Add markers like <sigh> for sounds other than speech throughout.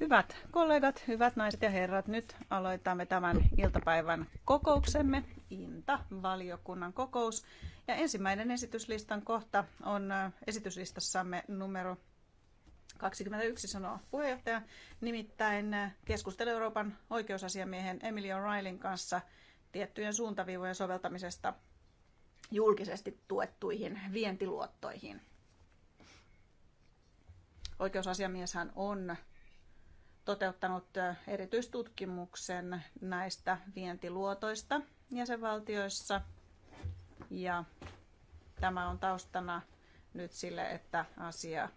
Hyvät kollegat, hyvät naiset ja herrat, nyt aloitamme tämän iltapäivän kokouksemme, INTA-valiokunnan kokous. Ja ensimmäinen esityslistan kohta on esityslistassamme numero 21, sanoo puheenjohtaja, nimittäin keskustelu Euroopan oikeusasiamiehen Emilio O'Reillyn kanssa tiettyjen suuntaviivojen soveltamisesta julkisesti tuettuihin vientiluottoihin oikeusasiamieshän on toteuttanut erityistutkimuksen näistä vientiluotoista jäsenvaltioissa. Ja tämä on taustana nyt sille, että asia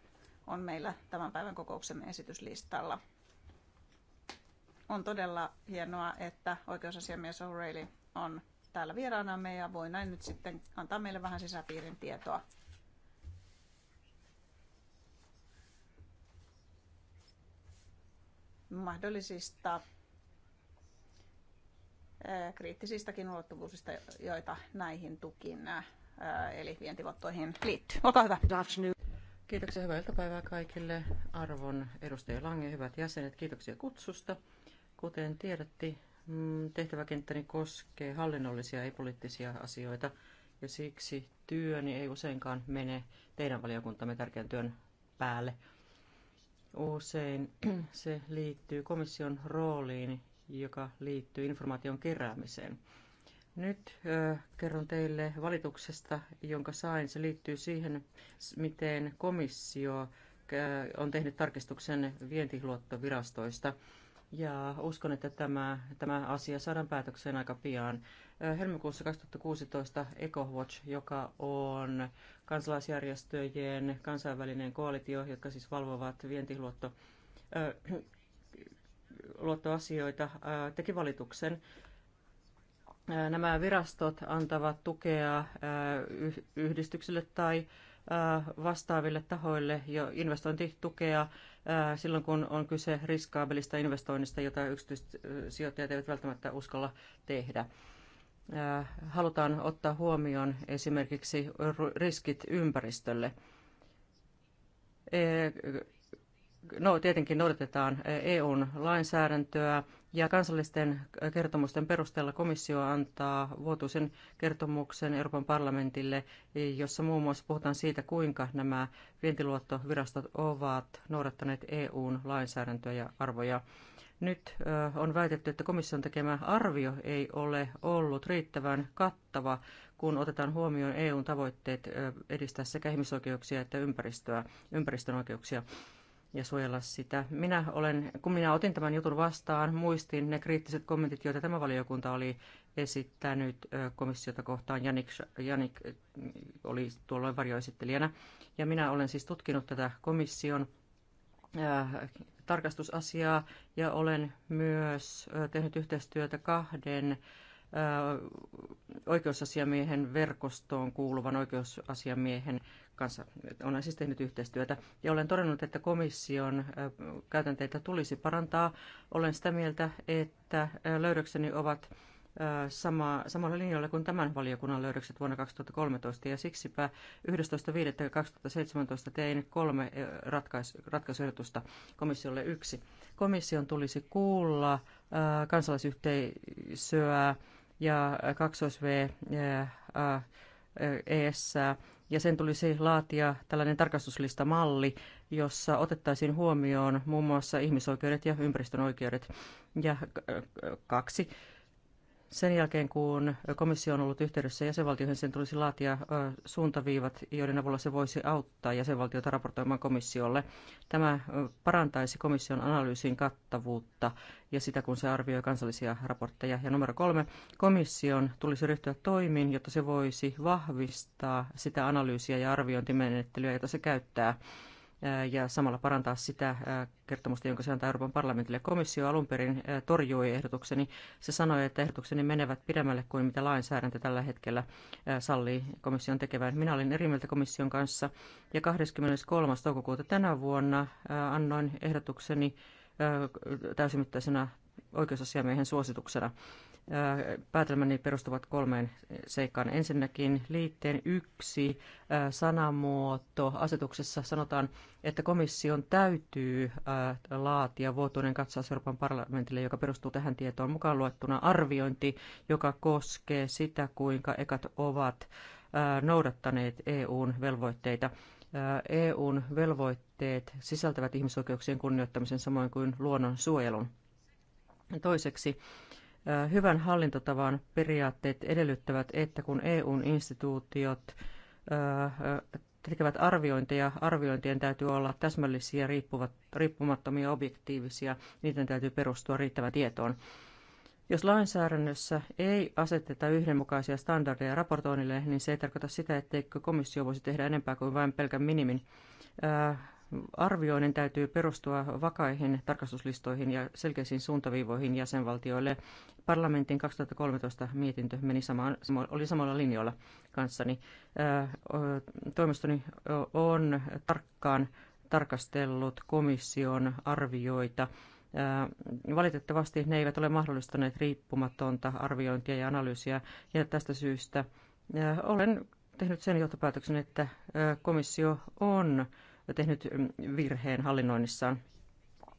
on meillä tämän päivän kokouksemme esityslistalla. On todella hienoa, että oikeusasiamies O'Reilly on täällä vieraanamme ja voi näin nyt sitten antaa meille vähän sisäpiirin tietoa mahdollisista eh, kriittisistäkin ulottuvuusista, joita näihin tukiin eh, eli vientiluottoihin liittyy. Olkaa hyvä. Kiitoksia, hyvää iltapäivää kaikille. Arvon edustaja Lange, hyvät jäsenet, kiitoksia kutsusta. Kuten tiedätte, mm, tehtäväkenttäni koskee hallinnollisia ja poliittisia asioita, ja siksi työni ei useinkaan mene teidän valiokuntamme tärkeän työn päälle. Usein <clears throat> se liittyy komission rooliin, joka liittyy informaation keräämiseen. Nyt ö, kerron teille valituksesta, jonka sain. Se liittyy siihen, miten komissio ö, on tehnyt tarkistuksen vientiluottovirastoista. virastoista ja uskon, että tämä, tämä asia saadaan päätökseen aika pian. Helmikuussa 2016 EcoWatch, joka on kansalaisjärjestöjen kansainvälinen koalitio, jotka siis valvovat vientiluotto, äh, luottoasioita, äh, teki valituksen. Nämä virastot antavat tukea yhdistyksille tai äh, Äh, vastaaville tahoille jo investointitukea äh, silloin, kun on kyse riskaabelista investoinnista, jota yksityiset äh, sijoittajat eivät välttämättä uskalla tehdä. Halutaan ottaa huomioon esimerkiksi riskit ympäristölle. No, tietenkin noudatetaan EUn lainsäädäntöä, ja kansallisten kertomusten perusteella komissio antaa vuotuisen kertomuksen Euroopan parlamentille, jossa muun muassa puhutaan siitä, kuinka nämä vientiluottovirastot ovat noudattaneet EUn lainsäädäntöä ja arvoja. Nyt on väitetty, että komission tekemä arvio ei ole ollut riittävän kattava, kun otetaan huomioon EUn tavoitteet edistää sekä ihmisoikeuksia että ympäristöä, ympäristön oikeuksia ja suojella sitä. Minä olen, kun minä otin tämän jutun vastaan, muistin ne kriittiset kommentit, joita tämä valiokunta oli esittänyt komissiota kohtaan. Janik, Janik oli tuolloin varjoesittelijänä. Ja minä olen siis tutkinut tätä komission tarkastusasiaa ja olen myös tehnyt yhteistyötä kahden oikeusasiamiehen verkostoon kuuluvan oikeusasiamiehen kanssa olen siis tehnyt yhteistyötä. Ja olen todennut, että komission käytänteitä tulisi parantaa. Olen sitä mieltä, että löydökseni ovat sama, samalla linjalla kuin tämän valiokunnan löydökset vuonna 2013, ja siksipä 11.5.2017 tein kolme ratkais, ratkaisuehdotusta komissiolle yksi. Komission tulisi kuulla ää, kansalaisyhteisöä ja kaksois V ES ja sen tulisi laatia tällainen tarkastuslistamalli, jossa otettaisiin huomioon muun muassa ihmisoikeudet ja ympäristön oikeudet. Ja kaksi, sen jälkeen, kun komissio on ollut yhteydessä jäsenvaltioihin, sen tulisi laatia suuntaviivat, joiden avulla se voisi auttaa jäsenvaltiota raportoimaan komissiolle. Tämä parantaisi komission analyysin kattavuutta ja sitä, kun se arvioi kansallisia raportteja. Ja numero kolme, komission tulisi ryhtyä toimiin, jotta se voisi vahvistaa sitä analyysiä ja arviointimenettelyä, jota se käyttää ja samalla parantaa sitä kertomusta, jonka se antaa Euroopan parlamentille. Komissio alun perin torjui ehdotukseni. Se sanoi, että ehdotukseni menevät pidemmälle kuin mitä lainsäädäntö tällä hetkellä sallii komission tekevän. Minä olin eri mieltä komission kanssa ja 23. toukokuuta tänä vuonna annoin ehdotukseni täysimittaisena oikeusasiamiehen suosituksena. Päätelmäni perustuvat kolmeen seikkaan. Ensinnäkin liitteen yksi sanamuoto. Asetuksessa sanotaan, että komission täytyy laatia vuotuinen katsaus Euroopan parlamentille, joka perustuu tähän tietoon mukaan luettuna arviointi, joka koskee sitä, kuinka ekat ovat noudattaneet EUn velvoitteita. EUn velvoitteet sisältävät ihmisoikeuksien kunnioittamisen samoin kuin luonnon suojelun. Toiseksi Hyvän hallintotavan periaatteet edellyttävät, että kun EUn instituutiot tekevät arviointeja, arviointien täytyy olla täsmällisiä, riippumattomia, objektiivisia, niiden täytyy perustua riittävään tietoon. Jos lainsäädännössä ei aseteta yhdenmukaisia standardeja raportoinnille, niin se ei tarkoita sitä, etteikö komissio voisi tehdä enempää kuin vain pelkän minimin arvioinnin täytyy perustua vakaihin tarkastuslistoihin ja selkeisiin suuntaviivoihin jäsenvaltioille. Parlamentin 2013 mietintö meni samaan, oli samalla linjoilla kanssani. Toimistoni on tarkkaan tarkastellut komission arvioita. Valitettavasti ne eivät ole mahdollistaneet riippumatonta arviointia ja analyysiä, ja tästä syystä olen tehnyt sen johtopäätöksen, että komissio on tehnyt mm, virheen hallinnoinnissaan.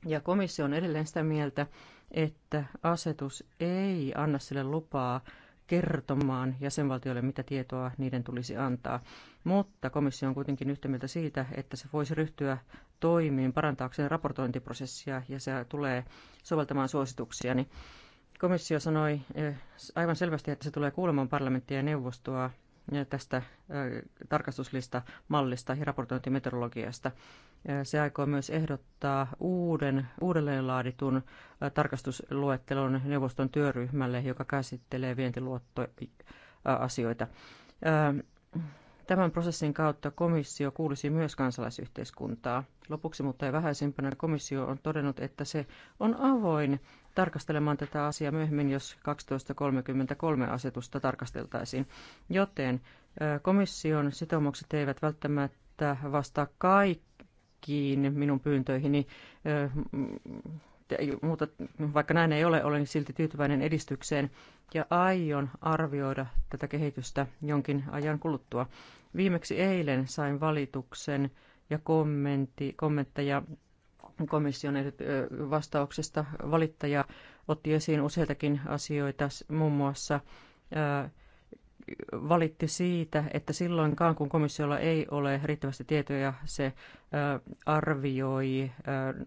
Ja komissio on edelleen sitä mieltä, että asetus ei anna sille lupaa kertomaan jäsenvaltioille, mitä tietoa niiden tulisi antaa. Mutta komissio on kuitenkin yhtä mieltä siitä, että se voisi ryhtyä toimiin parantaakseen raportointiprosessia ja se tulee soveltamaan suosituksia. Komissio sanoi eh, aivan selvästi, että se tulee kuulemaan parlamenttia ja neuvostoa tästä äh, tarkastuslista mallista ja raportointimetodologiasta. Äh, se aikoo myös ehdottaa uuden, uudelleen laaditun äh, tarkastusluettelon neuvoston työryhmälle, joka käsittelee vientiluottoasioita. Tämän prosessin kautta komissio kuulisi myös kansalaisyhteiskuntaa. Lopuksi, mutta ei vähäisimpänä, komissio on todennut, että se on avoin tarkastelemaan tätä asiaa myöhemmin, jos 12.33 asetusta tarkasteltaisiin. Joten komission sitoumukset eivät välttämättä vastaa kaikkiin minun pyyntöihini, mutta vaikka näin ei ole, olen silti tyytyväinen edistykseen ja aion arvioida tätä kehitystä jonkin ajan kuluttua. Viimeksi eilen sain valituksen ja kommentti, kommentteja komission vastauksesta. Valittaja otti esiin useitakin asioita, muun muassa valitti siitä, että silloinkaan kun komissiolla ei ole riittävästi tietoja, se arvioi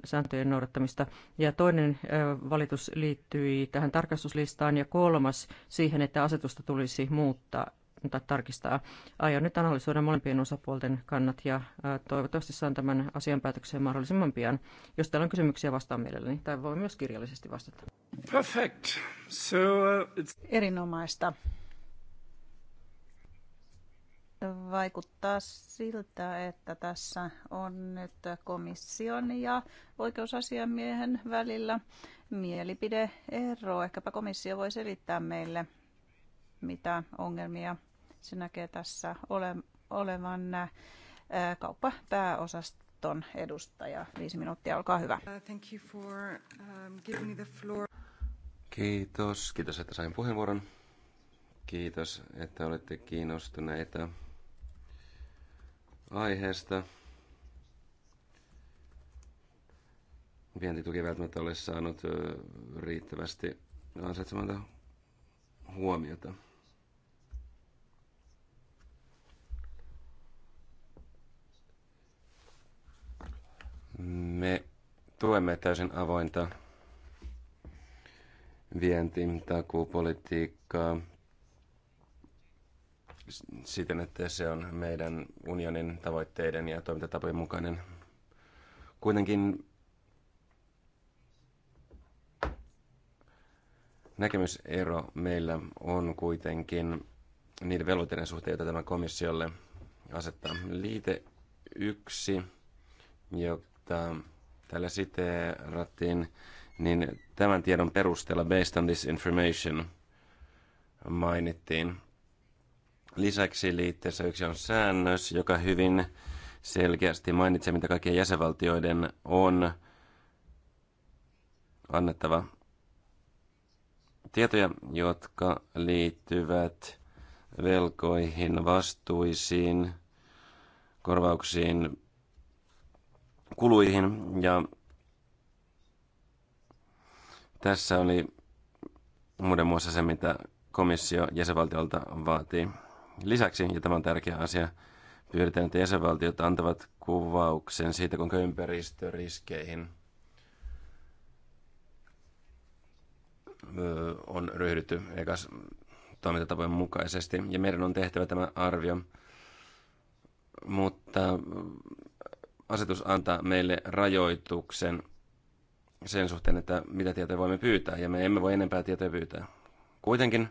sääntöjen noudattamista. Ja toinen valitus liittyi tähän tarkastuslistaan ja kolmas siihen, että asetusta tulisi muuttaa valiokunta tarkistaa. Aion nyt analysoida molempien osapuolten kannat ja toivottavasti saan tämän asian päätökseen mahdollisimman pian. Jos teillä on kysymyksiä, vastaan mielelläni tai voi myös kirjallisesti vastata. Perfect. So, uh, it's... Erinomaista. Vaikuttaa siltä, että tässä on nyt komission ja oikeusasiamiehen välillä mielipideero. Ehkäpä komissio voi selittää meille, mitä ongelmia se näkee tässä ole, olevan kauppapääosaston edustaja. Viisi minuuttia, olkaa hyvä. Uh, thank you for, um, giving me the floor. Kiitos, kiitos, että sain puheenvuoron. Kiitos, että olette kiinnostuneita aiheesta. Vientituki välttämättä ole saanut riittävästi ansaitsemanta huomiota. Me tuemme täysin avointa vientitakuupolitiikkaa siten, että se on meidän unionin tavoitteiden ja toimintatapojen mukainen. Kuitenkin näkemysero meillä on kuitenkin niiden velvoitteiden suhteen, joita tämä komissiolle asettaa. Liite yksi, joka mutta tällä siteerattiin, niin tämän tiedon perusteella based on this information mainittiin. Lisäksi liitteessä yksi on säännös, joka hyvin selkeästi mainitsee, mitä kaikkien jäsenvaltioiden on annettava tietoja, jotka liittyvät velkoihin, vastuisiin, korvauksiin, kuluihin ja tässä oli muiden muassa se, mitä komissio jäsenvaltiolta vaatii. Lisäksi, ja tämä on tärkeä asia, pyydetään, että jäsenvaltiot antavat kuvauksen siitä, kuinka ympäristöriskeihin on ryhdytty ekas toimintatapojen mukaisesti. Ja meidän on tehtävä tämä arvio. Mutta asetus antaa meille rajoituksen sen suhteen, että mitä tietoja voimme pyytää, ja me emme voi enempää tietoja pyytää. Kuitenkin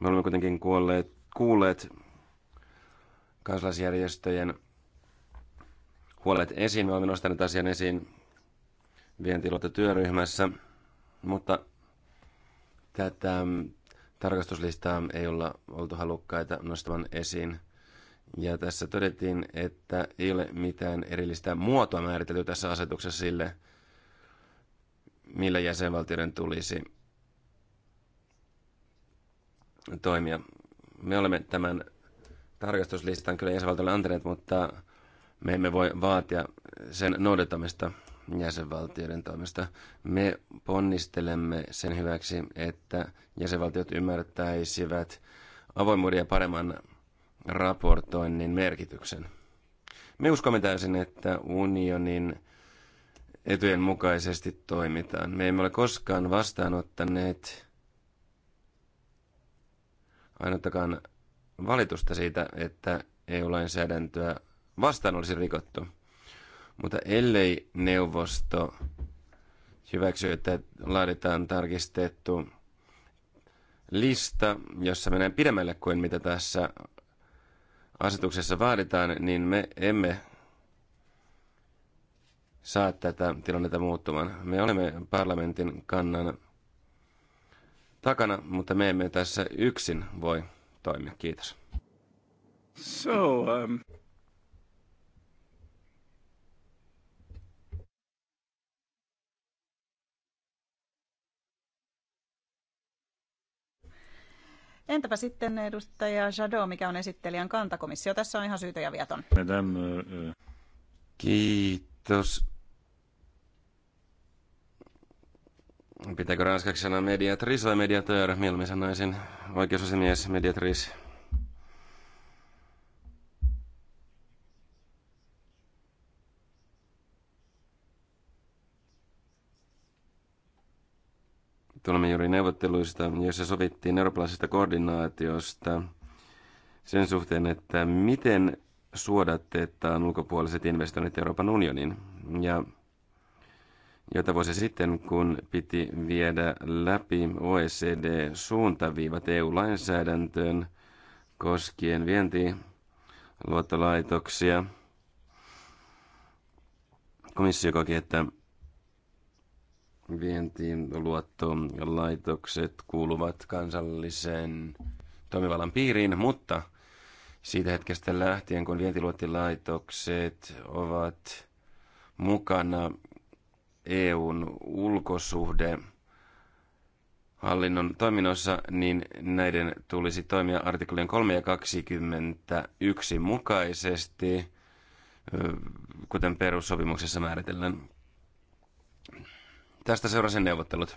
me olemme kuitenkin kuolleet, kuulleet kansalaisjärjestöjen huolet esiin. Me olemme nostaneet asian esiin työryhmässä, mutta Tätä tarkastuslistaa ei olla oltu halukkaita nostamaan esiin. Ja tässä todettiin, että ei ole mitään erillistä muotoa määritelty tässä asetuksessa sille, millä jäsenvaltioiden tulisi toimia. Me olemme tämän tarkastuslistan kyllä jäsenvaltiolle antaneet, mutta me emme voi vaatia sen noudattamista jäsenvaltioiden toimesta. Me ponnistelemme sen hyväksi, että jäsenvaltiot ymmärtäisivät avoimuuden ja paremman raportoinnin merkityksen. Me uskomme täysin, että unionin etujen mukaisesti toimitaan. Me emme ole koskaan vastaanottaneet ainuttakaan valitusta siitä, että EU-lainsäädäntöä vastaan olisi rikottu. Mutta ellei neuvosto hyväksy, että laaditaan tarkistettu lista, jossa menee pidemmälle kuin mitä tässä asetuksessa vaaditaan, niin me emme saa tätä tilannetta muuttumaan. Me olemme parlamentin kannan takana, mutta me emme tässä yksin voi toimia. Kiitos. So, um... Entäpä sitten edustaja Jado, mikä on esittelijän kantakomissio? Tässä on ihan syytä ja vieton. Äh, äh. Kiitos. Pitääkö ranskaksi sanoa mediatris vai mediatör? Mieluummin sanoisin oikeusasemies, mediatris, tulemme juuri neuvotteluista, joissa sovittiin eurooppalaisesta koordinaatiosta sen suhteen, että miten on ulkopuoliset investoinnit Euroopan unionin. Ja jota vuosi sitten, kun piti viedä läpi OECD-suuntaviivat EU-lainsäädäntöön koskien vientiluottolaitoksia, komissio koki, että Vientiin luottolaitokset kuuluvat kansallisen toimivallan piiriin, mutta siitä hetkestä lähtien, kun vientiluottilaitokset ovat mukana EUn ulkosuhde hallinnon toiminnossa, niin näiden tulisi toimia artiklien 3 ja 21 mukaisesti, kuten perussopimuksessa määritellään. Tästä seurasin neuvottelut.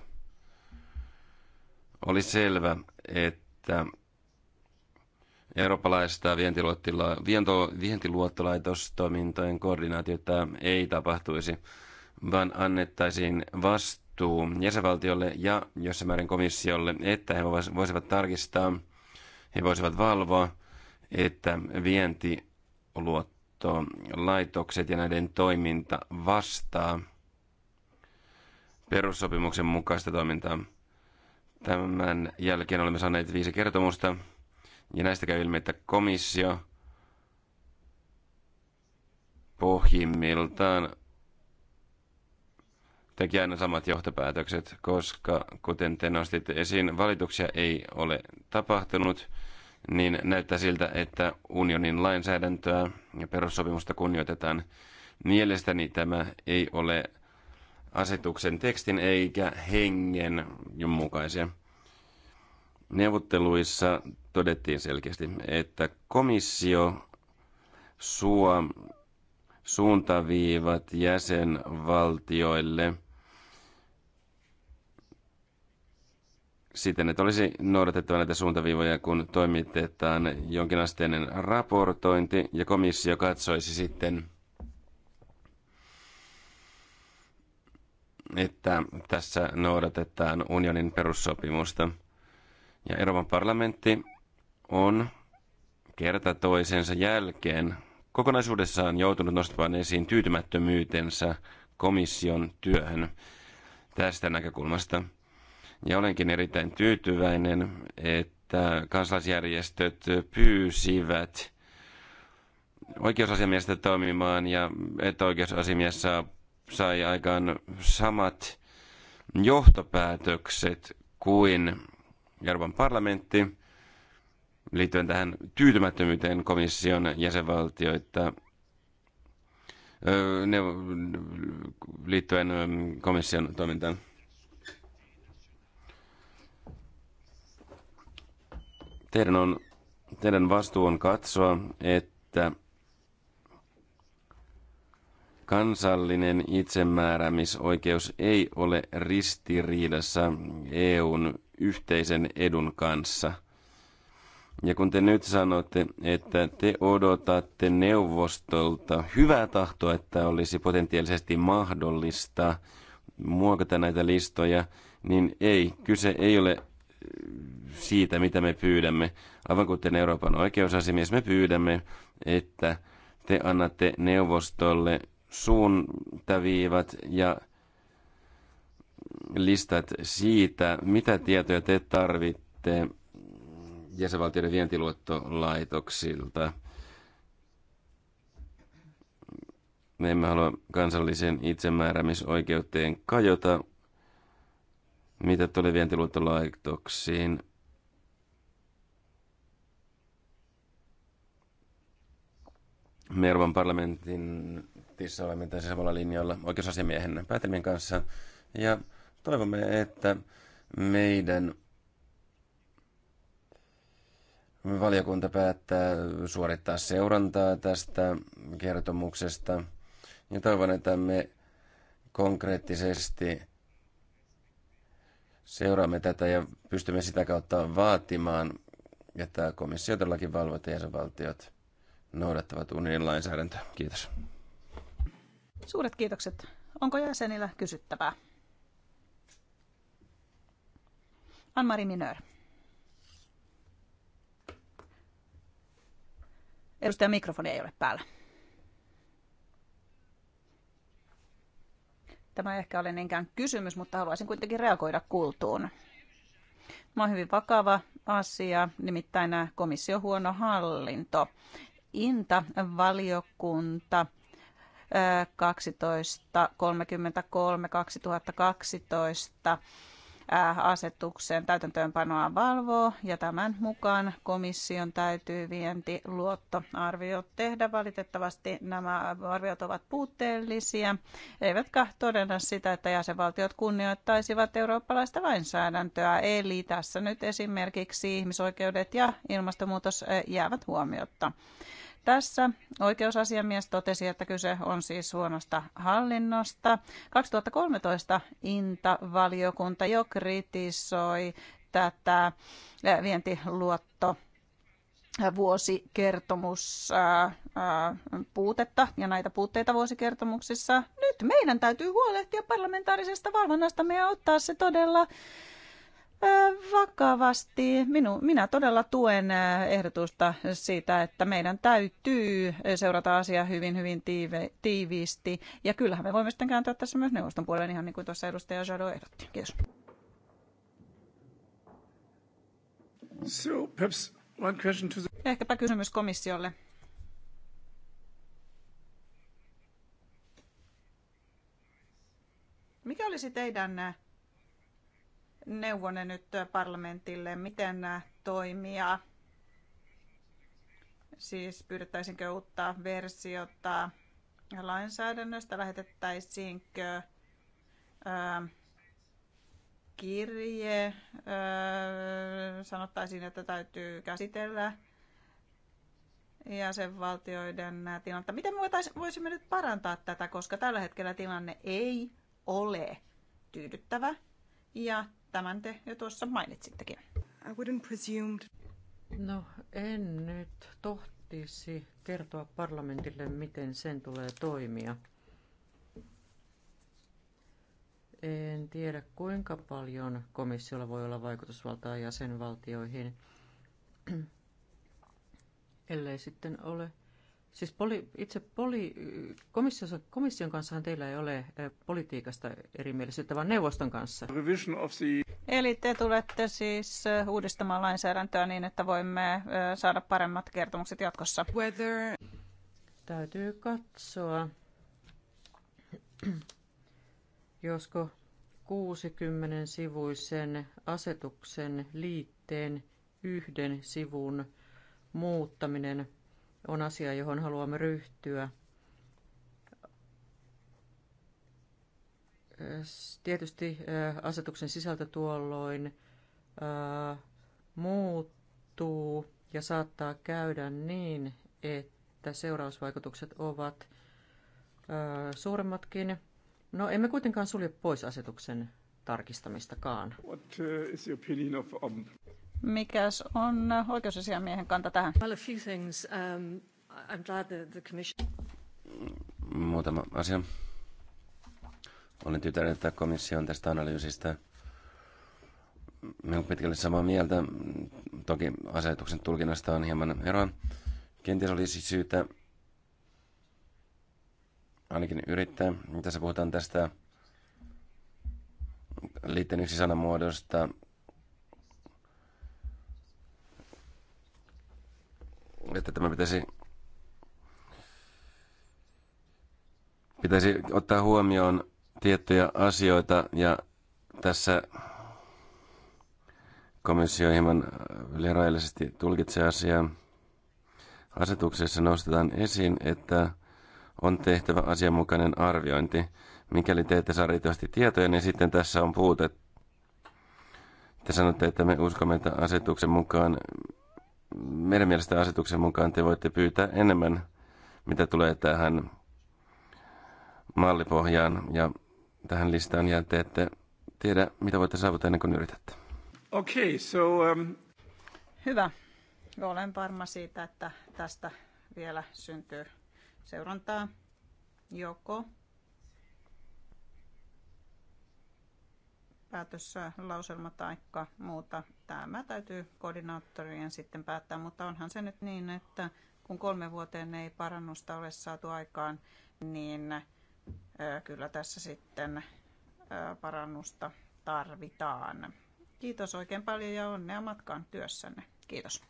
Oli selvä, että eurooppalaista vientiluottolaitostoimintojen koordinaatiota ei tapahtuisi, vaan annettaisiin vastuu jäsenvaltiolle ja jossain määrin komissiolle, että he voisivat tarkistaa, he voisivat valvoa, että vientiluottolaitokset ja näiden toiminta vastaa – perussopimuksen mukaista toimintaa. Tämän jälkeen olemme saaneet viisi kertomusta, ja näistä käy ilmi, että komissio pohjimmiltaan teki aina samat johtopäätökset, koska kuten te nostitte esiin, valituksia ei ole tapahtunut, niin näyttää siltä, että unionin lainsäädäntöä ja perussopimusta kunnioitetaan. Mielestäni tämä ei ole asetuksen tekstin eikä hengen mukaisia. Neuvotteluissa todettiin selkeästi, että komissio suo suuntaviivat jäsenvaltioille siten, että olisi noudatettava näitä suuntaviivoja, kun toimitetaan jonkinasteinen raportointi ja komissio katsoisi sitten – että tässä noudatetaan unionin perussopimusta. Ja Euroopan parlamentti on kerta toisensa jälkeen kokonaisuudessaan joutunut nostamaan esiin tyytymättömyytensä komission työhön tästä näkökulmasta. Ja olenkin erittäin tyytyväinen, että kansalaisjärjestöt pyysivät oikeusasiamiestä toimimaan ja että oikeusasiamies saa sai aikaan samat johtopäätökset kuin Euroopan parlamentti liittyen tähän tyytymättömyyteen komission jäsenvaltioita ne, liittyen komission toimintaan. Teidän, on, teidän vastuu on katsoa, että kansallinen itsemääräämisoikeus ei ole ristiriidassa EUn yhteisen edun kanssa. Ja kun te nyt sanotte, että te odotatte neuvostolta hyvää tahtoa, että olisi potentiaalisesti mahdollista muokata näitä listoja, niin ei, kyse ei ole äh, siitä, mitä me pyydämme. Aivan kuten Euroopan oikeusasimies, me pyydämme, että te annatte neuvostolle suuntaviivat ja listat siitä, mitä tietoja te tarvitte jäsenvaltioiden vientiluottolaitoksilta. Me emme halua kansallisen itsemääräämisoikeuteen kajota, mitä tulee vientiluottolaitoksiin. Mervan parlamentin olemme tässä samalla linjalla oikeusasiamiehen päätelmien kanssa. Ja toivomme, että meidän valiokunta päättää suorittaa seurantaa tästä kertomuksesta. Ja toivon, että me konkreettisesti seuraamme tätä ja pystymme sitä kautta vaatimaan, että komissio todellakin valvoo, että jäsenvaltiot noudattavat unionin lainsäädäntöä. Kiitos. Suuret kiitokset. Onko jäsenillä kysyttävää? Anmari Minör. Edustajan mikrofoni ei ole päällä. Tämä ei ehkä ole niinkään kysymys, mutta haluaisin kuitenkin reagoida kultuun. Tämä on hyvin vakava asia, nimittäin komission huono hallinto. Inta-valiokunta 1233 äh, asetuksen täytäntöönpanoa valvoo ja tämän mukaan komission täytyy vientiluottoarviot tehdä. Valitettavasti nämä arviot ovat puutteellisia, eivätkä todenna sitä, että jäsenvaltiot kunnioittaisivat eurooppalaista lainsäädäntöä. Eli tässä nyt esimerkiksi ihmisoikeudet ja ilmastonmuutos äh, jäävät huomiotta. Tässä oikeusasiamies totesi, että kyse on siis huonosta hallinnosta. 2013 Inta-valiokunta jo kritisoi tätä eh, vientiluotto eh, vuosikertomus ää, eh, ää, puutetta ja näitä puutteita vuosikertomuksissa. Nyt meidän täytyy huolehtia parlamentaarisesta valvonnasta ja ottaa se todella Äh, vakavasti. Minu, minä todella tuen äh, ehdotusta siitä, että meidän täytyy äh, seurata asiaa hyvin, hyvin tiive, tiiviisti. Ja kyllähän me voimme sitten kääntää tässä myös neuvoston puolen ihan niin kuin tuossa edustaja Jado ehdotti. Kiitos. So, perhaps one question to the... Ehkäpä kysymys komissiolle. Mikä olisi teidän neuvonne nyt parlamentille, miten toimia? Siis pyydettäisinkö uutta versiota lainsäädännöstä, lähetettäisiinkö kirje, sanottaisiin, että täytyy käsitellä jäsenvaltioiden tilannetta. Miten me voisimme nyt parantaa tätä, koska tällä hetkellä tilanne ei ole tyydyttävä ja Tämän te jo tuossa mainitsittekin. I wouldn't presume. No en nyt tohtisi kertoa parlamentille, miten sen tulee toimia. En tiedä, kuinka paljon komissiolla voi olla vaikutusvaltaa jäsenvaltioihin, <clears throat> ellei sitten ole Siis poli, itse poli, komission, komission kanssa teillä ei ole eh, politiikasta erimielisyyttä, vaan neuvoston kanssa. Eli te tulette siis eh, uudistamaan lainsäädäntöä niin, että voimme eh, saada paremmat kertomukset jatkossa. Whether... Täytyy katsoa, josko 60-sivuisen asetuksen liitteen yhden sivun muuttaminen on asia, johon haluamme ryhtyä. Tietysti asetuksen sisältö tuolloin muuttuu ja saattaa käydä niin, että seurausvaikutukset ovat suuremmatkin. No emme kuitenkaan sulje pois asetuksen tarkistamistakaan. What is your opinion of, um, Mikäs on oikeusasiamiehen kanta tähän? Well, a few things. Um, I'm glad the commission... Muutama asia. Olen tyytyväinen, että komissio on tästä analyysistä melko pitkälle samaa mieltä. Toki asetuksen tulkinnasta on hieman eroa. Kenties olisi syytä ainakin yrittää. Tässä puhutaan tästä liitteen yksi sanamuodosta, että tämä pitäisi, pitäisi ottaa huomioon tiettyjä asioita ja tässä komissio hieman äh, leroillisesti tulkitsee asiaa. Asetuksessa nostetaan esiin, että on tehtävä asianmukainen arviointi. Mikäli te ette saa riittävästi tietoja, niin sitten tässä on puute. Te sanotte, että me uskomme, että asetuksen mukaan meidän mielestä asetuksen mukaan te voitte pyytää enemmän, mitä tulee tähän mallipohjaan ja tähän listaan, ja te ette tiedä, mitä voitte saavuttaa ennen kuin yritätte. Okei, okay, so... Um... Hyvä. Olen varma siitä, että tästä vielä syntyy seurantaa joko päätössä lauselma tai muuta Tämä täytyy koordinaattorien sitten päättää, mutta onhan se nyt niin, että kun kolme vuoteen ei parannusta ole saatu aikaan, niin kyllä tässä sitten parannusta tarvitaan. Kiitos oikein paljon ja onnea matkaan työssänne. Kiitos.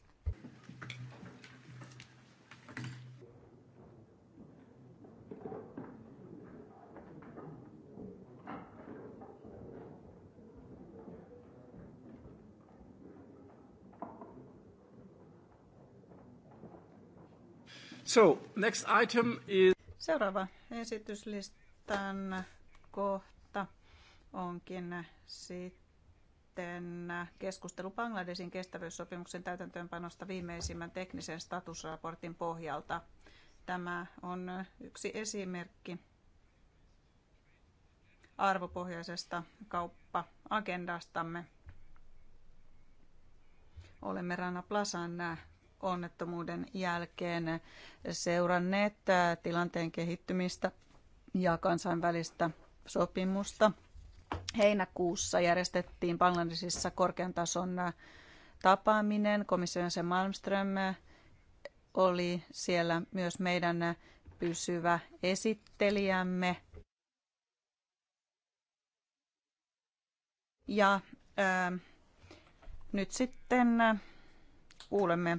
So, next item is... Seuraava esityslistan kohta onkin sitten keskustelu Bangladesin kestävyyssopimuksen täytäntöönpanosta viimeisimmän teknisen statusraportin pohjalta. Tämä on yksi esimerkki arvopohjaisesta kauppa-agendastamme. Olemme Rana Plasan onnettomuuden jälkeen seuranneet äh, tilanteen kehittymistä ja kansainvälistä sopimusta. Heinäkuussa järjestettiin Bangladesissa korkean tason äh, tapaaminen. Komission se Malmström äh, oli siellä myös meidän pysyvä esittelijämme. Ja ää, nyt sitten kuulemme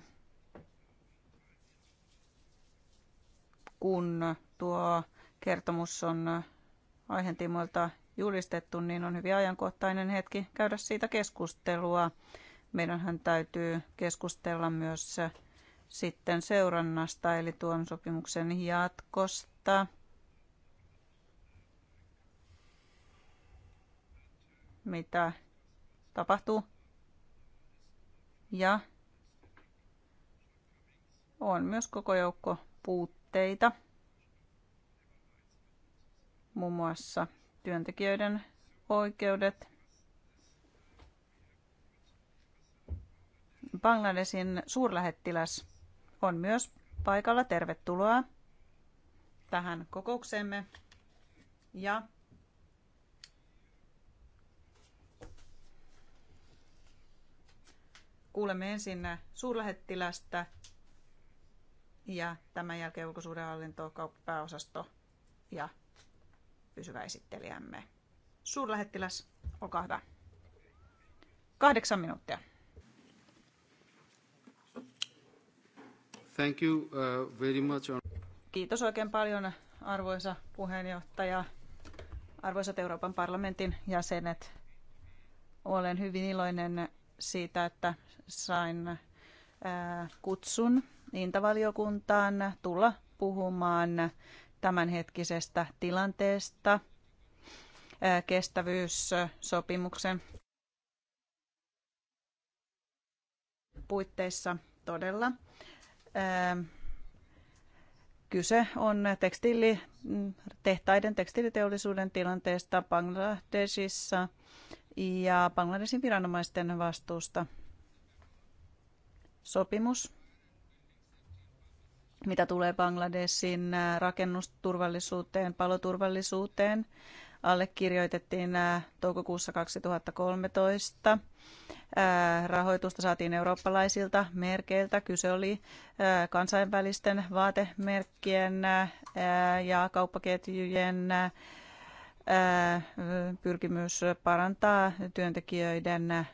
kun tuo kertomus on aiheen tiimoilta julistettu, niin on hyvin ajankohtainen hetki käydä siitä keskustelua. Meidänhän täytyy keskustella myös sitten seurannasta, eli tuon sopimuksen jatkosta. Mitä tapahtuu? Ja on myös koko joukko puutteita tavoitteita, muun muassa työntekijöiden oikeudet. Bangladesin suurlähettiläs on myös paikalla. Tervetuloa tähän kokoukseemme. Ja kuulemme ensin suurlähettilästä ja tämän jälkeen ulkosuhdehallinto, kauppapääosasto ja pysyvä esittelijämme. Suurlähettiläs, olkaa hyvä. Kahdeksan minuuttia. Thank you, uh, very much. Kiitos oikein paljon arvoisa puheenjohtaja, arvoisat Euroopan parlamentin jäsenet. Olen hyvin iloinen siitä, että sain uh, kutsun Intavaliokuntaan tulla puhumaan tämänhetkisestä tilanteesta, kestävyyssopimuksen puitteissa todella. Kyse on tehtaiden tekstiiliteollisuuden tilanteesta Bangladesissa ja Bangladesin viranomaisten vastuusta. Sopimus mitä tulee Bangladesin äh, rakennusturvallisuuteen, paloturvallisuuteen. Allekirjoitettiin äh, toukokuussa 2013. Äh, rahoitusta saatiin eurooppalaisilta merkeiltä. Kyse oli kansainvälisten vaatemerkkien ja kauppaketjujen pyrkimys parantaa työntekijöiden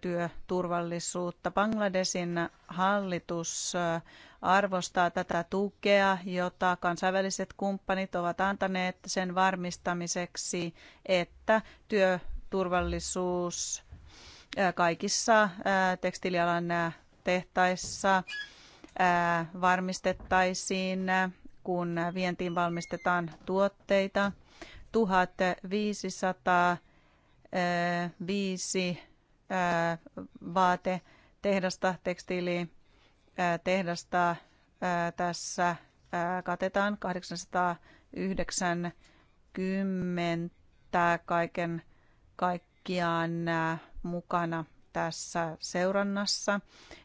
työturvallisuutta. Bangladesin hallitus äh, arvostaa tätä tukea, jota kansainväliset kumppanit ovat antaneet sen varmistamiseksi, että työturvallisuus äh, kaikissa äh, tekstilialan tehtaissa varmistettaisiin, kun vientiin valmistetaan tuotteita. 1505 vaate tehdasta, tekstiili tehdasta tässä katetaan 890 kaiken kaikkiaan mukana tässä seurannassa.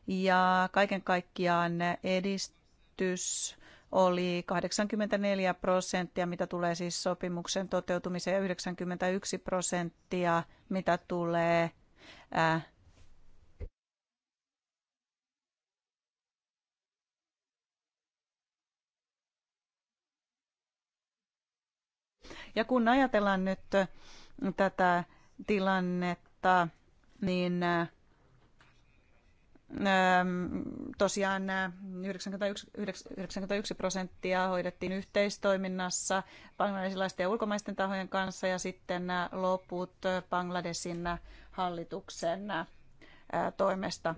Ja kaiken kaikkiaan edistys oli 84 prosenttia, mitä tulee siis sopimuksen toteutumiseen, ja 91 prosenttia, mitä tulee ää, Ja kun ajatellaan nyt tätä tilannetta, niin tosiaan 91, 91 prosenttia hoidettiin yhteistoiminnassa bangladesilaisten ja ulkomaisten tahojen kanssa ja sitten loput Bangladesin hallituksen toimesta.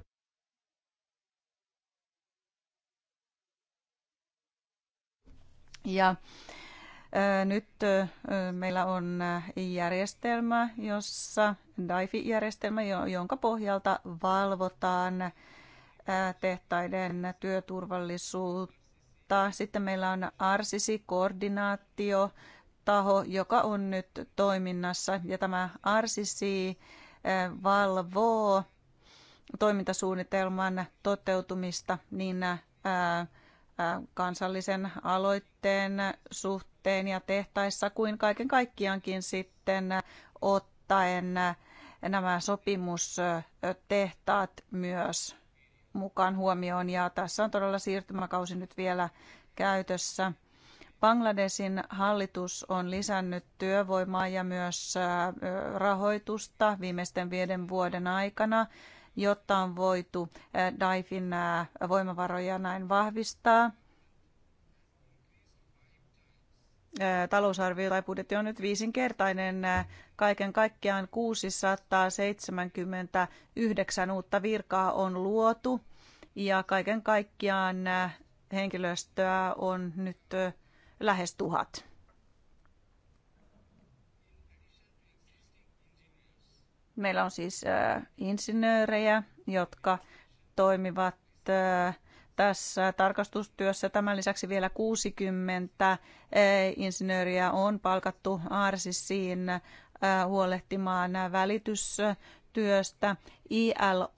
Ja nyt meillä on järjestelmä, jossa DAIFI-järjestelmä, jonka pohjalta valvotaan tehtaiden työturvallisuutta. Sitten meillä on arsisi koordinaatio taho, joka on nyt toiminnassa ja tämä arsisi valvoo toimintasuunnitelman toteutumista niin kansallisen aloitteen suhteen, sitten ja tehtaissa kuin kaiken kaikkiaankin sitten ottaen nämä sopimustehtaat myös mukaan huomioon. Ja tässä on todella siirtymäkausi nyt vielä käytössä. Bangladesin hallitus on lisännyt työvoimaa ja myös rahoitusta viimeisten viiden vuoden aikana, jotta on voitu DAIFin voimavaroja näin vahvistaa. talousarvio tai budjetti on nyt viisinkertainen. Kaiken kaikkiaan 679 uutta virkaa on luotu ja kaiken kaikkiaan henkilöstöä on nyt lähes tuhat. Meillä on siis insinöörejä, jotka toimivat tässä tarkastustyössä. Tämän lisäksi vielä 60 eh, insinööriä on palkattu Arsissiin eh, huolehtimaan välitystyöstä. ILO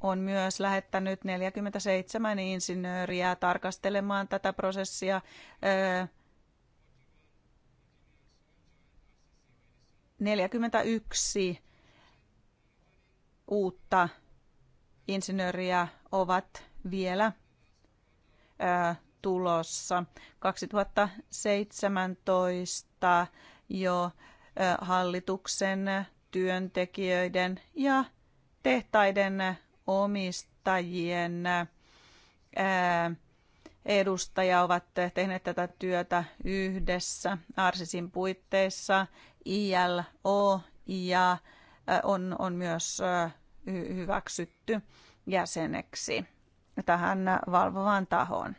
on myös lähettänyt 47 insinööriä tarkastelemaan tätä prosessia 41 eh, uutta insinööriä ovat vielä tulossa. 2017 jo hallituksen työntekijöiden ja tehtaiden omistajien edustaja ovat tehneet tätä työtä yhdessä Arsisin puitteissa. ILO ja on, on myös hyväksytty jäseneksi tähän valvovaan tahoon.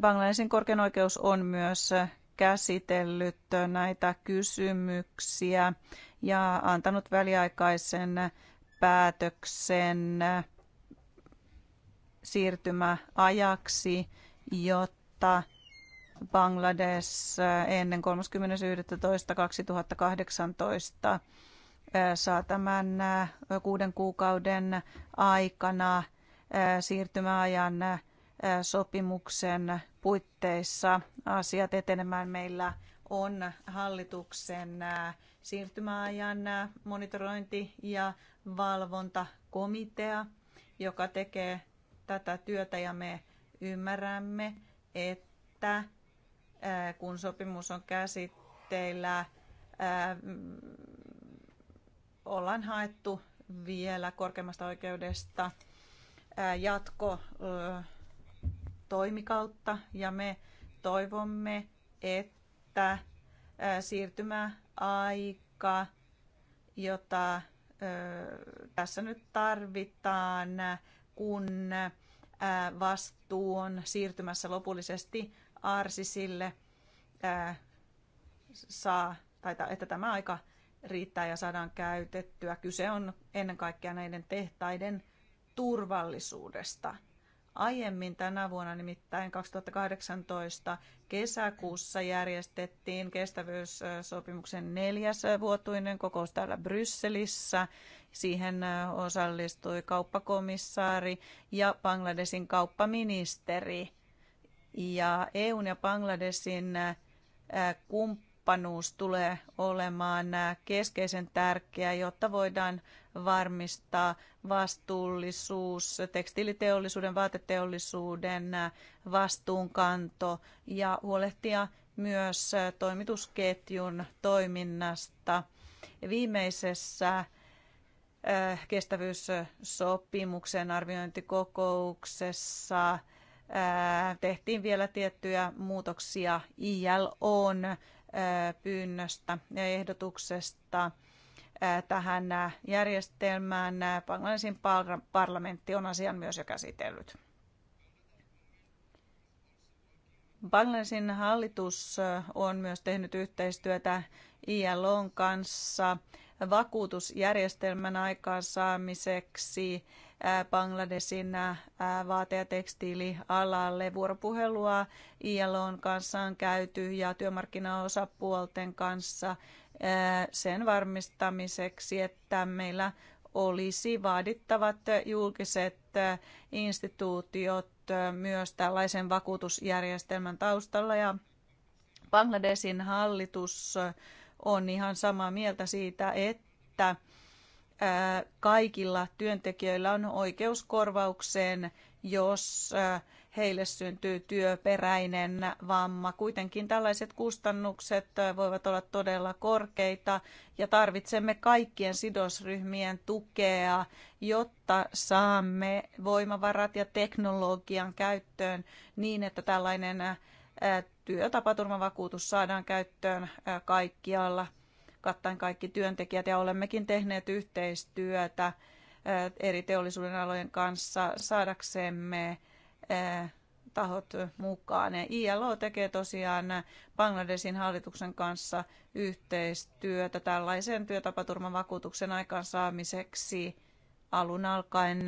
Bangladesin korkein oikeus on myös käsitellyt näitä kysymyksiä ja antanut väliaikaisen päätöksen siirtymäajaksi, jotta Bangladesh eh, ennen 30.11.2018 eh, saa tämän eh, kuuden kuukauden aikana siirtymäajan sopimuksen puitteissa asiat etenemään. Meillä on hallituksen siirtymäajan monitorointi- ja valvontakomitea, joka tekee tätä työtä ja me ymmärrämme, että Äh, kun sopimus on käsitteillä, äh, ollaan haettu vielä korkeimmasta oikeudesta äh, jatko toimikautta ja me toivomme, että siirtymäaika, jota tässä nyt tarvitaan, kun vastuu on siirtymässä lopullisesti ää, saa, tai että tämä aika riittää ja saadaan käytettyä. Kyse on ennen kaikkea näiden tehtaiden turvallisuudesta. Aiemmin tänä vuonna, nimittäin 2018 kesäkuussa järjestettiin kestävyyssopimuksen neljäs vuotuinen kokous täällä Brysselissä. Siihen osallistui kauppakomissaari ja Bangladesin kauppaministeri. Ja EUn ja Bangladesin äh, kumppanuus tulee olemaan äh, keskeisen tärkeä, jotta voidaan varmistaa vastuullisuus, tekstiiliteollisuuden, vaateteollisuuden äh, vastuunkanto ja huolehtia myös toimitusketjun toiminnasta. Viimeisessä kestävyyssopimuksen arviointikokouksessa tehtiin vielä tiettyjä muutoksia ILOn pyynnöstä ja ehdotuksesta tähän järjestelmään. Bangladesin parlamentti on asian myös jo käsitellyt. Bangladesin hallitus on myös tehnyt yhteistyötä ILOn kanssa vakuutusjärjestelmän aikaansaamiseksi Äh, Bangladesin äh, vaate- ja tekstiilialalle. Vuoropuhelua ILOn kanssa on käyty ja työmarkkinaosapuolten kanssa äh, sen varmistamiseksi, että meillä olisi vaadittavat julkiset instituutiot myös tällaisen vakuutusjärjestelmän taustalla ja Bangladesin hallitus on ihan samaa mieltä siitä, että kaikilla työntekijöillä on oikeus korvaukseen, jos heille syntyy työperäinen vamma. Kuitenkin tällaiset kustannukset voivat olla todella korkeita ja tarvitsemme kaikkien sidosryhmien tukea, jotta saamme voimavarat ja teknologian käyttöön niin, että tällainen työtapaturmavakuutus saadaan käyttöön kaikkialla kattaen kaikki työntekijät ja olemmekin tehneet yhteistyötä eri teollisuuden alojen kanssa saadaksemme tahot mukaan. Ja ILO tekee tosiaan Bangladesin hallituksen kanssa yhteistyötä tällaisen työtapaturman vakuutuksen aikaansaamiseksi alun alkaen.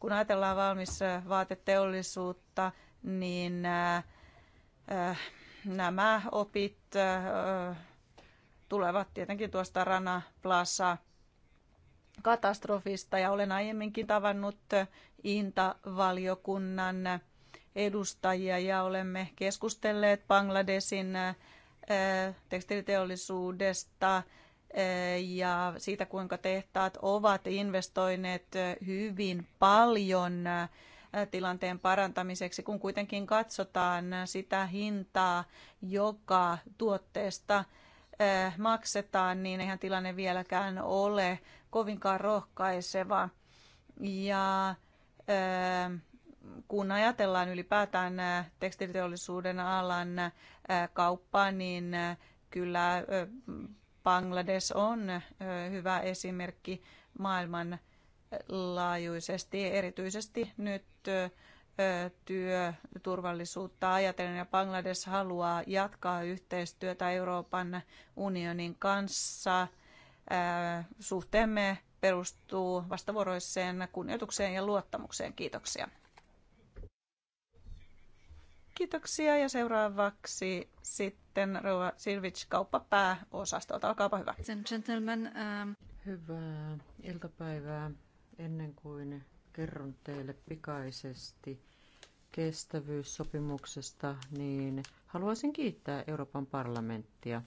Kun ajatellaan valmis vaateteollisuutta, niin nämä opit tulevat tietenkin tuosta Rana Plaza katastrofista ja olen aiemminkin tavannut Inta-valiokunnan edustajia ja olemme keskustelleet Bangladesin äh, tekstiiliteollisuudesta äh, ja siitä, kuinka tehtaat ovat investoineet hyvin paljon äh, tilanteen parantamiseksi, kun kuitenkin katsotaan sitä hintaa, joka tuotteesta Eh, maksetaan, niin eihän tilanne vieläkään ole kovinkaan rohkaiseva. Ja eh, kun ajatellaan ylipäätään eh, tekstiiliteollisuuden alan kauppaa, niin kyllä Bangladesh on hyvä esimerkki maailman laajuisesti, erityisesti nyt työturvallisuutta ajatellen ja Bangladesh haluaa jatkaa yhteistyötä Euroopan unionin kanssa. Suhteemme perustuu vastavuoroiseen kunnioitukseen ja luottamukseen. Kiitoksia. Kiitoksia ja seuraavaksi sitten Rova Silvic kauppapääosastolta. Olkaapa hyvä. Um, Hyvää iltapäivää. Ennen kuin kerron teille pikaisesti kestävyyssopimuksesta, niin haluaisin kiittää Euroopan parlamenttia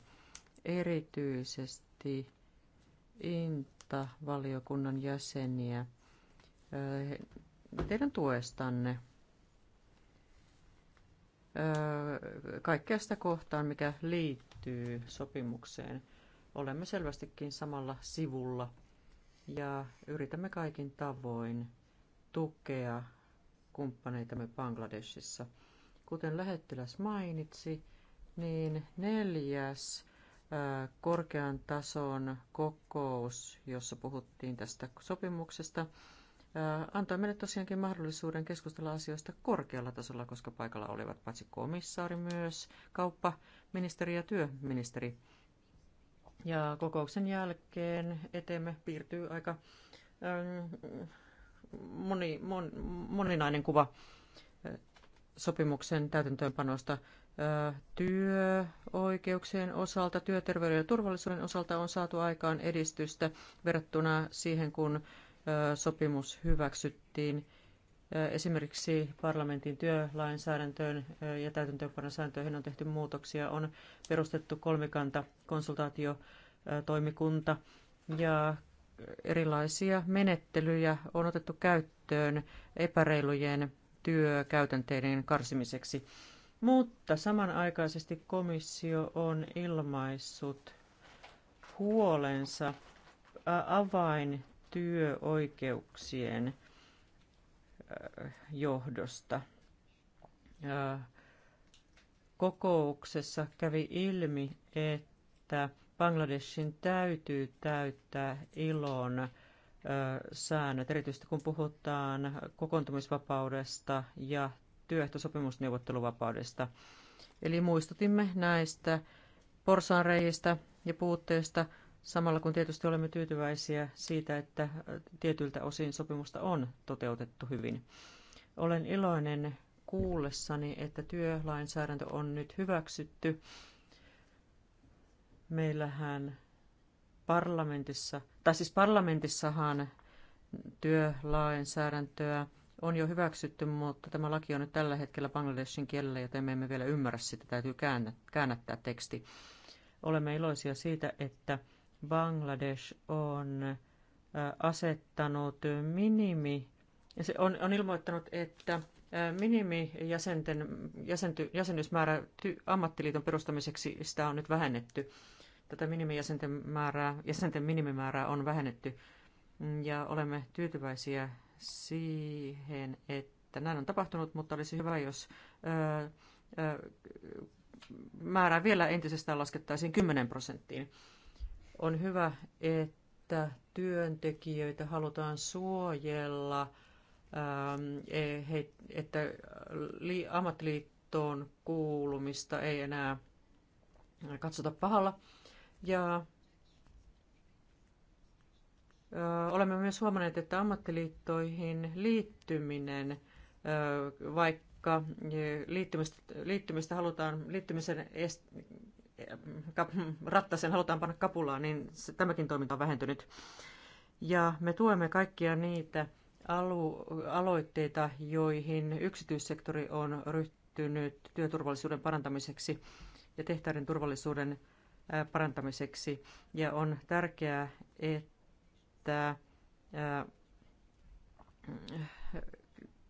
erityisesti INTA-valiokunnan jäseniä eh, teidän tuestanne eh, kaikkea sitä kohtaan, mikä liittyy sopimukseen. Olemme selvästikin samalla sivulla ja yritämme kaikin tavoin tukea kumppaneitamme Bangladeshissa. Kuten lähettiläs mainitsi, niin neljäs korkean tason kokous, jossa puhuttiin tästä sopimuksesta, antoi meille tosiaankin mahdollisuuden keskustella asioista korkealla tasolla, koska paikalla olivat paitsi komissaari myös kauppaministeri ja työministeri. Ja kokouksen jälkeen eteemme piirtyy aika moni, mon, moninainen kuva sopimuksen täytäntöönpanosta. Työoikeuksien osalta, työterveyden ja turvallisuuden osalta on saatu aikaan edistystä verrattuna siihen, kun sopimus hyväksyttiin esimerkiksi parlamentin työlainsäädäntöön ja täytäntöönpanosääntöihin on tehty muutoksia. On perustettu kolmikanta konsultaatiotoimikunta ja erilaisia menettelyjä on otettu käyttöön epäreilujen työkäytänteiden karsimiseksi. Mutta samanaikaisesti komissio on ilmaissut huolensa avaintyöoikeuksien johdosta. Kokouksessa kävi ilmi, että Bangladeshin täytyy täyttää ilon säännöt, erityisesti kun puhutaan kokoontumisvapaudesta ja työehtosopimusneuvotteluvapaudesta. Eli muistutimme näistä porsaanreijistä ja puutteista, samalla kun tietysti olemme tyytyväisiä siitä, että tietyiltä osin sopimusta on toteutettu hyvin. Olen iloinen kuullessani, että työlainsäädäntö on nyt hyväksytty meillähän parlamentissa, tai siis parlamentissahan työlainsäädäntöä on jo hyväksytty, mutta tämä laki on nyt tällä hetkellä Bangladeshin kielellä, joten me emme vielä ymmärrä sitä, täytyy käännättää teksti. Olemme iloisia siitä, että Bangladesh on asettanut minimi, se on, on ilmoittanut, että jäsenten, jäsenty, jäsenyysmäärä ty, ammattiliiton perustamiseksi sitä on nyt vähennetty tätä minimijäsenten määrää, jäsenten minimimäärää on vähennetty ja olemme tyytyväisiä siihen, että näin on tapahtunut, mutta olisi hyvä, jos ö, ö, määrää vielä entisestään laskettaisiin 10 prosenttiin. On hyvä, että työntekijöitä halutaan suojella, ö, ähm, e, että ammattiliittoon kuulumista ei enää katsota pahalla. Ja olemme myös huomanneet, että ammattiliittoihin liittyminen, vaikka liittymistä, liittymistä halutaan, liittymisen est, rattaisen halutaan panna kapulaan, niin se, tämäkin toiminta on vähentynyt. Ja me tuemme kaikkia niitä alu, aloitteita, joihin yksityissektori on ryhtynyt työturvallisuuden parantamiseksi ja tehtäiden turvallisuuden parantamiseksi. Ja on tärkeää, että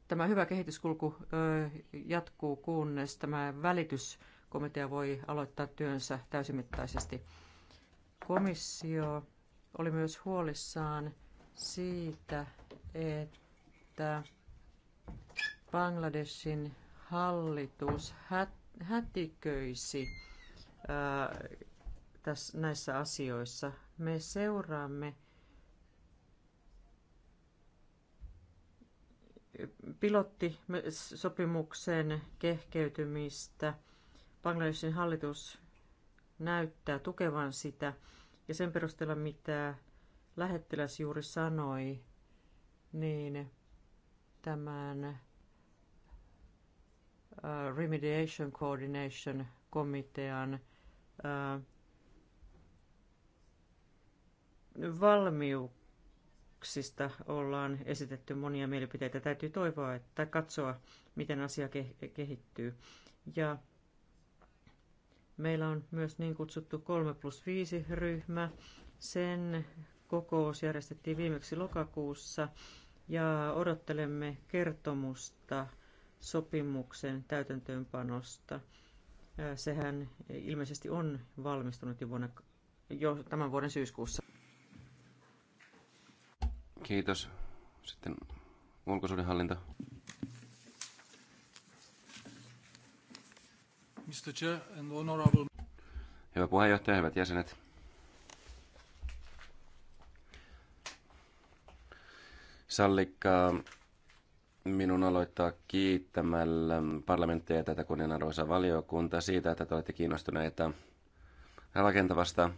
tämä hyvä kehityskulku jatkuu, kunnes tämä välityskomitea voi aloittaa työnsä täysimittaisesti. Komissio oli myös huolissaan siitä, että Bangladeshin hallitus hätiköisi tässä, näissä asioissa. Me seuraamme pilottisopimuksen kehkeytymistä. Bangladesin hallitus näyttää tukevan sitä. Ja sen perusteella, mitä lähettiläs juuri sanoi, niin tämän äh, Remediation Coordination komitean äh, valmiuksista ollaan esitetty monia mielipiteitä. Täytyy toivoa, että katsoa, miten asia kehittyy. Ja meillä on myös niin kutsuttu 3 plus 5 ryhmä. Sen kokous järjestettiin viimeksi lokakuussa ja odottelemme kertomusta sopimuksen täytäntöönpanosta. Äh, sehän ilmeisesti on valmistunut jo, vuonna, jo tämän vuoden syyskuussa. Kiitos. Sitten ulkosuudenhallinta. Mr. Chair and honorable... Hyvä puheenjohtaja, hyvät jäsenet. Sallikkaa minun aloittaa kiittämällä parlamenttia ja tätä kunnianarvoisa valiokunta siitä, että te olette kiinnostuneita rakentavasta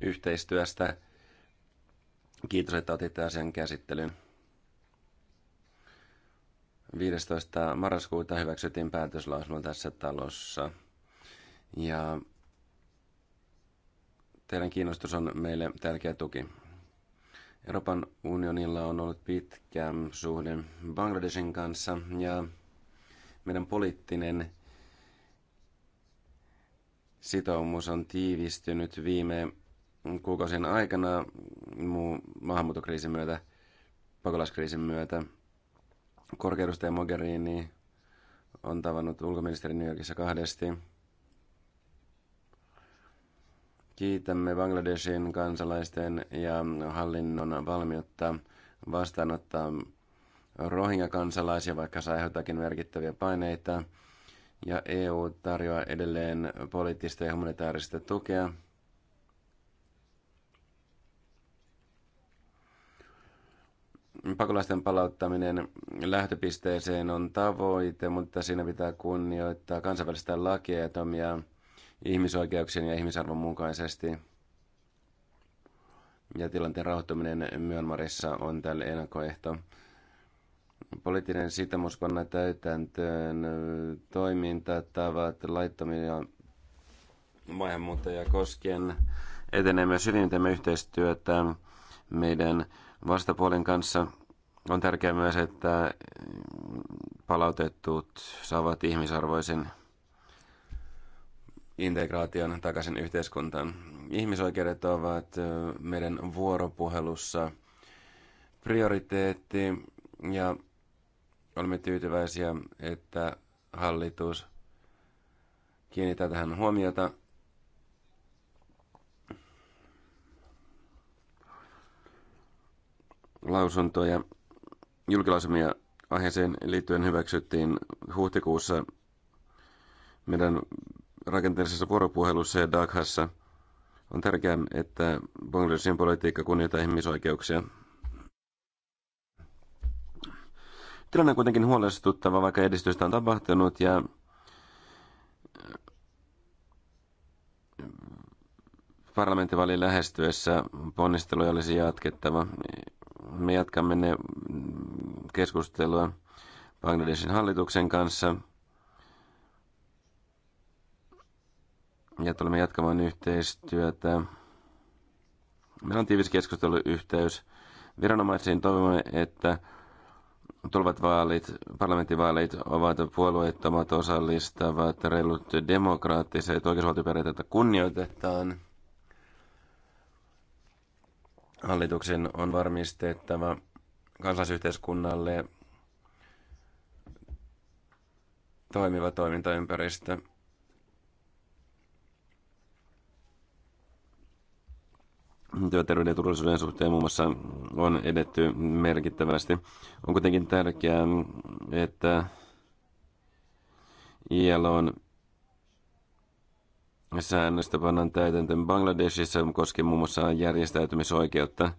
yhteistyöstä Kiitos, että otitte asian käsittelyyn. 15. marraskuuta hyväksyttiin päätöslausuma tässä talossa. Ja teidän kiinnostus on meille tärkeä tuki. Euroopan unionilla on ollut pitkä suhde Bangladeshin kanssa ja meidän poliittinen sitoumus on tiivistynyt viime kuukausien aikana muu maahanmuuttokriisin myötä, pakolaiskriisin myötä. Korkeudustaja Mogherini on tavannut ulkoministeri New Yorkissa kahdesti. Kiitämme Bangladeshin kansalaisten ja hallinnon valmiutta vastaanottaa rohingya-kansalaisia, vaikka se aiheuttaakin merkittäviä paineita. Ja EU tarjoaa edelleen poliittista ja humanitaarista tukea Pakolaisten palauttaminen lähtöpisteeseen on tavoite, mutta siinä pitää kunnioittaa kansainvälistä lakia ja toimia ihmisoikeuksien ja ihmisarvon mukaisesti. Ja tilanteen rahoittaminen Myanmarissa on tälle ennakkoehto. Poliittinen sitomus panna täytäntöön toimintatavat laittomia maahanmuuttajia koskien etenee myös hyvin yhteistyötä meidän vastapuolen kanssa. On tärkeää myös, että palautettut saavat ihmisarvoisen integraation takaisin yhteiskuntaan. Ihmisoikeudet ovat meidän vuoropuhelussa prioriteetti ja olemme tyytyväisiä, että hallitus kiinnittää tähän huomiota. Lausuntoja julkilausumia aiheeseen liittyen hyväksyttiin huhtikuussa meidän rakenteellisessa vuoropuhelussa ja Dakhassa. On tärkeää, että Bangladesin politiikka kunnioittaa ihmisoikeuksia. Tilanne on kuitenkin huolestuttava, vaikka edistystä on tapahtunut ja äh, parlamenttivaalin lähestyessä ponnisteluja olisi jatkettava me jatkamme ne mm, keskustelua Bangladesin hallituksen kanssa. Ja tulemme jatkamaan yhteistyötä. Meillä on tiivis keskusteluyhteys viranomaisiin. Toivomme, että tulevat vaalit, parlamenttivaalit ovat puolueettomat, osallistavat, reilut demokraattiset, oikeusvaltioperiaatteita kunnioitetaan – Hallituksen on varmistettava kansalaisyhteiskunnalle toimiva toimintaympäristö. Työterveyden ja turvallisuuden suhteen muun muassa on edetty merkittävästi. On kuitenkin tärkeää, että on säännöstä pannaan täytäntöön Bangladesissa koskien muun muassa järjestäytymisoikeutta.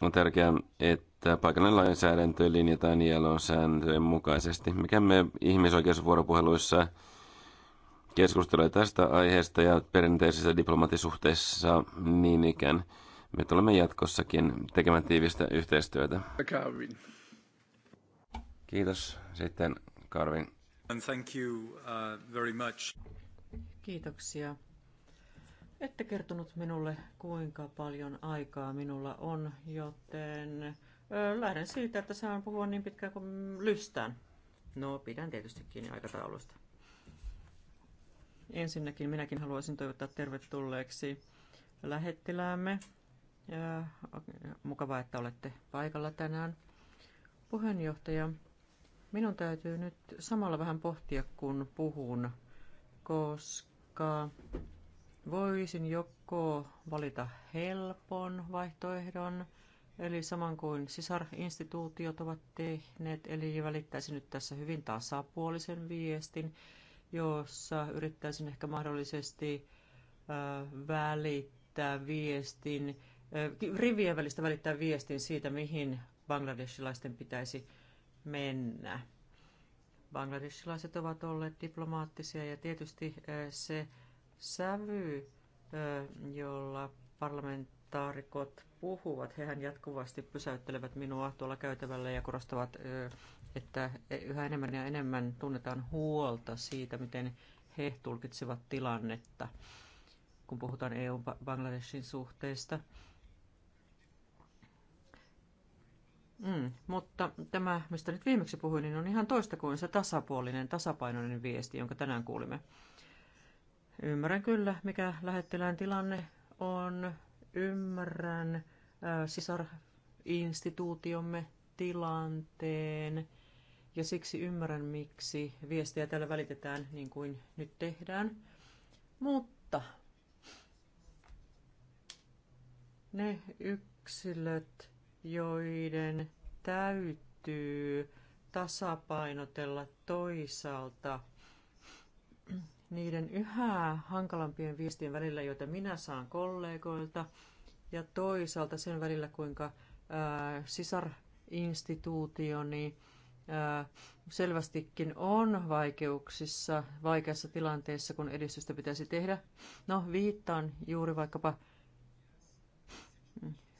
On tärkeää, että paikallinen lainsäädäntö linjataan ILOn sääntöjen mukaisesti, mikä me ihmisoikeusvuoropuheluissa keskustelee tästä aiheesta ja perinteisissä diplomatisuhteissa niin ikään. Me tulemme jatkossakin tekemään tiivistä yhteistyötä. Kiitos. Sitten Karvin. And thank you, uh, very much. Kiitoksia. Ette kertonut minulle, kuinka paljon aikaa minulla on, joten ö, lähden siitä, että saan puhua niin pitkään kuin lystään. No, pidän tietysti kiinni aikataulusta. Ensinnäkin minäkin haluaisin toivottaa tervetulleeksi lähettiläämme. Ja, mukavaa, että olette paikalla tänään. Puheenjohtaja, Minun täytyy nyt samalla vähän pohtia, kun puhun, koska voisin joko valita helpon vaihtoehdon, eli saman kuin sisarinstituutiot ovat tehneet, eli välittäisin nyt tässä hyvin tasapuolisen viestin, jossa yrittäisin ehkä mahdollisesti välittää viestin, rivien välistä välittää viestin siitä, mihin bangladeshilaisten pitäisi mennä. Bangladesilaiset ovat olleet diplomaattisia ja tietysti se sävy, jolla parlamentaarikot puhuvat, hehän jatkuvasti pysäyttelevät minua tuolla käytävällä ja korostavat, että yhä enemmän ja enemmän tunnetaan huolta siitä, miten he tulkitsevat tilannetta, kun puhutaan EU-Bangladeshin suhteista. Mm, mutta tämä, mistä nyt viimeksi puhuin, niin on ihan toista kuin se tasapuolinen, tasapainoinen viesti, jonka tänään kuulimme. Ymmärrän kyllä, mikä lähettilään tilanne on. Ymmärrän äh, sisarinstituutiomme tilanteen ja siksi ymmärrän, miksi viestiä täällä välitetään niin kuin nyt tehdään. Mutta ne yksilöt, joiden täytyy tasapainotella toisaalta niiden yhä hankalampien viestien välillä, joita minä saan kollegoilta, ja toisaalta sen välillä, kuinka ää, sisarinstituutioni ää, selvästikin on vaikeuksissa, vaikeassa tilanteessa, kun edistystä pitäisi tehdä. No, viittaan juuri vaikkapa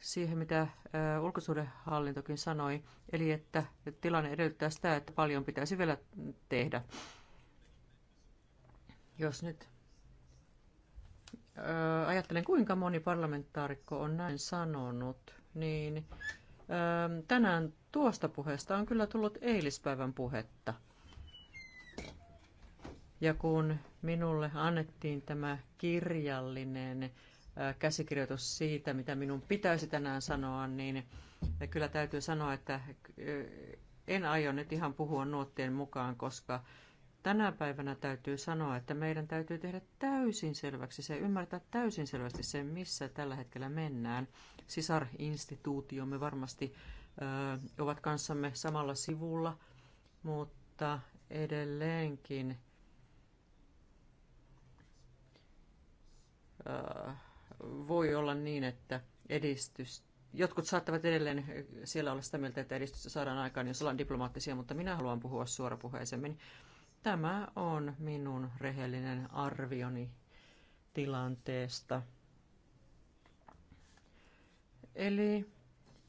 siihen, mitä ulkosuhdehallintokin sanoi, eli että tilanne edellyttää sitä, että paljon pitäisi vielä tehdä. Jos nyt ajattelen, kuinka moni parlamentaarikko on näin sanonut, niin tänään tuosta puheesta on kyllä tullut eilispäivän puhetta. Ja kun minulle annettiin tämä kirjallinen käsikirjoitus siitä, mitä minun pitäisi tänään sanoa, niin kyllä täytyy sanoa, että en aio nyt ihan puhua nuottien mukaan, koska tänä päivänä täytyy sanoa, että meidän täytyy tehdä täysin selväksi se, ymmärtää täysin selvästi se, missä tällä hetkellä mennään. Sisarinstituutiomme varmasti ö, ovat kanssamme samalla sivulla, mutta edelleenkin... Ö, voi olla niin, että edistys, jotkut saattavat edelleen siellä olla sitä mieltä, että edistystä saadaan aikaan, jos ollaan diplomaattisia, mutta minä haluan puhua suorapuheisemmin. Tämä on minun rehellinen arvioni tilanteesta. Eli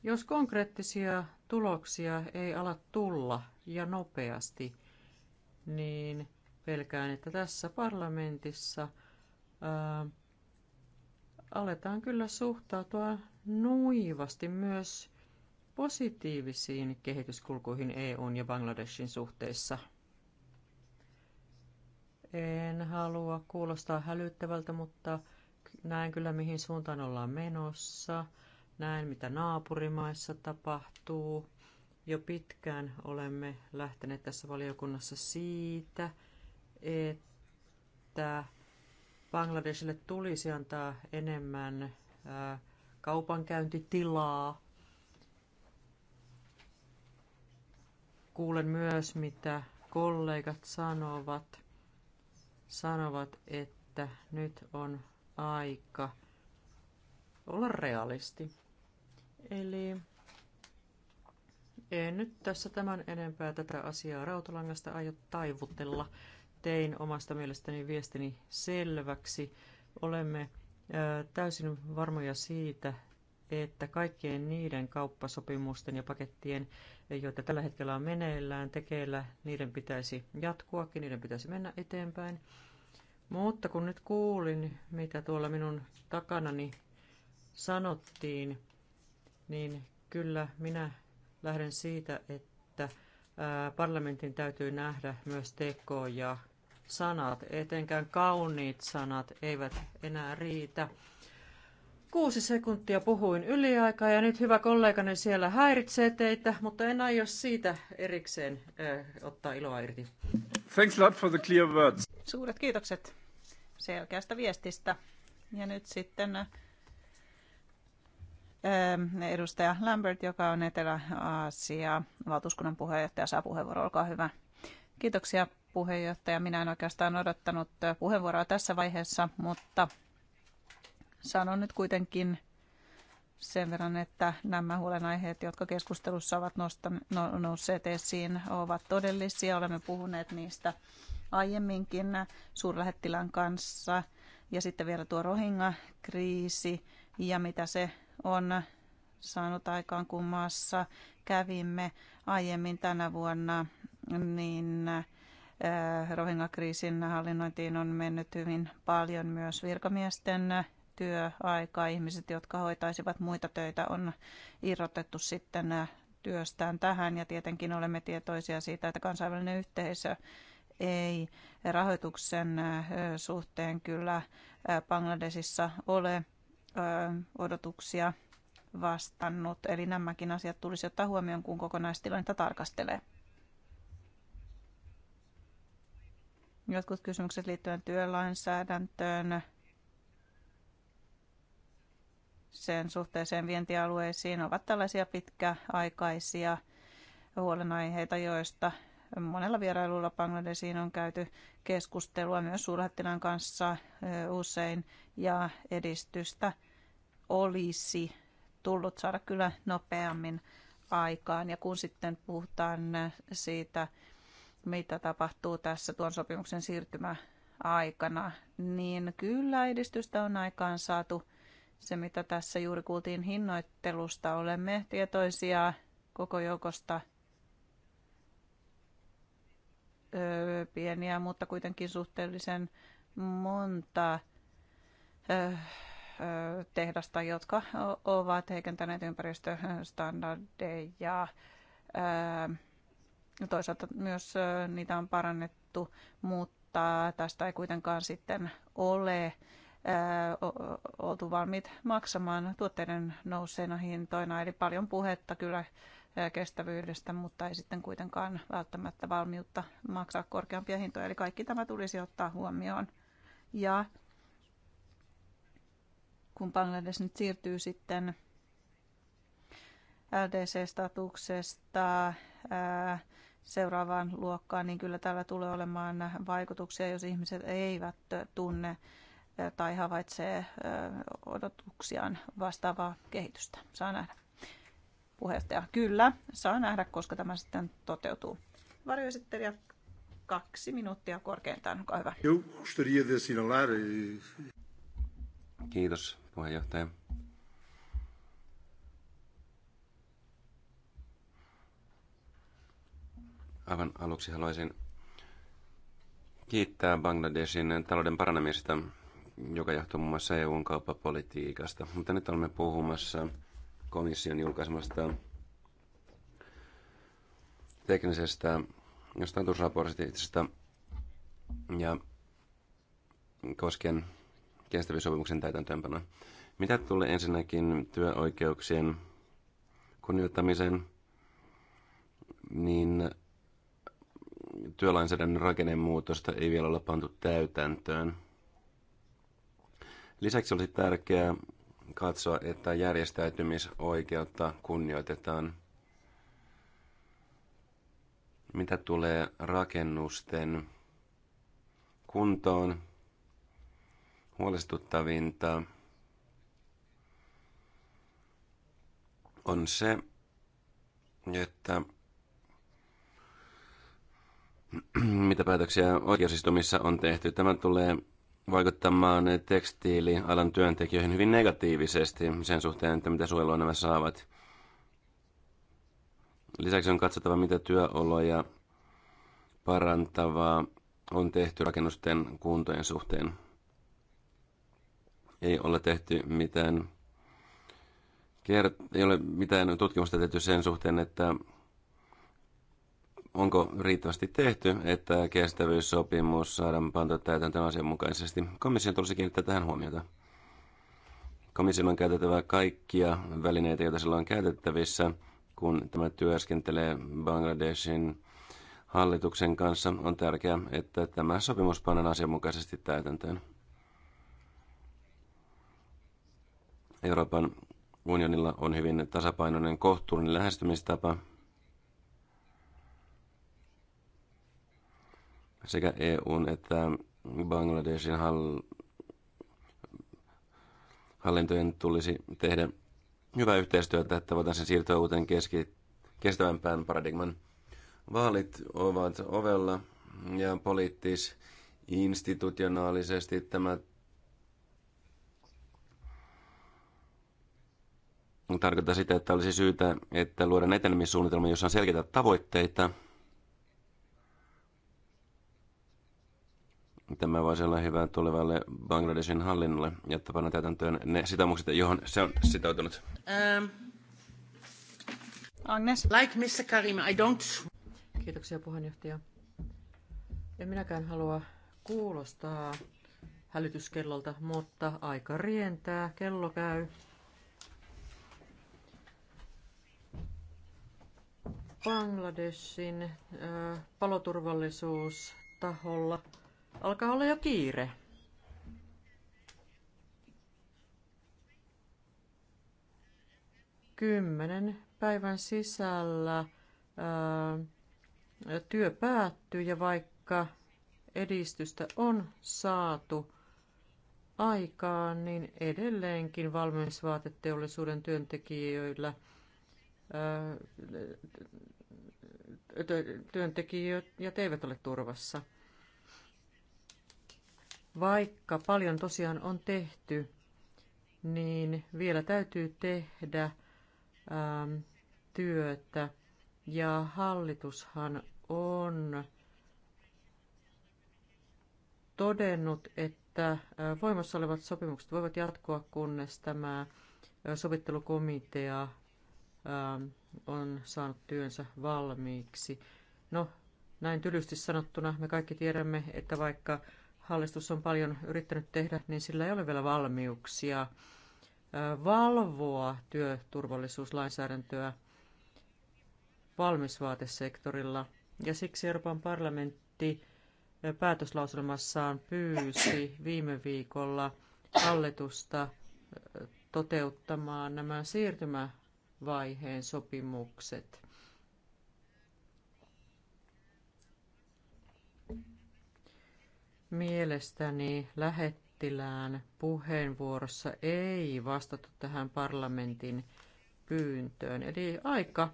jos konkreettisia tuloksia ei ala tulla ja nopeasti, niin pelkään, että tässä parlamentissa ää, aletaan kyllä suhtautua nuivasti myös positiivisiin kehityskulkuihin EUn ja Bangladeshin suhteissa. En halua kuulostaa hälyttävältä, mutta näen kyllä mihin suuntaan ollaan menossa. Näen mitä naapurimaissa tapahtuu. Jo pitkään olemme lähteneet tässä valiokunnassa siitä, että Bangladesille tulisi antaa enemmän kaupankäyntitilaa. Kuulen myös, mitä kollegat sanovat, sanovat, että nyt on aika olla realisti. Eli en nyt tässä tämän enempää tätä asiaa rautalangasta aio taivutella tein omasta mielestäni viestini selväksi. Olemme täysin varmoja siitä, että kaikkien niiden kauppasopimusten ja pakettien, joita tällä hetkellä on meneillään, tekeillä, niiden pitäisi jatkuakin, niiden pitäisi mennä eteenpäin. Mutta kun nyt kuulin, mitä tuolla minun takanani sanottiin, niin kyllä minä lähden siitä, että parlamentin täytyy nähdä myös tekoja sanat, etenkään kauniit sanat, eivät enää riitä. Kuusi sekuntia puhuin yliaikaa ja nyt hyvä kollegani siellä häiritsee teitä, mutta en aio siitä erikseen äh, ottaa iloa irti. Thanks a lot for the clear words. Suuret kiitokset selkeästä viestistä. Ja nyt sitten eh, edustaja Lambert, joka on Etelä-Aasia valtuuskunnan puheenjohtaja, saa puheenvuoro. Olkaa hyvä. Kiitoksia puheenjohtaja. Minä en oikeastaan odottanut puheenvuoroa tässä vaiheessa, mutta sanon nyt kuitenkin sen verran, että nämä huolenaiheet, jotka keskustelussa ovat no-, nousseet esiin, ovat todellisia. Olemme puhuneet niistä aiemminkin suurlähettilän kanssa ja sitten vielä tuo rohinga kriisi ja mitä se on saanut aikaan, kun maassa kävimme aiemmin tänä vuonna, niin Äh, Rohingya-kriisin hallinnointiin on mennyt hyvin paljon myös virkamiesten työaikaa. Ihmiset, jotka hoitaisivat muita töitä, on irrotettu sitten äh, työstään tähän ja tietenkin olemme tietoisia siitä, että kansainvälinen yhteisö ei rahoituksen äh, suhteen kyllä Bangladesissa ole odotuksia vastannut. Eli nämäkin asiat tulisi ottaa huomioon, kun kokonaistilannetta tarkastelee. Jotkut kysymykset liittyen työlainsäädäntöön, sen suhteeseen vientialueisiin ovat tällaisia pitkäaikaisia huolenaiheita, joista monella vierailulla Bangladesiin on käyty keskustelua myös suurlähettilään kanssa usein ja edistystä olisi tullut saada kyllä nopeammin aikaan. Ja kun sitten puhutaan siitä, mitä tapahtuu tässä tuon sopimuksen siirtymäaikana, niin kyllä edistystä on aikaan saatu. Se, mitä tässä juuri kuultiin hinnoittelusta, olemme tietoisia koko joukosta öö, pieniä, mutta kuitenkin suhteellisen monta öö, tehdasta, jotka ovat heikentäneet ympäristöstandardeja. Öö, ja toisaalta myös niitä on parannettu, mutta tästä ei kuitenkaan sitten ole oltu valmiit maksamaan tuotteiden nousseina hintoina. Eli paljon puhetta kyllä kestävyydestä, mutta ei sitten kuitenkaan välttämättä valmiutta maksaa korkeampia hintoja. Eli kaikki tämä tulisi ottaa huomioon. Ja kun Bangladesh nyt siirtyy sitten LDC-statuksesta seuraavaan luokkaan, niin kyllä tällä tulee olemaan vaikutuksia, jos ihmiset eivät tunne tai havaitsee odotuksiaan vastaavaa kehitystä. Saa nähdä. Puheenjohtaja, kyllä, saa nähdä, koska tämä sitten toteutuu. Varjoesittelijä, kaksi minuuttia korkeintaan, olkaa hyvä. E- Kiitos, puheenjohtaja. Aivan aluksi haluaisin kiittää Bangladesin talouden paranemista, joka johtuu muun muassa EUn kauppapolitiikasta. Mutta nyt olemme puhumassa komission julkaisemasta teknisestä statusraportista ja koskien kestävyyssopimuksen täytäntöönpanoa. Mitä tulee ensinnäkin työoikeuksien kunnioittamiseen, niin työlainsäädännön rakennemuutosta ei vielä ole pantu täytäntöön. Lisäksi olisi tärkeää katsoa, että järjestäytymisoikeutta kunnioitetaan. Mitä tulee rakennusten kuntoon, huolestuttavinta on se, että <clears throat> mitä päätöksiä oikeusistumissa on tehty. Tämä tulee vaikuttamaan tekstiilialan työntekijöihin hyvin negatiivisesti sen suhteen, että mitä suojelua nämä saavat. Lisäksi on katsottava, mitä työoloja parantavaa on tehty rakennusten kuntojen suhteen. Ei ole tehty mitään, ei ole mitään tutkimusta tehty sen suhteen, että onko riittävästi tehty, että kestävyyssopimus saadaan pantua täytäntöön asianmukaisesti. Komission tulisi kiinnittää tähän huomiota. Komission on käytettävä kaikkia välineitä, joita sillä on käytettävissä, kun tämä työskentelee Bangladeshin hallituksen kanssa. On tärkeää, että tämä sopimus pannaan asianmukaisesti täytäntöön. Euroopan unionilla on hyvin tasapainoinen kohtuullinen lähestymistapa – sekä EUn että Bangladesin hall- hallintojen tulisi tehdä hyvää yhteistyötä, että voitaisiin siirtyä uuteen keski- kestävämpään paradigman. Vaalit ovat ovella ja poliittis institutionaalisesti tämä tarkoittaa sitä, että olisi syytä, että luodaan etenemissuunnitelma, jossa on selkeitä tavoitteita – Tämä voisi olla hyvä tulevalle Bangladesin hallinnolle, jotta panna täytäntöön ne sitoumukset, johon se on sitoutunut. Um, Agnes. Like Mr. Karim, I don't... Kiitoksia puheenjohtaja. En minäkään halua kuulostaa hälytyskellolta, mutta aika rientää, kello käy. Bangladesin äh, paloturvallisuustaholla Alkaa olla jo kiire. Kymmenen päivän sisällä ää, työ päättyy ja vaikka edistystä on saatu aikaan, niin edelleenkin valmennusvaateteollisuuden työntekijöillä ää, työntekijät eivät ole turvassa. Vaikka paljon tosiaan on tehty, niin vielä täytyy tehdä ähm, työtä. Ja hallitushan on todennut, että äh, voimassa olevat sopimukset voivat jatkua, kunnes tämä äh, sovittelukomitea ähm, on saanut työnsä valmiiksi. No, näin tylysti sanottuna me kaikki tiedämme, että vaikka hallitus on paljon yrittänyt tehdä, niin sillä ei ole vielä valmiuksia valvoa työturvallisuuslainsäädäntöä valmisvaatesektorilla. Ja siksi Euroopan parlamentti päätöslauselmassaan pyysi viime viikolla hallitusta toteuttamaan nämä siirtymävaiheen sopimukset. Mielestäni lähettilään puheenvuorossa ei vastattu tähän parlamentin pyyntöön. Eli aika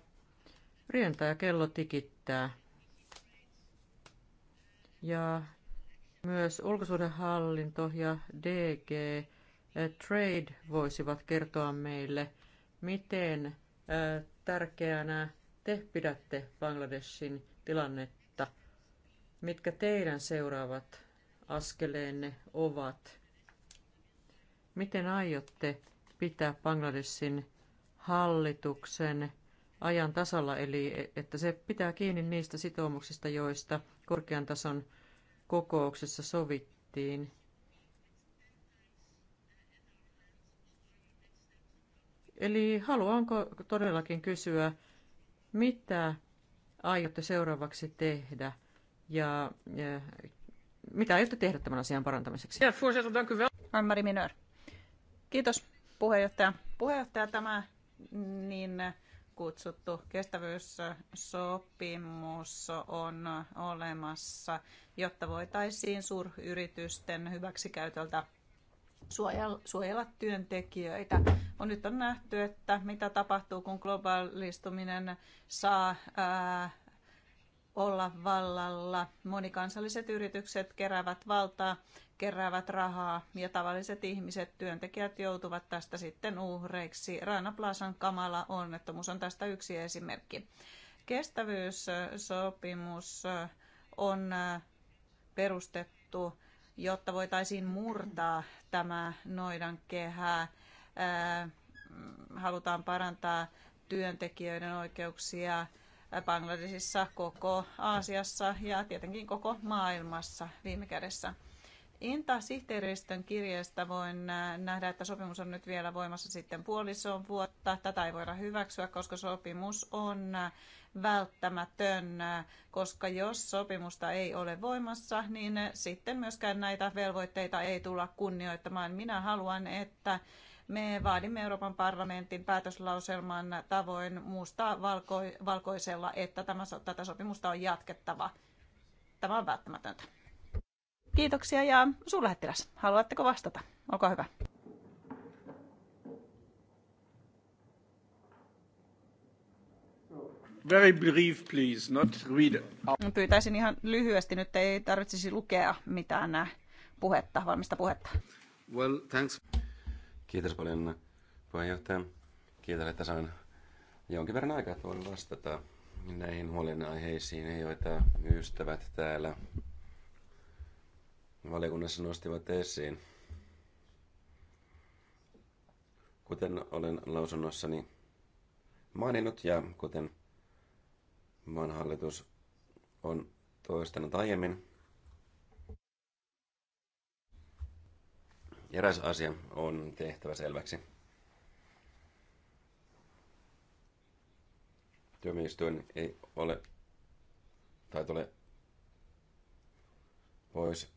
rientää ja kello tikittää. Ja myös ulkosuhdehallinto ja DG eh, Trade voisivat kertoa meille, miten eh, tärkeänä te pidätte Bangladeshin tilannetta, mitkä teidän seuraavat askeleenne ovat? Miten aiotte pitää Bangladesin hallituksen ajan tasalla, eli että se pitää kiinni niistä sitoumuksista, joista korkean tason kokouksessa sovittiin. Eli haluanko todellakin kysyä, mitä aiotte seuraavaksi tehdä ja mitä aiotte tehdä tämän asian parantamiseksi? Anne-Mari Minör. Kiitos puheenjohtaja. Puheenjohtaja tämä niin kutsuttu kestävyyssopimus on olemassa, jotta voitaisiin suuryritysten hyväksikäytöltä suojella työntekijöitä. On nyt on nähty, että mitä tapahtuu, kun globaalistuminen saa ää, olla vallalla. Monikansalliset yritykset keräävät valtaa, keräävät rahaa ja tavalliset ihmiset, työntekijät joutuvat tästä sitten uhreiksi. Rana Plasan kamala onnettomuus on tästä yksi esimerkki. Kestävyyssopimus on perustettu, jotta voitaisiin murtaa tämä noidan kehää. Mm, halutaan parantaa työntekijöiden oikeuksia, Bangladesissa, koko Aasiassa ja tietenkin koko maailmassa viime kädessä. Inta-sihteeristön kirjeestä voin äh, nähdä, että sopimus on nyt vielä voimassa sitten puolison vuotta. Tätä ei voida hyväksyä, koska sopimus on äh, välttämätön, äh, koska jos sopimusta ei ole voimassa, niin sitten myöskään näitä velvoitteita ei tulla kunnioittamaan. Minä haluan, että me vaadimme Euroopan parlamentin päätöslauselman tavoin muusta valko- valkoisella, että tämä, tätä sopimusta on jatkettava. Tämä on välttämätöntä. Kiitoksia ja suurlähettiläs, haluatteko vastata? Olkaa hyvä. Very brief, please, not read. Pyytäisin ihan lyhyesti, nyt ei tarvitsisi lukea mitään äh, puhetta, valmista puhetta. Well, thanks. Kiitos paljon puheenjohtaja. Kiitos, että sain jonkin verran aikaa, että voin vastata näihin huolenaiheisiin, joita ystävät täällä valiokunnassa nostivat esiin. Kuten olen lausunnossani maininnut ja kuten maan hallitus on toistanut aiemmin, Eräs asia on tehtävä selväksi. Työministuin ei ole tai tule pois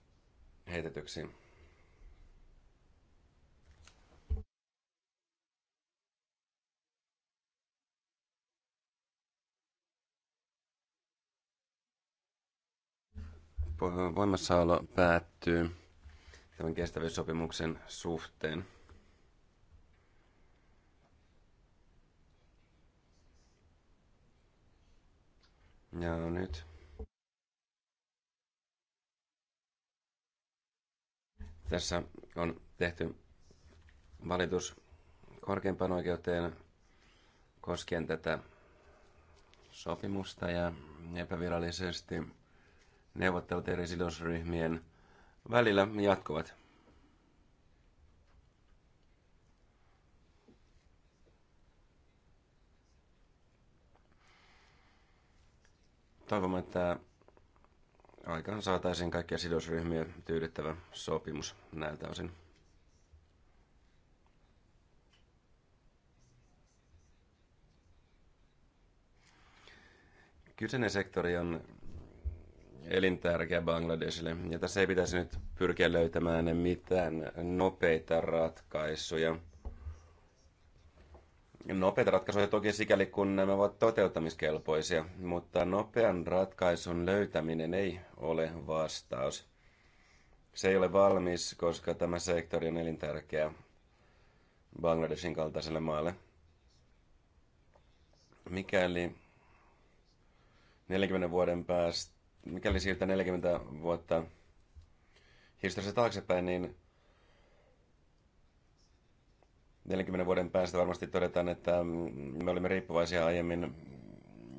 heitetyksi. Voimassaolo päättyy tämän kestävyyssopimuksen suhteen. Ja nyt. Tässä on tehty valitus korkeimpaan oikeuteen koskien tätä sopimusta ja epävirallisesti neuvottelut eri sidosryhmien välillä jatkuvat. Toivomme, että aikaan saataisiin kaikkia sidosryhmiä tyydyttävä sopimus näiltä osin. Kyseinen sektori on elintärkeä Bangladesille. Ja tässä ei pitäisi nyt pyrkiä löytämään mitään nopeita ratkaisuja. Nopeita ratkaisuja toki sikäli, kun nämä ovat toteuttamiskelpoisia, mutta nopean ratkaisun löytäminen ei ole vastaus. Se ei ole valmis, koska tämä sektori on elintärkeä Bangladesin kaltaiselle maalle. Mikäli 40 vuoden päästä mikäli siirtää 40 vuotta historiassa taaksepäin, niin 40 vuoden päästä varmasti todetaan, että me olimme riippuvaisia aiemmin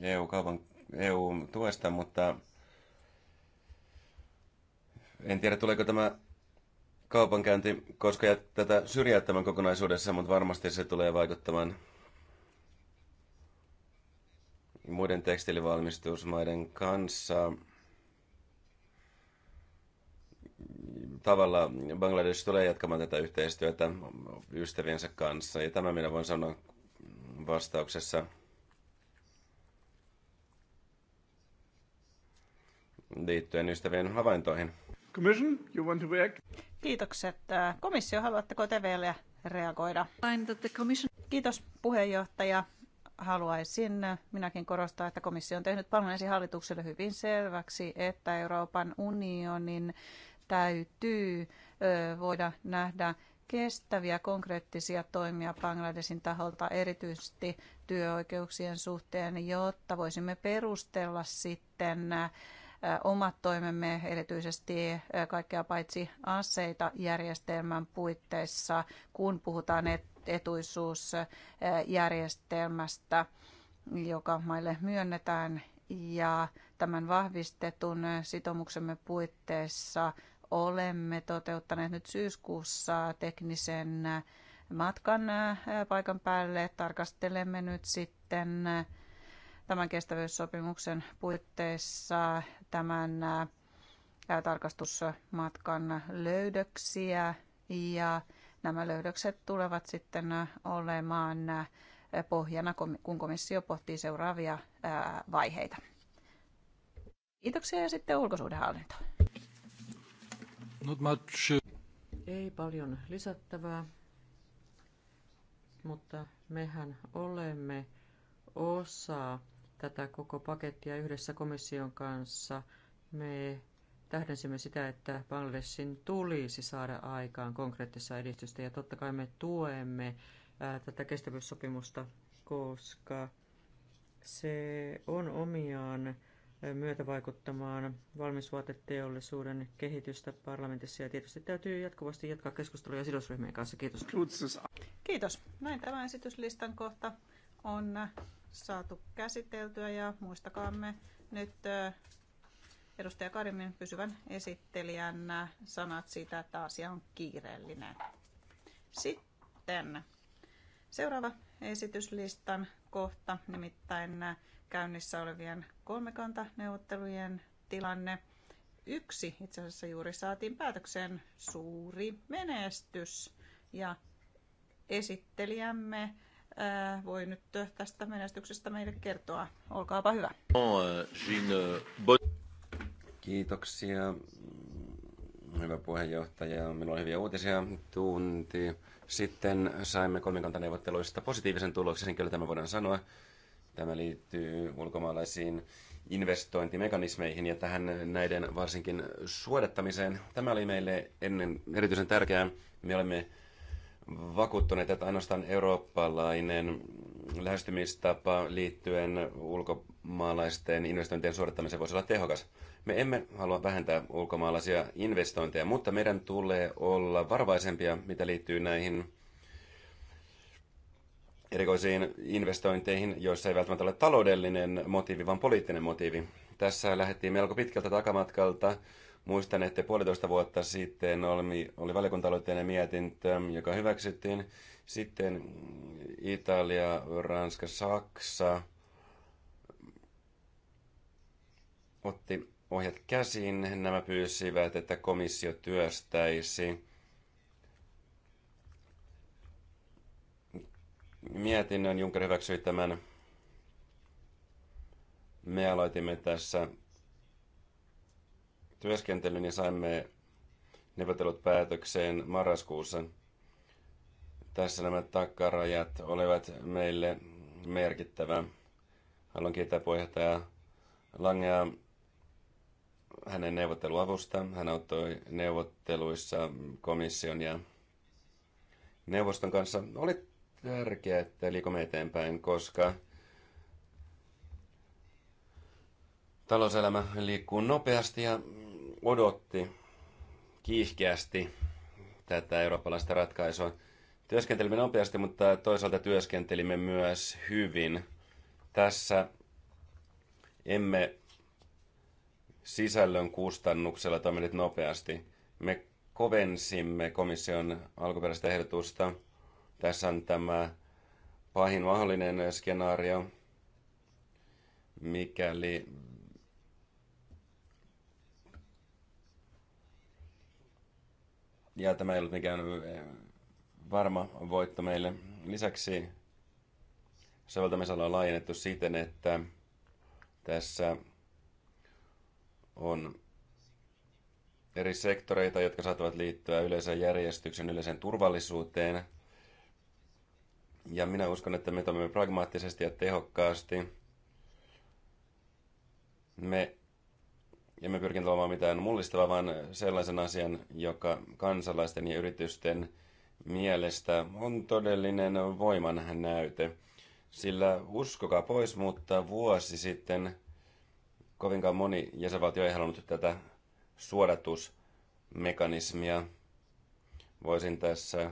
EU-kaupan, EU-tuesta, mutta en tiedä tuleeko tämä kaupankäynti koska tätä syrjäyttämään kokonaisuudessa, mutta varmasti se tulee vaikuttamaan muiden tekstilivalmistusmaiden kanssa. tavalla Bangladesh tulee jatkamaan tätä yhteistyötä ystäviensä kanssa. Ja tämä minä voin sanoa vastauksessa liittyen ystävien havaintoihin. Commission, you want to react? Kiitokset. Komissio, haluatteko te vielä reagoida? Kiitos puheenjohtaja. Haluaisin minäkin korostaa, että komissio on tehnyt paljon hallitukselle hyvin selväksi, että Euroopan unionin täytyy voida nähdä kestäviä konkreettisia toimia Bangladesin taholta, erityisesti työoikeuksien suhteen, jotta voisimme perustella sitten omat toimemme, erityisesti kaikkea paitsi aseita järjestelmän puitteissa, kun puhutaan etuisuusjärjestelmästä, joka maille myönnetään, ja tämän vahvistetun sitoumuksemme puitteissa – olemme toteuttaneet nyt syyskuussa teknisen matkan paikan päälle. Tarkastelemme nyt sitten tämän kestävyyssopimuksen puitteissa tämän tarkastusmatkan löydöksiä ja nämä löydökset tulevat sitten olemaan pohjana, kun komissio pohtii seuraavia vaiheita. Kiitoksia ja sitten ulkosuhdehallintoon. Not much. Uh, Ei paljon lisättävää, mutta mehän olemme osa tätä koko pakettia yhdessä komission kanssa. Me tähdensimme sitä, että Bangladesin tulisi saada aikaan konkreettista edistystä ja totta kai me tuemme tätä kestävyyssopimusta, koska se on omiaan myötävaikuttamaan valmisvaateteollisuuden kehitystä parlamentissa ja tietysti täytyy jatkuvasti jatkaa keskustelua sidosryhmien kanssa. Kiitos. Kiitos. Näin tämä esityslistan kohta on saatu käsiteltyä ja muistakaamme nyt edustaja Karimin pysyvän esittelijän sanat siitä, että asia on kiireellinen. Sitten seuraava esityslistan kohta, nimittäin käynnissä olevien kolmekantaneuvottelujen tilanne. Yksi itse asiassa juuri saatiin päätökseen suuri menestys ja esittelijämme äh, voi nyt tästä menestyksestä meille kertoa. Olkaapa hyvä. Kiitoksia, hyvä puheenjohtaja. Minulla on hyviä uutisia. Tunti sitten saimme kolmikantaneuvotteluista positiivisen tuloksen, kyllä tämä voidaan sanoa. Tämä liittyy ulkomaalaisiin investointimekanismeihin ja tähän näiden varsinkin suodattamiseen. Tämä oli meille ennen erityisen tärkeää. Me olemme vakuuttuneet, että ainoastaan eurooppalainen lähestymistapa liittyen ulkomaalaisten investointien suorittamiseen voisi olla tehokas. Me emme halua vähentää ulkomaalaisia investointeja, mutta meidän tulee olla varvaisempia, mitä liittyy näihin erikoisiin investointeihin, joissa ei välttämättä ole taloudellinen motiivi, vaan poliittinen motiivi. Tässä lähdettiin melko pitkältä takamatkalta. Muistan, että puolitoista vuotta sitten oli, oli valiokuntaloitteinen mietintö, joka hyväksyttiin. Sitten Italia, Ranska, Saksa otti ohjat käsiin. Nämä pyysivät, että komissio työstäisi mietinnön. Juncker hyväksyi tämän. Me aloitimme tässä työskentelyn ja saimme neuvotelut päätökseen marraskuussa. Tässä nämä takkarajat olivat meille merkittävä. Haluan kiittää puheenjohtaja Langea hänen neuvotteluavusta. Hän auttoi neuvotteluissa komission ja neuvoston kanssa. Oli tärkeää, että liikumme eteenpäin, koska talouselämä liikkuu nopeasti ja odotti kiihkeästi tätä eurooppalaista ratkaisua. Työskentelimme nopeasti, mutta toisaalta työskentelimme myös hyvin. Tässä emme sisällön kustannuksella toimineet nopeasti. Me kovensimme komission alkuperäistä ehdotusta – tässä on tämä pahin mahdollinen skenaario, mikäli ja tämä ei ollut mikään eh, varma voitto meille. Lisäksi soveltamisala on laajennettu siten, että tässä on eri sektoreita, jotka saattavat liittyä yleisen järjestyksen, yleisen turvallisuuteen – ja minä uskon, että me toimimme pragmaattisesti ja tehokkaasti. Me emme pyrkineet olemaan mitään mullistavaa, vaan sellaisen asian, joka kansalaisten ja yritysten mielestä on todellinen voiman näyte. Sillä uskokaa pois, mutta vuosi sitten kovinkaan moni jäsenvaltio ei halunnut tätä suodatusmekanismia. Voisin tässä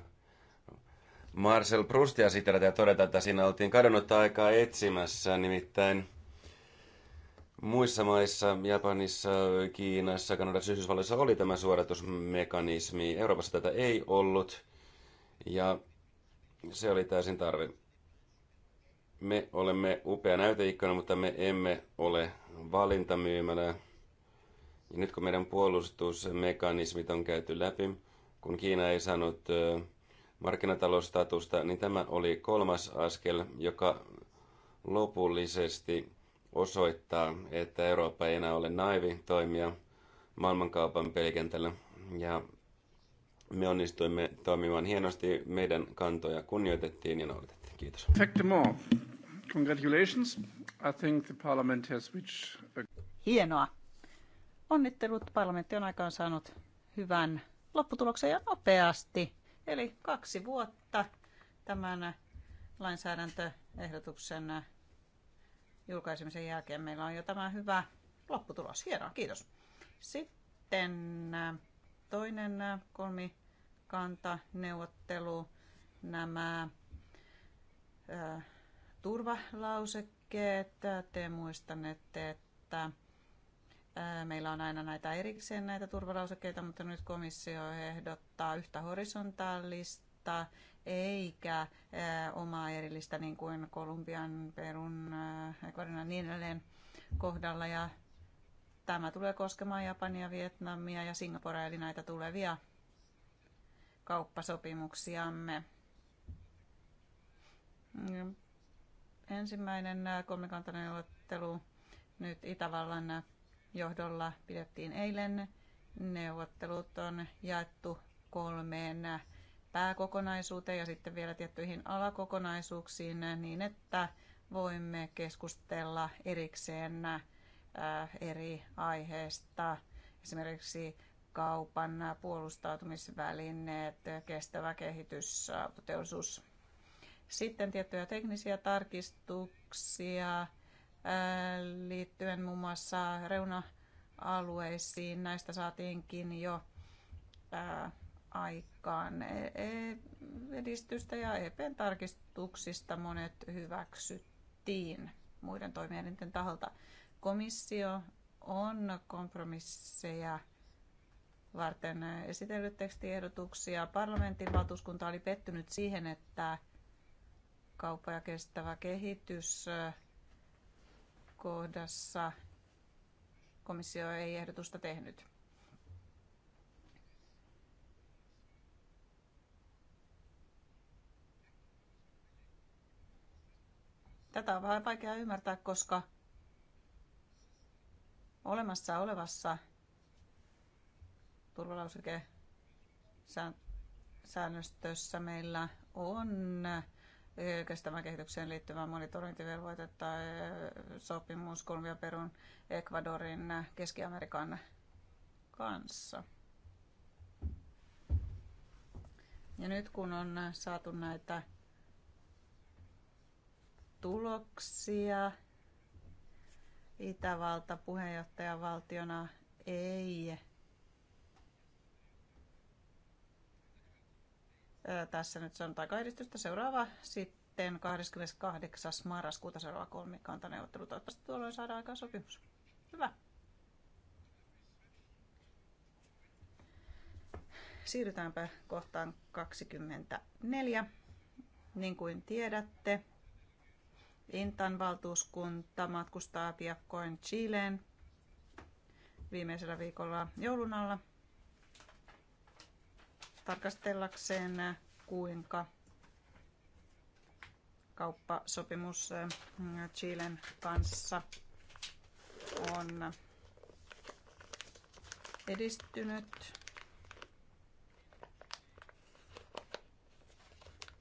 Marcel Proustia siterata ja todeta, että siinä oltiin kadonnutta aikaa etsimässä, nimittäin muissa maissa, Japanissa, Kiinassa, Kanadassa, Yhdysvalloissa oli tämä suoritusmekanismi. Euroopassa tätä ei ollut ja se oli täysin tarve. Me olemme upea näyteikkuna, mutta me emme ole valintamyymälä. Ja nyt kun meidän puolustusmekanismit on käyty läpi, kun Kiina ei saanut markkinatalousstatusta, niin tämä oli kolmas askel, joka lopullisesti osoittaa, että Eurooppa ei enää ole naivi toimija maailmankaupan pelikentällä. Ja me onnistuimme toimimaan hienosti, meidän kantoja kunnioitettiin ja noudatettiin. Kiitos. Congratulations. I think the parliament has reached... Hienoa. Onnittelut. Parlamentti on aikaan saanut hyvän lopputuloksen ja nopeasti. Eli kaksi vuotta tämän lainsäädäntöehdotuksen julkaisemisen jälkeen meillä on jo tämä hyvä lopputulos. Hienoa, kiitos. Sitten äh, toinen äh, kolmikanta neuvottelu, nämä äh, turvalausekkeet. Te muistanette, että Meillä on aina näitä erikseen näitä turvalausekkeita, mutta nyt komissio ehdottaa yhtä horisontaalista eikä omaa erillistä niin kuin Kolumbian, Perun, Ecuadorin ja niin edelleen kohdalla. Ja tämä tulee koskemaan Japania, Vietnamia ja Singaporea, eli näitä tulevia kauppasopimuksiamme. Ensimmäinen kolmikantaneuvottelu nyt Itävallan johdolla pidettiin eilen. Neuvottelut on jaettu kolmeen pääkokonaisuuteen ja sitten vielä tiettyihin alakokonaisuuksiin niin, että voimme keskustella erikseen äh, eri aiheista, esimerkiksi kaupan puolustautumisvälineet, kestävä kehitys, teollisuus. Sitten tiettyjä teknisiä tarkistuksia Äh, liittyen muun muassa reuna-alueisiin. Näistä saatiinkin jo äh, aikaan e-, e-, edistystä ja ep tarkistuksista monet hyväksyttiin muiden toimielinten taholta. Komissio on kompromisseja varten esitellyt tekstiehdotuksia. Parlamentin valtuuskunta oli pettynyt siihen, että kauppa ja kestävä kehitys kohdassa komissio ei ehdotusta tehnyt. Tätä on vähän vaikea ymmärtää, koska olemassa olevassa turvalauseke meillä on kestävän kehitykseen liittyvää monitorointivelvoitetta, eh, sopimus Kolumbian, Perun, Ecuadorin, eh, Keski-Amerikan kanssa. Ja nyt kun on eh, saatu näitä tuloksia, Itävalta puheenjohtajavaltiona ei tässä nyt on edistystä. Seuraava sitten 28. marraskuuta seuraava kolmikantaneuvottelu. Toivottavasti tuolloin saadaan aikaan sopimus. Hyvä. Siirrytäänpä kohtaan 24. Niin kuin tiedätte, Intan valtuuskunta matkustaa piakkoin Chileen viimeisellä viikolla joulun alla – tarkastellakseen, kuinka kauppasopimus äh, Chilen kanssa on edistynyt.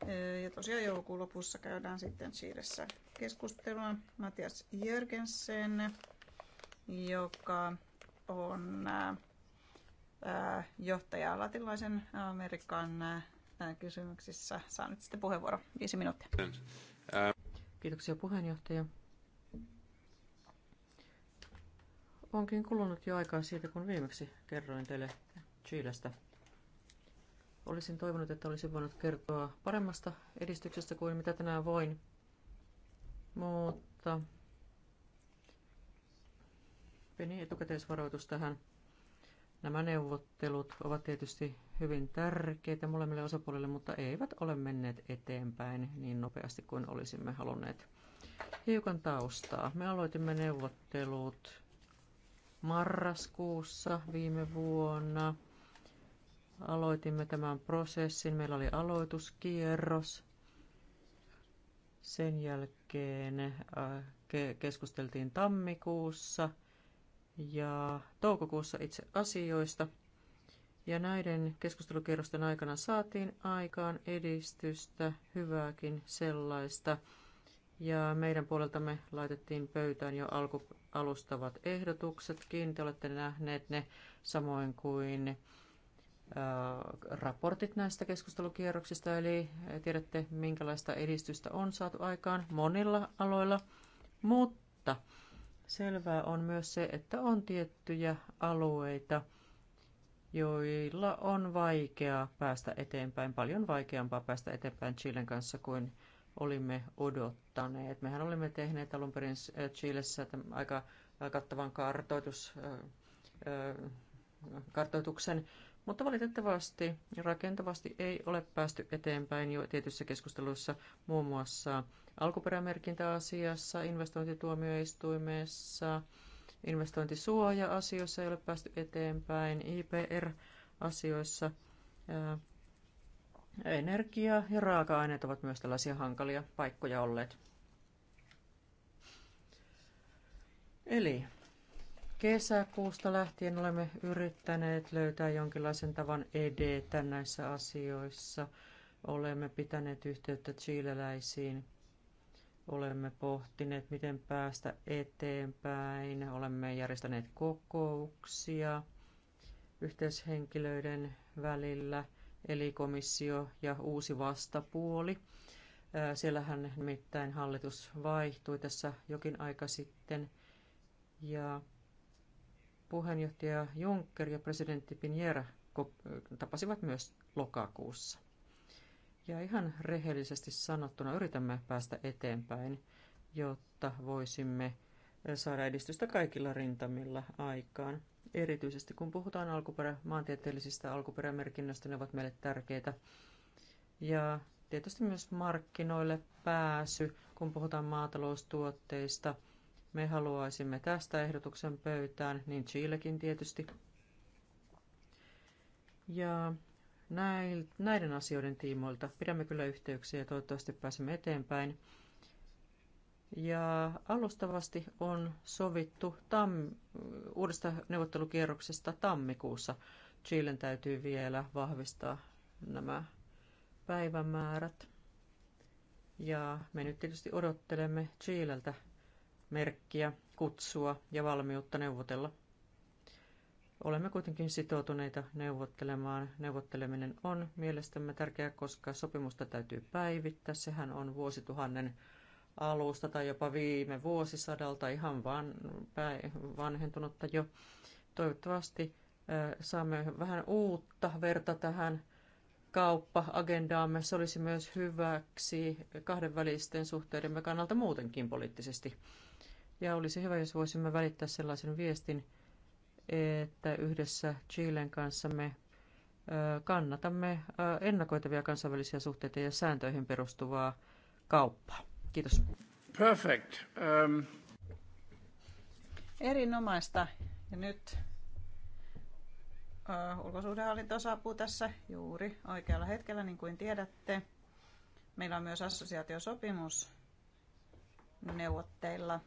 Äh, ja tosiaan joulukuun lopussa käydään sitten Chilessä keskustelua Matias Jörgensen, joka on äh, johtaja latinalaisen Amerikan kysymyksissä. Saa nyt sitten puheenvuoro. Viisi minuuttia. Kiitoksia puheenjohtaja. Onkin kulunut jo aikaa siitä, kun viimeksi kerroin teille Chilestä. Olisin toivonut, että olisin voinut kertoa paremmasta edistyksestä kuin mitä tänään voin. Mutta pieni etukäteisvaroitus tähän. Nämä neuvottelut ovat tietysti hyvin tärkeitä molemmille osapuolille, mutta eivät ole menneet eteenpäin niin nopeasti kuin olisimme halunneet. Hiukan taustaa. Me aloitimme neuvottelut marraskuussa viime vuonna. Aloitimme tämän prosessin. Meillä oli aloituskierros. Sen jälkeen äh, keskusteltiin tammikuussa – ja toukokuussa itse asioista. Ja näiden keskustelukierrosten aikana saatiin aikaan edistystä, hyvääkin sellaista. Ja meidän puoleltamme laitettiin pöytään jo alku, alustavat ehdotuksetkin. Te olette nähneet ne samoin kuin ä, äh, raportit näistä keskustelukierroksista, eli tiedätte, minkälaista edistystä on saatu aikaan monilla aloilla, mutta Selvää on myös se, että on tiettyjä alueita, joilla on vaikeaa päästä eteenpäin, paljon vaikeampaa päästä eteenpäin Chilen kanssa kuin olimme odottaneet. Mehän olimme tehneet alun perin äh, Chilessä aika äh, kattavan kartoitus, äh, kartoituksen mutta valitettavasti rakentavasti ei ole päästy eteenpäin jo tietyissä keskusteluissa muun muassa alkuperämerkintäasiassa, investointituomioistuimessa, investointisuoja-asioissa ei ole päästy eteenpäin, IPR-asioissa, energia ja raaka-aineet ovat myös tällaisia hankalia paikkoja olleet. Eli Kesäkuusta lähtien olemme yrittäneet löytää jonkinlaisen tavan edetä näissä asioissa. Olemme pitäneet yhteyttä chileläisiin. Olemme pohtineet, miten päästä eteenpäin. Olemme järjestäneet kokouksia yhteishenkilöiden välillä, eli komissio ja uusi vastapuoli. Äh, siellähän nimittäin hallitus vaihtui tässä jokin aika sitten. Ja puheenjohtaja Juncker ja presidentti Pinera tapasivat myös lokakuussa. Ja ihan rehellisesti sanottuna yritämme päästä eteenpäin, jotta voisimme saada edistystä kaikilla rintamilla aikaan. Erityisesti kun puhutaan alkuperä, maantieteellisistä alkuperämerkinnöistä, ne ovat meille tärkeitä. Ja tietysti myös markkinoille pääsy, kun puhutaan maataloustuotteista – me haluaisimme tästä ehdotuksen pöytään, niin Chilekin tietysti. Ja näiden asioiden tiimoilta pidämme kyllä yhteyksiä ja toivottavasti pääsemme eteenpäin. Ja alustavasti on sovittu tam, uudesta neuvottelukierroksesta tammikuussa. Chilen täytyy vielä vahvistaa nämä päivämäärät. Ja me nyt tietysti odottelemme Chileltä merkkiä, kutsua ja valmiutta neuvotella. Olemme kuitenkin sitoutuneita neuvottelemaan. Neuvotteleminen on mielestämme tärkeää, koska sopimusta täytyy päivittää. Sehän on vuosituhannen alusta tai jopa viime vuosisadalta ihan van, vanhentunutta jo. Toivottavasti saamme vähän uutta verta tähän kauppa-agendaamme. Se olisi myös hyväksi kahdenvälisten suhteidemme kannalta muutenkin poliittisesti. Ja olisi hyvä, jos voisimme välittää sellaisen viestin, että yhdessä Chilen kanssa me kannatamme ennakoitavia kansainvälisiä suhteita ja sääntöihin perustuvaa kauppaa. Kiitos. Perfect. Um... Erinomaista. Ja nyt uh, ulkosuhdehallinto saapuu tässä juuri oikealla hetkellä, niin kuin tiedätte. Meillä on myös assosiaatiosopimus neuvotteilla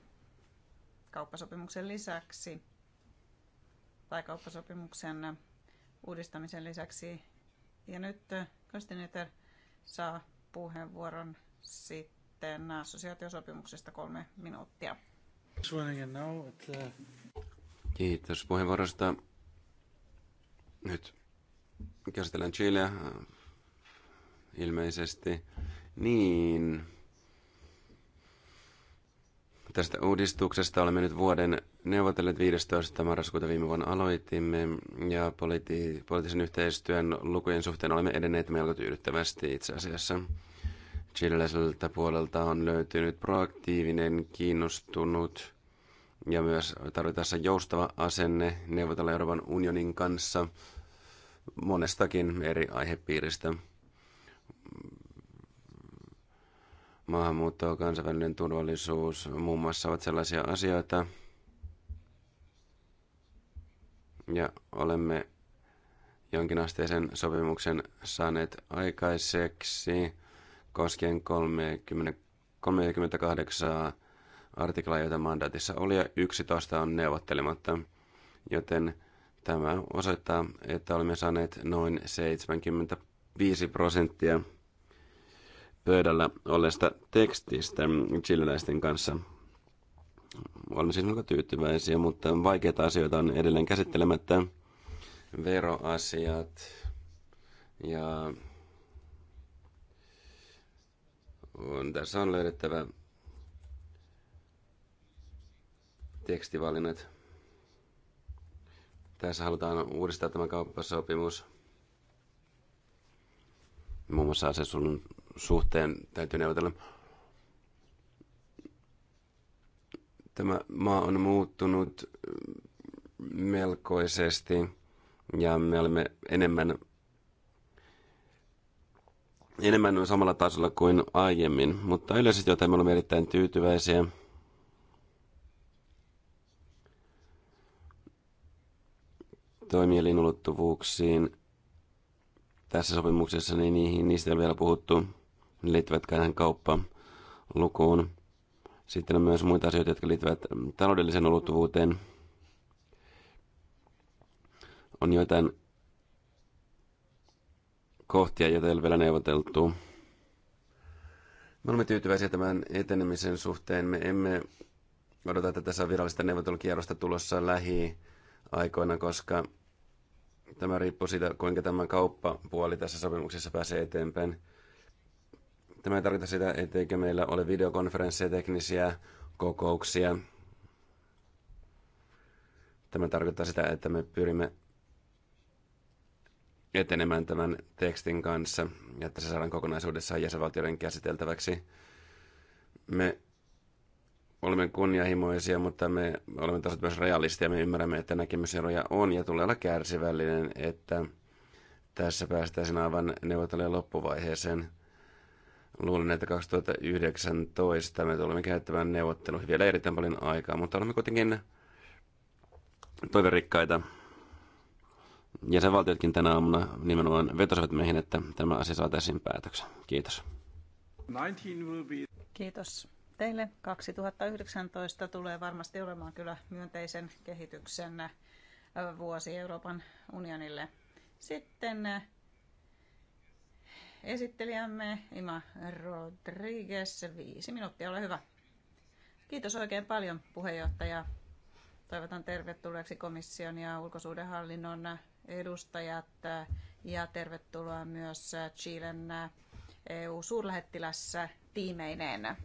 kauppasopimuksen lisäksi tai kauppasopimuksen uudistamisen lisäksi. Ja nyt Köstineter saa puheenvuoron sitten assosiaatiosopimuksesta kolme minuuttia. Kiitos puheenvuorosta. Nyt käsitellään Chileä äh, ilmeisesti. Niin, Tästä uudistuksesta olemme nyt vuoden neuvotelleet 15. marraskuuta viime vuonna aloitimme ja politi- poliittisen yhteistyön lukujen suhteen olemme edenneet melko tyydyttävästi itse asiassa. Chileläiseltä puolelta on löytynyt proaktiivinen, kiinnostunut ja myös tarvitaan joustava asenne neuvotella Euroopan unionin kanssa monestakin eri aihepiiristä maahanmuutto, kansainvälinen turvallisuus muun muassa ovat sellaisia asioita, ja olemme jonkinasteisen sopimuksen saaneet aikaiseksi koskien 30, 38 artiklaa, joita mandaatissa oli, ja 11 on neuvottelematta. Joten tämä osoittaa, että olemme saaneet noin 75 prosenttia pöydällä olleesta tekstistä chileläisten kanssa. Olemme siis melko tyytyväisiä, mutta vaikeita asioita on edelleen käsittelemättä. Veroasiat ja on, tässä on löydettävä tekstivalinnat. Tässä halutaan uudistaa tämä kauppasopimus. Muun muassa asesun suhteen täytyy neuvotella. Tämä maa on muuttunut mm, melkoisesti ja me olemme enemmän, enemmän samalla tasolla kuin aiemmin, mutta yleisesti jotain me olemme erittäin tyytyväisiä. toimielin ulottuvuuksiin tässä sopimuksessa, niin niihin, niistä on vielä puhuttu liittyvät tähän kauppalukuun. Sitten on myös muita asioita, jotka liittyvät taloudelliseen ulottuvuuteen. On joitain kohtia, joita ei ole vielä neuvoteltu. Me olemme tyytyväisiä tämän etenemisen suhteen. Me emme odota, että tässä on virallista neuvottelukierrosta tulossa lähiaikoina, koska tämä riippuu siitä, kuinka tämä kauppapuoli tässä sopimuksessa pääsee eteenpäin. Tämä ei tarkoita sitä, etteikö meillä ole videokonferensseja, teknisiä kokouksia. Tämä tarkoittaa sitä, että me pyrimme etenemään tämän tekstin kanssa, ja että se saadaan kokonaisuudessaan jäsenvaltioiden käsiteltäväksi. Me olemme kunnianhimoisia, mutta me olemme taas myös realistia. Me ymmärrämme, että näkemyseroja on ja tulee olla kärsivällinen, että tässä päästäisiin aivan neuvottelujen loppuvaiheeseen – Luulen, että 2019 me tulemme käyttämään neuvotteluihin vielä erittäin paljon aikaa, mutta olemme kuitenkin toiverikkaita. Jäsenvaltiotkin tänä aamuna nimenomaan vetosivat meihin, että tämä asia saataisiin päätöksen. Kiitos. Kiitos teille. 2019 tulee varmasti olemaan kyllä myönteisen kehityksen vuosi Euroopan unionille. Sitten esittelijämme Ima Rodriguez. Viisi minuuttia, ole hyvä. Kiitos oikein paljon puheenjohtaja. Toivotan tervetulleeksi komission ja ulkosuudenhallinnon edustajat ja tervetuloa myös Chilen EU-suurlähettilässä tiimeineen.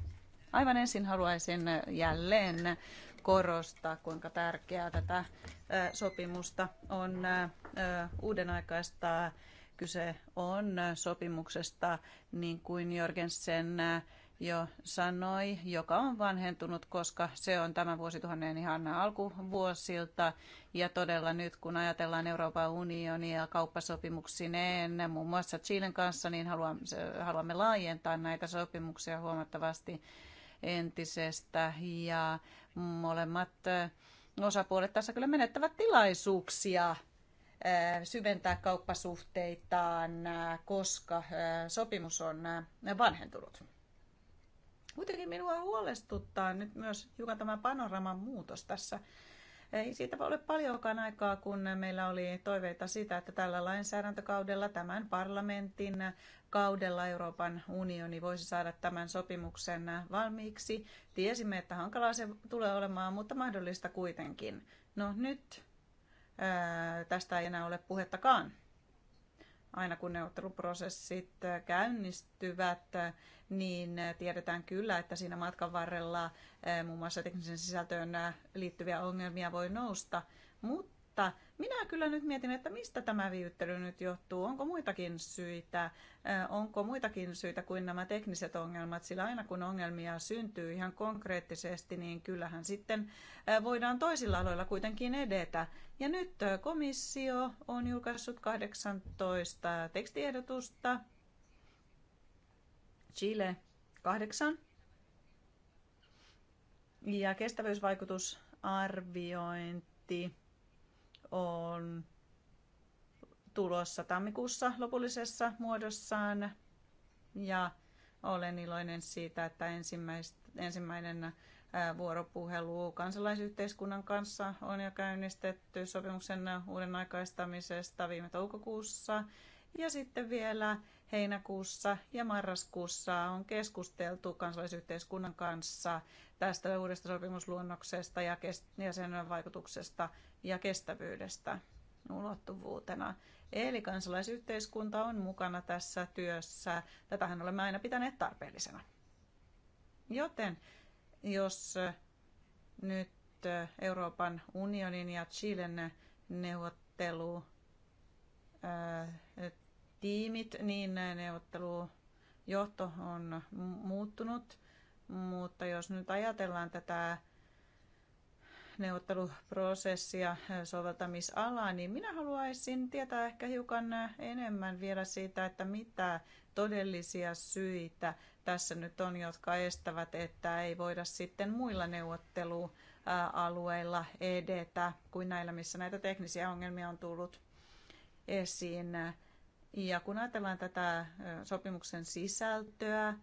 Aivan ensin haluaisin jälleen korostaa, kuinka tärkeää tätä sopimusta on uuden aikaista Kyse on sopimuksesta, niin kuin Jorgensen jo sanoi, joka on vanhentunut, koska se on tämän vuosituhannen ihan alkuvuosilta. Ja todella nyt, kun ajatellaan Euroopan unionia kauppasopimuksineen, muun muassa Chilen kanssa, niin haluamme laajentaa näitä sopimuksia huomattavasti entisestä. Ja molemmat osapuolet tässä kyllä menettävät tilaisuuksia Äh, syventää kauppasuhteitaan, äh, koska äh, sopimus on vanhentunut. Kuitenkin minua huolestuttaa nyt myös hiukan tämä panoraman muutos tässä. Ei siitä voi ole paljonkaan aikaa, kun meillä oli toiveita siitä, että tällä lainsäädäntökaudella, tämän parlamentin kaudella Euroopan unioni voisi saada tämän sopimuksen valmiiksi. Tiesimme, että hankalaa se tulee olemaan, mutta mahdollista kuitenkin. No nyt tästä ei enää ole puhettakaan. Aina kun neuvotteluprosessit käynnistyvät, niin tiedetään kyllä, että siinä matkan varrella muun mm. muassa teknisen sisältöön liittyviä ongelmia voi nousta, mutta mutta minä kyllä nyt mietin, että mistä tämä viivyttely nyt johtuu. Onko muitakin syitä? Onko muitakin syitä kuin nämä tekniset ongelmat? Sillä aina kun ongelmia syntyy ihan konkreettisesti, niin kyllähän sitten voidaan toisilla aloilla kuitenkin edetä. Ja nyt komissio on julkaissut 18 tekstiehdotusta. Chile 8. Ja kestävyysvaikutusarviointi on tulossa tammikuussa lopullisessa muodossaan. Ja olen iloinen siitä, että ensimmäinen vuoropuhelu kansalaisyhteiskunnan kanssa on jo käynnistetty sopimuksen uuden aikaistamisesta viime toukokuussa. Ja sitten vielä heinäkuussa ja marraskuussa on keskusteltu kansalaisyhteiskunnan kanssa tästä uudesta sopimusluonnoksesta ja, sen vaikutuksesta ja kestävyydestä ulottuvuutena. Eli kansalaisyhteiskunta on mukana tässä työssä. Tätähän olemme aina pitäneet tarpeellisena. Joten jos nyt Euroopan unionin ja Chilen neuvottelu tiimit, niin neuvottelujohto on muuttunut. Mutta jos nyt ajatellaan tätä neuvotteluprosessia soveltamisalaa, niin minä haluaisin tietää ehkä hiukan enemmän vielä siitä, että mitä todellisia syitä tässä nyt on, jotka estävät, että ei voida sitten muilla neuvottelualueilla edetä kuin näillä, missä näitä teknisiä ongelmia on tullut esiin ja kun ajatellaan tätä sopimuksen sisältöä,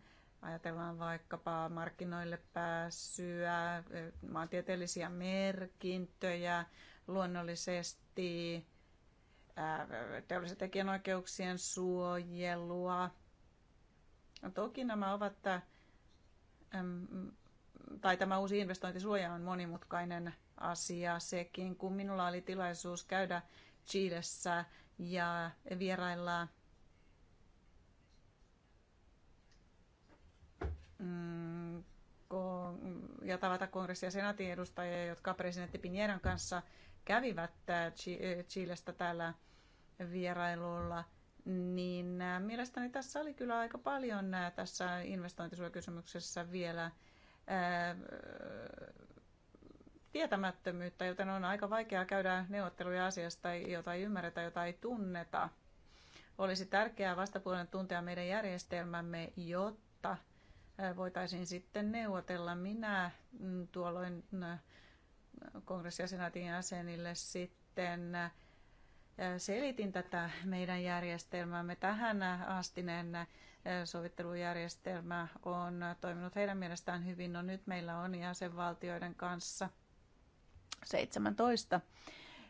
ajatellaan vaikkapa markkinoille pääsyä, maantieteellisiä merkintöjä, luonnollisesti teollisen tekijänoikeuksien suojelua. Toki nämä ovat, tai tämä uusi investointisuoja on monimutkainen asia sekin. Kun minulla oli tilaisuus käydä Chiilessä ja vieraillaan mm, ja tavata kongressia senaatin edustajia, jotka presidentti Pinieran kanssa kävivät äh, äh, Chilestä täällä vierailulla, niin äh, mielestäni tässä oli kyllä aika paljon tässä investointisuojakysymyksessä vielä tietämättömyyttä, joten on aika vaikeaa käydä neuvotteluja asiasta, jota ei ymmärretä, jota ei tunneta. Olisi tärkeää vastapuolen tuntea meidän järjestelmämme, jotta voitaisiin sitten neuvotella. Minä mm, tuolloin mm, senaatin jäsenille sitten selitin tätä meidän järjestelmäämme. Tähän astinen sovittelujärjestelmä on toiminut heidän mielestään hyvin. No nyt meillä on jäsenvaltioiden kanssa – 17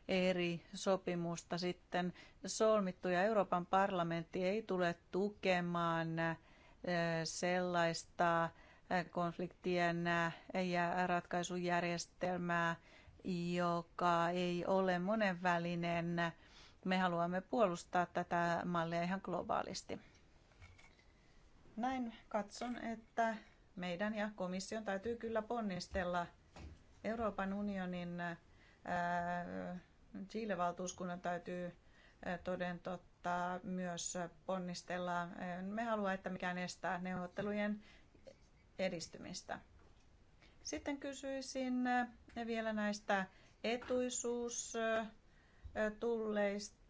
eri sopimusta sitten solmittu ja Euroopan parlamentti ei tule tukemaan äh, sellaista äh, konfliktien äh, ja ratkaisujärjestelmää, joka ei ole monenvälinen. Me haluamme puolustaa tätä mallia ihan globaalisti. Näin katson, että meidän ja komission täytyy kyllä ponnistella Euroopan unionin Chile-valtuuskunnan täytyy toden totta myös ponnistella. Me halua, että mikään estää neuvottelujen edistymistä. Sitten kysyisin vielä näistä etuisuustulleista.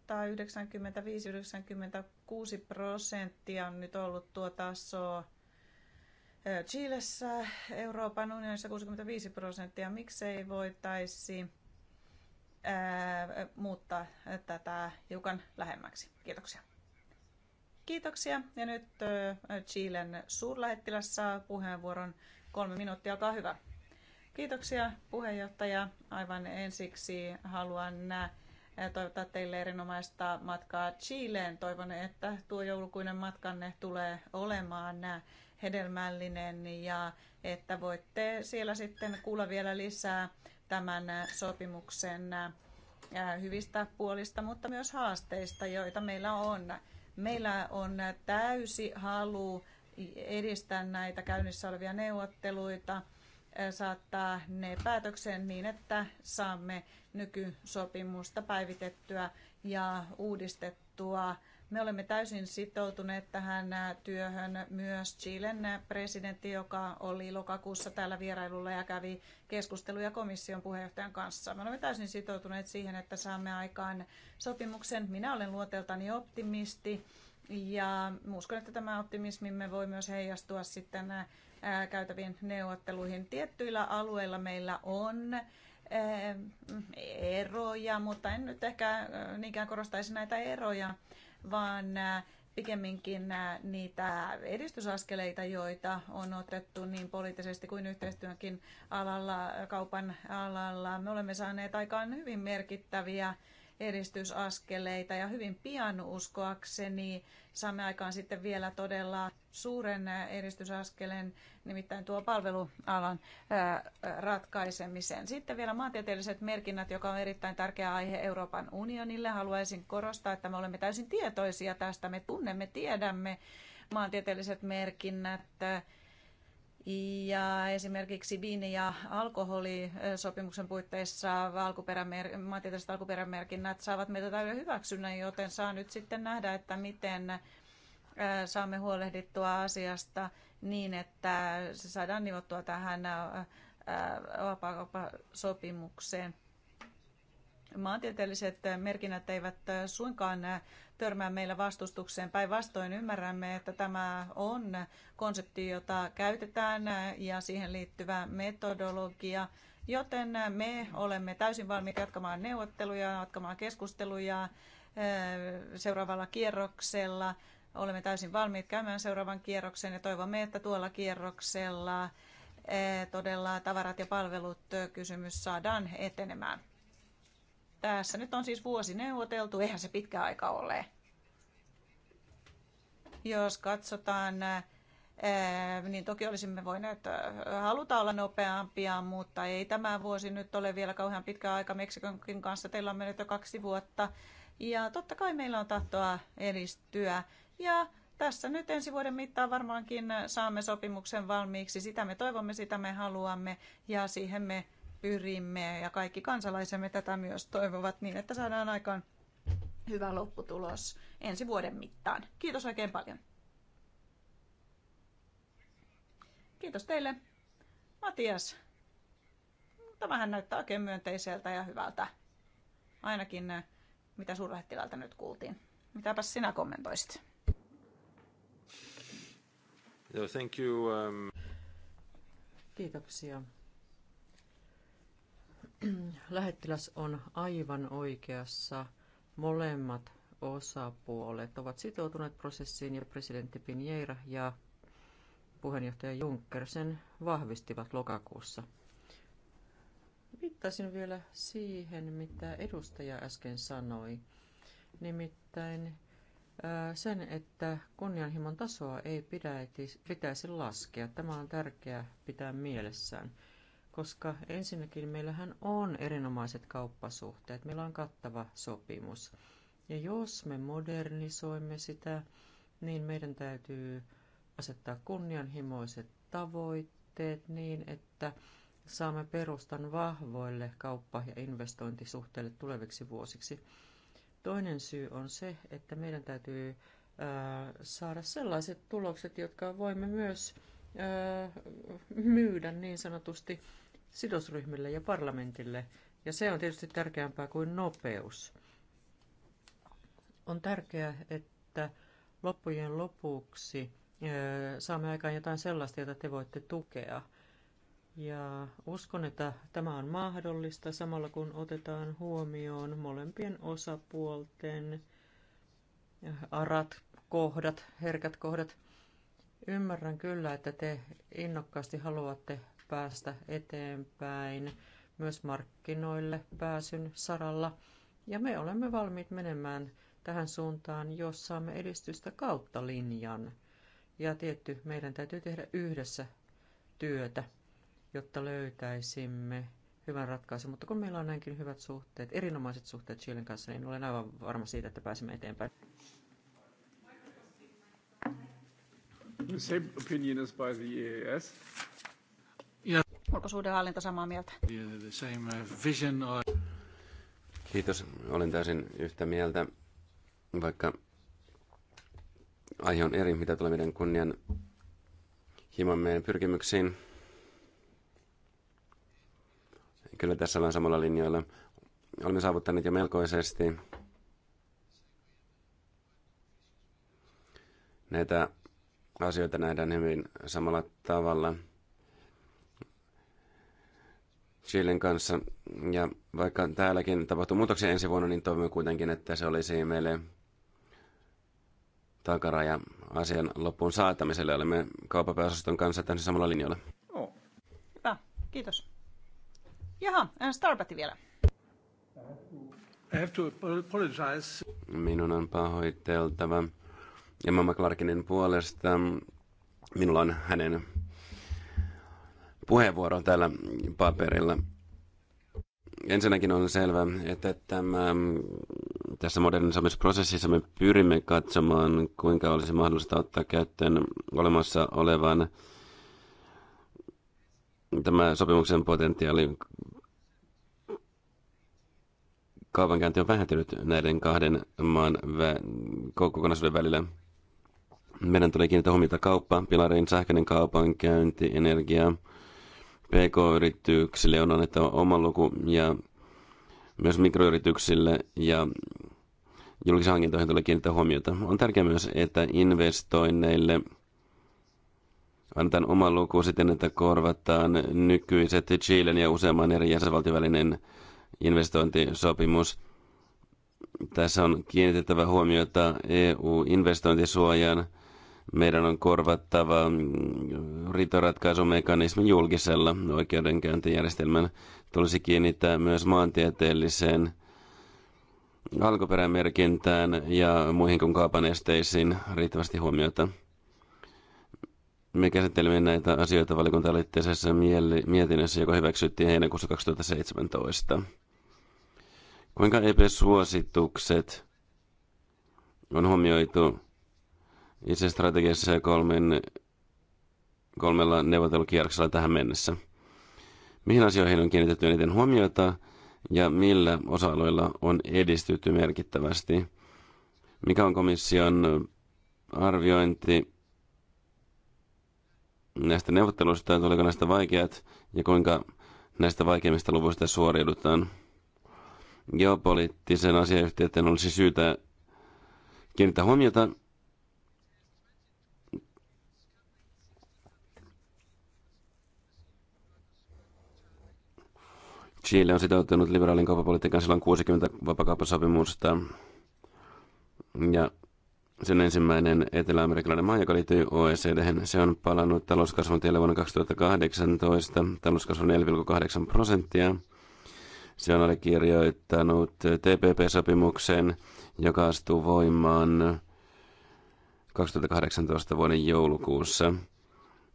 95-96 prosenttia on nyt ollut tuo taso Chilessä Euroopan unionissa 65 prosenttia. Miksei voitaisi muuttaa tätä hiukan lähemmäksi? Kiitoksia. Kiitoksia. Ja nyt Chilen suurlähettiläs saa puheenvuoron. Kolme minuuttia, olkaa hyvä. Kiitoksia puheenjohtaja. Aivan ensiksi haluan toivottaa teille erinomaista matkaa Chileen. Toivon, että tuo joulukuinen matkanne tulee olemaan hedelmällinen ja että voitte siellä sitten kuulla vielä lisää tämän sopimuksen hyvistä puolista, mutta myös haasteista, joita meillä on. Meillä on täysi halu edistää näitä käynnissä olevia neuvotteluita, saattaa ne päätökseen niin, että saamme nykysopimusta päivitettyä ja uudistettua me olemme täysin sitoutuneet tähän työhön myös Chilen presidentti, joka oli lokakuussa täällä vierailulla ja kävi keskusteluja komission puheenjohtajan kanssa. Me olemme täysin sitoutuneet siihen, että saamme aikaan sopimuksen. Minä olen luoteltani optimisti ja uskon, että tämä optimismimme voi myös heijastua sitten käytäviin neuvotteluihin. Tiettyillä alueilla meillä on eroja, mutta en nyt ehkä niinkään korostaisi näitä eroja vaan äh, pikemminkin äh, niitä edistysaskeleita, joita on otettu niin poliittisesti kuin yhteistyönkin alalla, kaupan alalla. Me olemme saaneet aikaan hyvin merkittäviä edistysaskeleita ja hyvin pian uskoakseni saamme aikaan sitten vielä todella suuren edistysaskeleen, nimittäin tuo palvelualan ratkaisemisen. Sitten vielä maantieteelliset merkinnät, joka on erittäin tärkeä aihe Euroopan unionille. Haluaisin korostaa, että me olemme täysin tietoisia tästä. Me tunnemme, tiedämme maantieteelliset merkinnät ja esimerkiksi viini- ja alkoholisopimuksen puitteissa alkuperämer- maantieteelliset alkuperämerkinnät saavat meitä täyden hyväksynnän, joten saa nyt sitten nähdä, että miten äh, saamme huolehdittua asiasta niin, että se saadaan nivottua tähän äh, äh, vapaakauppasopimukseen maantieteelliset merkinnät eivät suinkaan törmää meillä vastustukseen. Päinvastoin ymmärrämme, että tämä on konsepti, jota käytetään ja siihen liittyvä metodologia. Joten me olemme täysin valmiit jatkamaan neuvotteluja, jatkamaan keskusteluja eh, seuraavalla kierroksella. Olemme täysin valmiit käymään seuraavan kierroksen ja toivomme, että tuolla kierroksella eh, todella tavarat ja palvelut eh, kysymys saadaan etenemään tässä nyt on siis vuosi neuvoteltu, eihän se pitkä aika ole. Jos katsotaan, niin toki olisimme voineet haluta olla nopeampia, mutta ei tämä vuosi nyt ole vielä kauhean pitkä aika Meksikonkin kanssa. Teillä on mennyt jo kaksi vuotta. Ja totta kai meillä on tahtoa edistyä. Ja tässä nyt ensi vuoden mittaan varmaankin saamme sopimuksen valmiiksi. Sitä me toivomme, sitä me haluamme ja siihen me pyrimme ja kaikki kansalaisemme tätä myös toivovat niin, että saadaan aikaan hyvä lopputulos ensi vuoden mittaan. Kiitos oikein paljon. Kiitos teille. Matias, tämähän näyttää oikein myönteiseltä ja hyvältä. Ainakin äh, mitä suurlähettilältä nyt kuultiin. Mitäpä sinä kommentoisit? No, thank you. Um... Kiitoksia <clears throat> lähettiläs on aivan oikeassa. Molemmat osapuolet ovat sitoutuneet prosessiin ja presidentti Pinjeira ja puheenjohtaja Juncker sen vahvistivat lokakuussa. Viittaisin vielä siihen, mitä edustaja äsken sanoi, nimittäin sen, että kunnianhimon tasoa ei pitäisi laskea. Tämä on tärkeää pitää mielessään koska ensinnäkin meillähän on erinomaiset kauppasuhteet, meillä on kattava sopimus. Ja jos me modernisoimme sitä, niin meidän täytyy asettaa kunnianhimoiset tavoitteet niin, että saamme perustan vahvoille kauppa- ja investointisuhteille tuleviksi vuosiksi. Toinen syy on se, että meidän täytyy äh, saada sellaiset tulokset, jotka voimme myös äh, myydä niin sanotusti sidosryhmille ja parlamentille, ja se on tietysti tärkeämpää kuin nopeus. On tärkeää, että loppujen lopuksi saamme aikaan jotain sellaista, jota te voitte tukea. Ja uskon, että tämä on mahdollista samalla kun otetaan huomioon molempien osapuolten arat kohdat, herkät kohdat. Ymmärrän kyllä, että te innokkaasti haluatte päästä eteenpäin myös markkinoille pääsyn saralla. Ja me olemme valmiit menemään tähän suuntaan, jos saamme edistystä kautta linjan. Ja tietty, meidän täytyy tehdä yhdessä työtä, jotta löytäisimme hyvän ratkaisun. Mutta kun meillä on näinkin hyvät suhteet, erinomaiset suhteet Chilen kanssa, niin olen aivan varma siitä, että pääsemme eteenpäin. The same opinion as by the EAS ulkosuhdehallinto samaa mieltä? Kiitos, olen täysin yhtä mieltä, vaikka aihe on eri, mitä tulee meidän kunnian meidän pyrkimyksiin. Kyllä tässä ollaan samalla linjoilla. Olemme saavuttaneet jo melkoisesti näitä asioita nähdään hyvin samalla tavalla – Chilen kanssa. Ja vaikka täälläkin tapahtui muutoksia ensi vuonna, niin toivomme kuitenkin, että se olisi meille takaraja asian loppuun saattamiselle. Olemme kaupapääosaston kanssa täysin samalla linjalla. Oh. Hyvä, ah, kiitos. Jaha, äh, Starbatti vielä. I have to apologize. Minun on pahoiteltava. Emma McClarkinin puolesta. Minulla on hänen puheenvuoron tällä paperilla. Ensinnäkin on selvä, että tämä, tässä modernisoimisprosessissa me pyrimme katsomaan, kuinka olisi mahdollista ottaa käyttöön olemassa olevan tämä sopimuksen potentiaali kaupankäynti on vähentynyt näiden kahden maan vä- kokonaisuuden välillä. Meidän tulee kiinnittää huomiota kauppa, pilariin, sähköinen kaupankäynti, energiaa. PK-yrityksille on annettava oma luku ja myös mikroyrityksille ja julkisen hankintoihin tulee kiinnittää huomiota. On tärkeää myös, että investoinneille annetaan oma luku siten, että korvataan nykyiset Chilen ja useamman eri jäsenvaltiovälinen investointisopimus. Tässä on kiinnitettävä huomiota EU-investointisuojaan meidän on korvattava mm, ritoratkaisumekanismi julkisella oikeudenkäyntijärjestelmän. Tulisi kiinnittää myös maantieteelliseen alkuperämerkintään ja muihin kuin kaupan esteisiin riittävästi huomiota. Me käsittelimme näitä asioita valiokuntaliitteisessä mietinnössä, joka hyväksyttiin heinäkuussa 2017. Kuinka EP-suositukset on huomioitu itse strategiassa ja kolmen, kolmella neuvottelukierroksella tähän mennessä. Mihin asioihin on kiinnitetty eniten huomiota ja millä osa-alueilla on edistytty merkittävästi? Mikä on komission arviointi näistä neuvotteluista, tuliko näistä vaikeat ja kuinka näistä vaikeimmista luvuista suoriudutaan? Geopoliittisen asiayhteyteen olisi syytä kiinnittää huomiota Chile on sitoutunut liberaalin kauppapolitiikan silloin 60 vapakauppasopimusta. Ja sen ensimmäinen eteläamerikkalainen maa, joka liittyy OECD. Se on palannut talouskasvun tielle vuonna 2018, talouskasvun 4,8 prosenttia. Se on allekirjoittanut TPP-sopimuksen, joka astuu voimaan 2018 vuoden joulukuussa.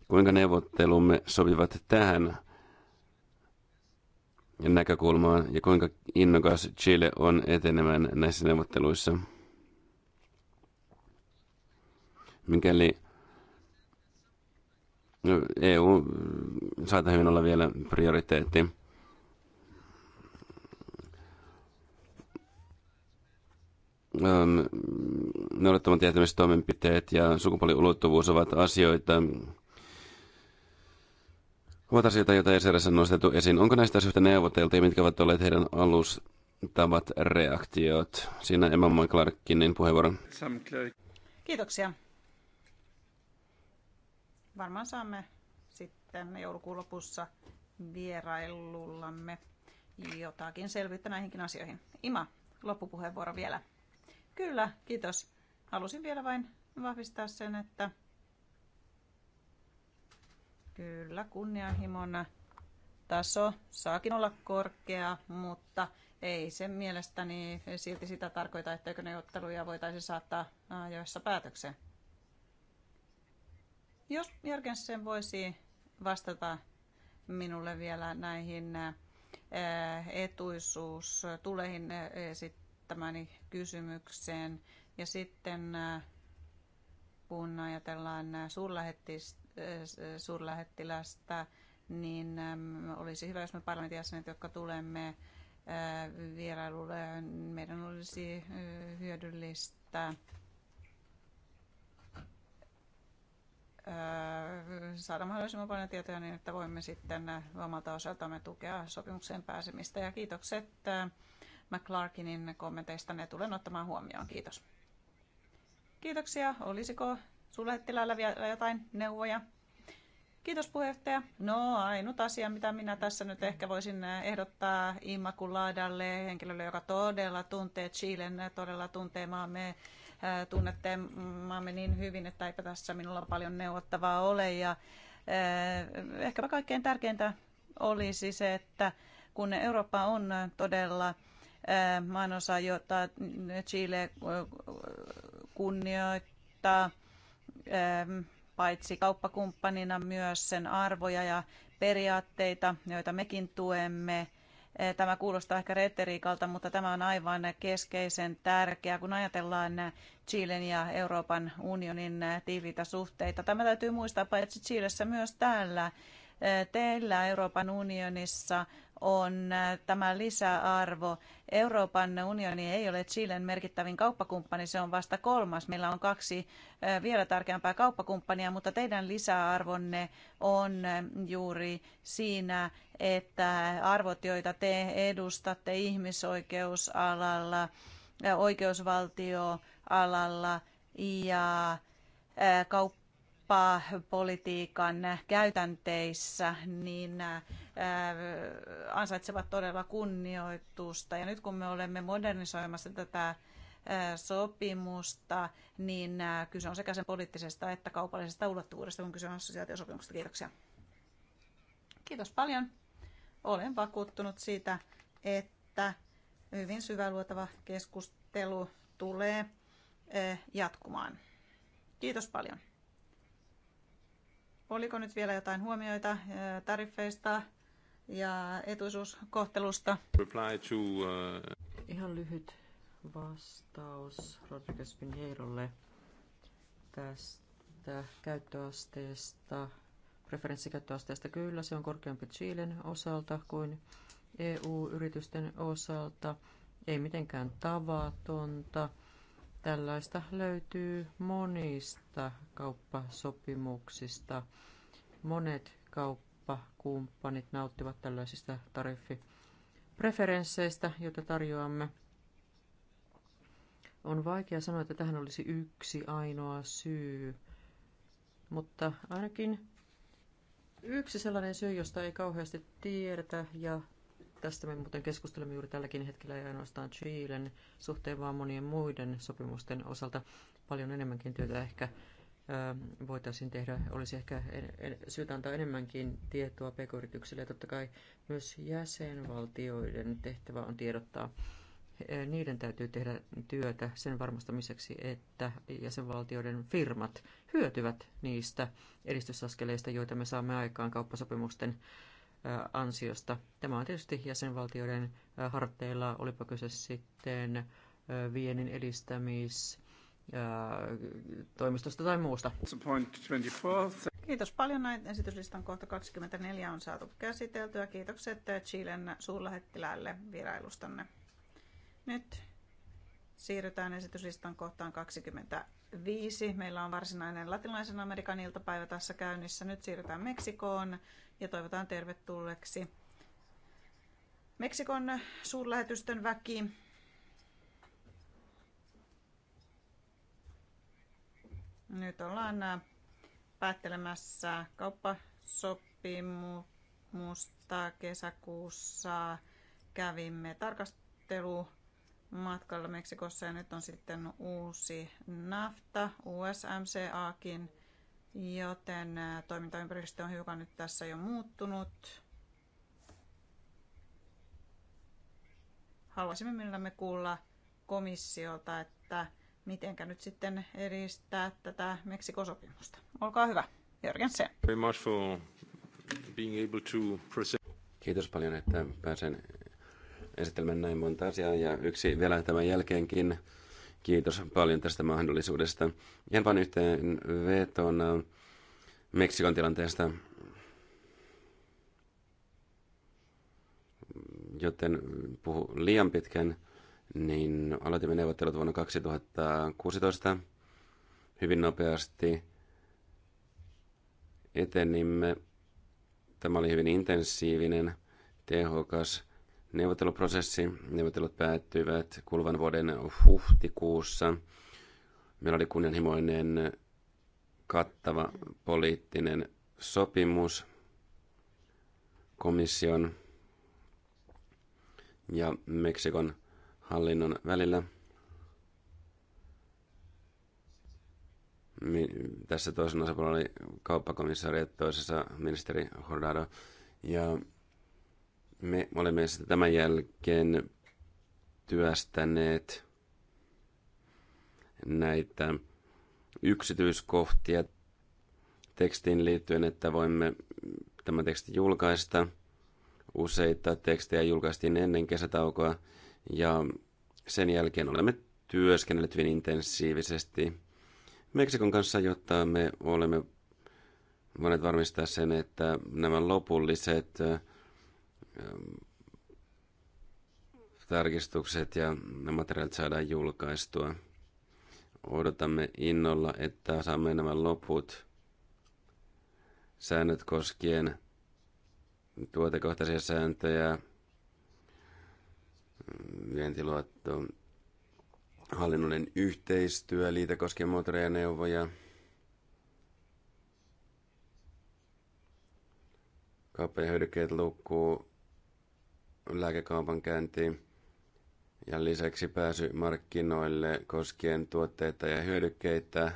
Kuinka neuvottelumme sopivat tähän näkökulmaa ja kuinka innokas Chile on etenemään näissä neuvotteluissa. Mikäli EU saattaa hyvin olla vielä prioriteetti. Noudattamat tietämistoimenpiteet ja sukupuoliulottuvuus ovat asioita, ovat asioita, joita ECRS on nostettu esiin. Onko näistä asioista neuvoteltu ja mitkä ovat olleet heidän alustavat reaktiot? Siinä Emma Clarkinin puheenvuoro. Kiitoksia. Varmaan saamme sitten joulukuun lopussa vierailullamme jotakin selvyyttä näihinkin asioihin. Ima, loppupuheenvuoro vielä. Kyllä, kiitos. Halusin vielä vain vahvistaa sen, että Kyllä, kunnianhimon taso saakin olla korkea, mutta ei se mielestäni silti sitä tarkoita, etteikö neuvotteluja voitaisiin saattaa ajoissa päätökseen. Jos Jörgensen voisi vastata minulle vielä näihin etuisuus tuleihin esittämäni kysymykseen. Ja sitten kun ajatellaan suurlähettistä Äh, suurlähettilästä, niin ähm, olisi hyvä, jos me parlamentin jäsenet, jotka tulemme äh, vierailulle, meidän olisi äh, hyödyllistä saada mahdollisimman paljon tietoja niin, että voimme sitten omalta osaltamme tukea sopimukseen pääsemistä. Ja kiitokset McClarkinin kommenteista. Ne tulen ottamaan huomioon. Kiitos. Kiitoksia. Olisiko Sulähettilällä vielä jotain neuvoja? Kiitos puheenjohtaja. No ainut asia, mitä minä tässä nyt ehkä voisin eh, ehdottaa Immakulaadalle, henkilölle, joka todella tuntee Chilen, eh, todella tuntee maamme, eh, tunnette maamme niin hyvin, että eipä tässä minulla paljon neuvottavaa ole. Ja ehkäpä kaikkein tärkeintä olisi se, että kun Eurooppa on todella maanosa, jota Chile kunnioittaa, Ehm, paitsi kauppakumppanina myös sen arvoja ja periaatteita, joita mekin tuemme. Ehm, tämä kuulostaa ehkä retoriikalta, mutta tämä on aivan keskeisen tärkeää, kun ajatellaan Chilen ja Euroopan unionin tiiviitä suhteita. Tämä täytyy muistaa paitsi Chilessä myös täällä. Ehm, teillä Euroopan unionissa on äh, tämä lisäarvo. Euroopan unioni ei ole Chilen merkittävin kauppakumppani, se on vasta kolmas. Meillä on kaksi äh, vielä tärkeämpää kauppakumppania, mutta teidän lisäarvonne on äh, juuri siinä, että arvot, joita te edustatte ihmisoikeusalalla, oikeusvaltioalalla ja kauppa politiikan käytänteissä, niin äh, ansaitsevat todella kunnioitusta. Ja nyt kun me olemme modernisoimassa tätä äh, sopimusta, niin äh, kyse on sekä sen poliittisesta että kaupallisesta ulottuvuudesta, kun kyse on assosiaatiosopimuksesta. Kiitoksia. Kiitos paljon. Olen vakuuttunut siitä, että hyvin syväluotava keskustelu tulee jatkumaan. Kiitos paljon. Oliko nyt vielä jotain huomioita tariffeista ja etuisuuskohtelusta? Reply to, uh... Ihan lyhyt vastaus Rodriguez Pinheirolle tästä käyttöasteesta, preferenssikäyttöasteesta. Kyllä, se on korkeampi Chilen osalta kuin EU-yritysten osalta. Ei mitenkään tavatonta Tällaista löytyy monista kauppasopimuksista. Monet kauppakumppanit nauttivat tällaisista tariffipreferensseistä, joita tarjoamme. On vaikea sanoa, että tähän olisi yksi ainoa syy, mutta ainakin yksi sellainen syy, josta ei kauheasti tiedetä ja Tästä me muuten keskustelemme juuri tälläkin hetkellä ei ainoastaan Chilen suhteen, vaan monien muiden sopimusten osalta paljon enemmänkin työtä ehkä voitaisiin tehdä. Olisi ehkä syytä antaa enemmänkin tietoa pk-yrityksille ja totta kai myös jäsenvaltioiden tehtävä on tiedottaa. Niiden täytyy tehdä työtä sen varmistamiseksi, että jäsenvaltioiden firmat hyötyvät niistä edistysaskeleista, joita me saamme aikaan kauppasopimusten ansiosta. Tämä on tietysti jäsenvaltioiden harteilla, olipa kyse sitten viennin edistämis toimistosta tai muusta. Kiitos paljon. Näin esityslistan kohta 24 on saatu käsiteltyä. Kiitokset Chilen suurlähettiläälle vierailustanne. Nyt siirrytään esityslistan kohtaan 25 viisi. Meillä on varsinainen latinalaisen Amerikan iltapäivä tässä käynnissä. Nyt siirrytään Meksikoon ja toivotaan tervetulleeksi Meksikon suurlähetystön väki. Nyt ollaan äh, päättelemässä kauppasopimusta kesäkuussa. Kävimme tarkastelu matkalla Meksikossa ja nyt on sitten uusi NAFTA, USMCAkin, joten toimintaympäristö on hiukan nyt tässä jo muuttunut. Haluaisimme mielellämme kuulla komissiolta, että mitenkä nyt sitten edistää tätä Meksikosopimusta. Olkaa hyvä, Sen. Kiitos paljon, että pääsen esittelemään näin monta asiaa ja yksi vielä tämän jälkeenkin. Kiitos paljon tästä mahdollisuudesta. Ihan vain yhteen vetona äh, Meksikon tilanteesta. Joten puhu liian pitkän, niin aloitimme neuvottelut vuonna 2016 hyvin nopeasti. Etenimme. Tämä oli hyvin intensiivinen, tehokas neuvotteluprosessi. Neuvottelut päättyivät kuluvan vuoden huhtikuussa. Meillä oli kunnianhimoinen kattava poliittinen sopimus komission ja Meksikon hallinnon välillä. Tässä toisen osapuolella oli kauppakomissaari ja toisessa ministeri Hordado. Ja me olemme sitä tämän jälkeen työstäneet näitä yksityiskohtia tekstiin liittyen, että voimme tämä teksti julkaista. Useita tekstejä julkaistiin ennen kesätaukoa ja sen jälkeen olemme työskennelleet hyvin intensiivisesti Meksikon kanssa, jotta me olemme voineet varmistaa sen, että nämä lopulliset tarkistukset ja materiaalit saadaan julkaistua. Odotamme innolla, että saamme nämä loput säännöt koskien tuotekohtaisia sääntöjä, mm, vientiluotto, hallinnollinen yhteistyö, liitä koskien motoreja neuvoja, kauppa- ja hyödykkeet lukkuu, lääkekaupan käyntiin ja lisäksi pääsy markkinoille koskien tuotteita ja hyödykkeitä.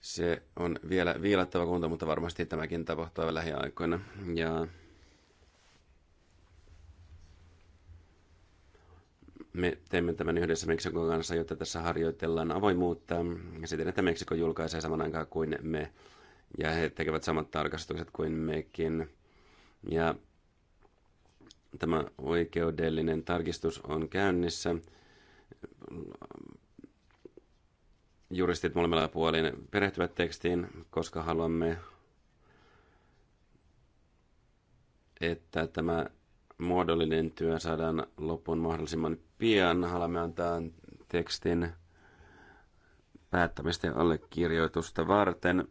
Se on vielä viilattava kunto, mutta varmasti tämäkin tapahtuu lähiaikoina. Ja me teemme tämän yhdessä Meksikon kanssa, jotta tässä harjoitellaan avoimuutta siten, että Meksiko julkaisee saman aikaan kuin me. Ja he tekevät samat tarkastukset kuin mekin. Ja Tämä oikeudellinen tarkistus on käynnissä. Juristit molemmilla puolin perehtyvät tekstiin, koska haluamme, että tämä muodollinen työ saadaan loppuun mahdollisimman pian. Haluamme antaa tekstin päättämistä ja allekirjoitusta varten.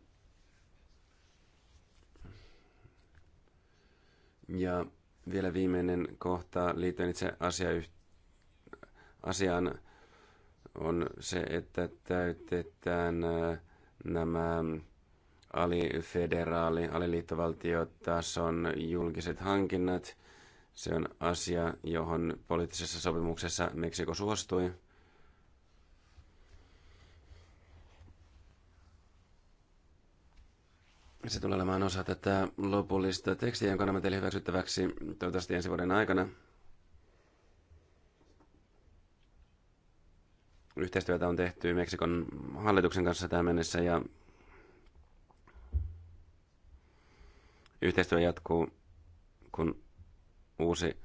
Ja vielä viimeinen kohta liittyen itse asiaan on se, että täytetään äh, nämä alifederaali, aliliittovaltiotason julkiset hankinnat. Se on asia, johon poliittisessa sopimuksessa Meksiko suostui. Se tulee olemaan osa tätä lopullista tekstiä, jonka annamme teille hyväksyttäväksi toivottavasti ensi vuoden aikana. Yhteistyötä on tehty Meksikon hallituksen kanssa tähän mennessä ja yhteistyö jatkuu, kun uusi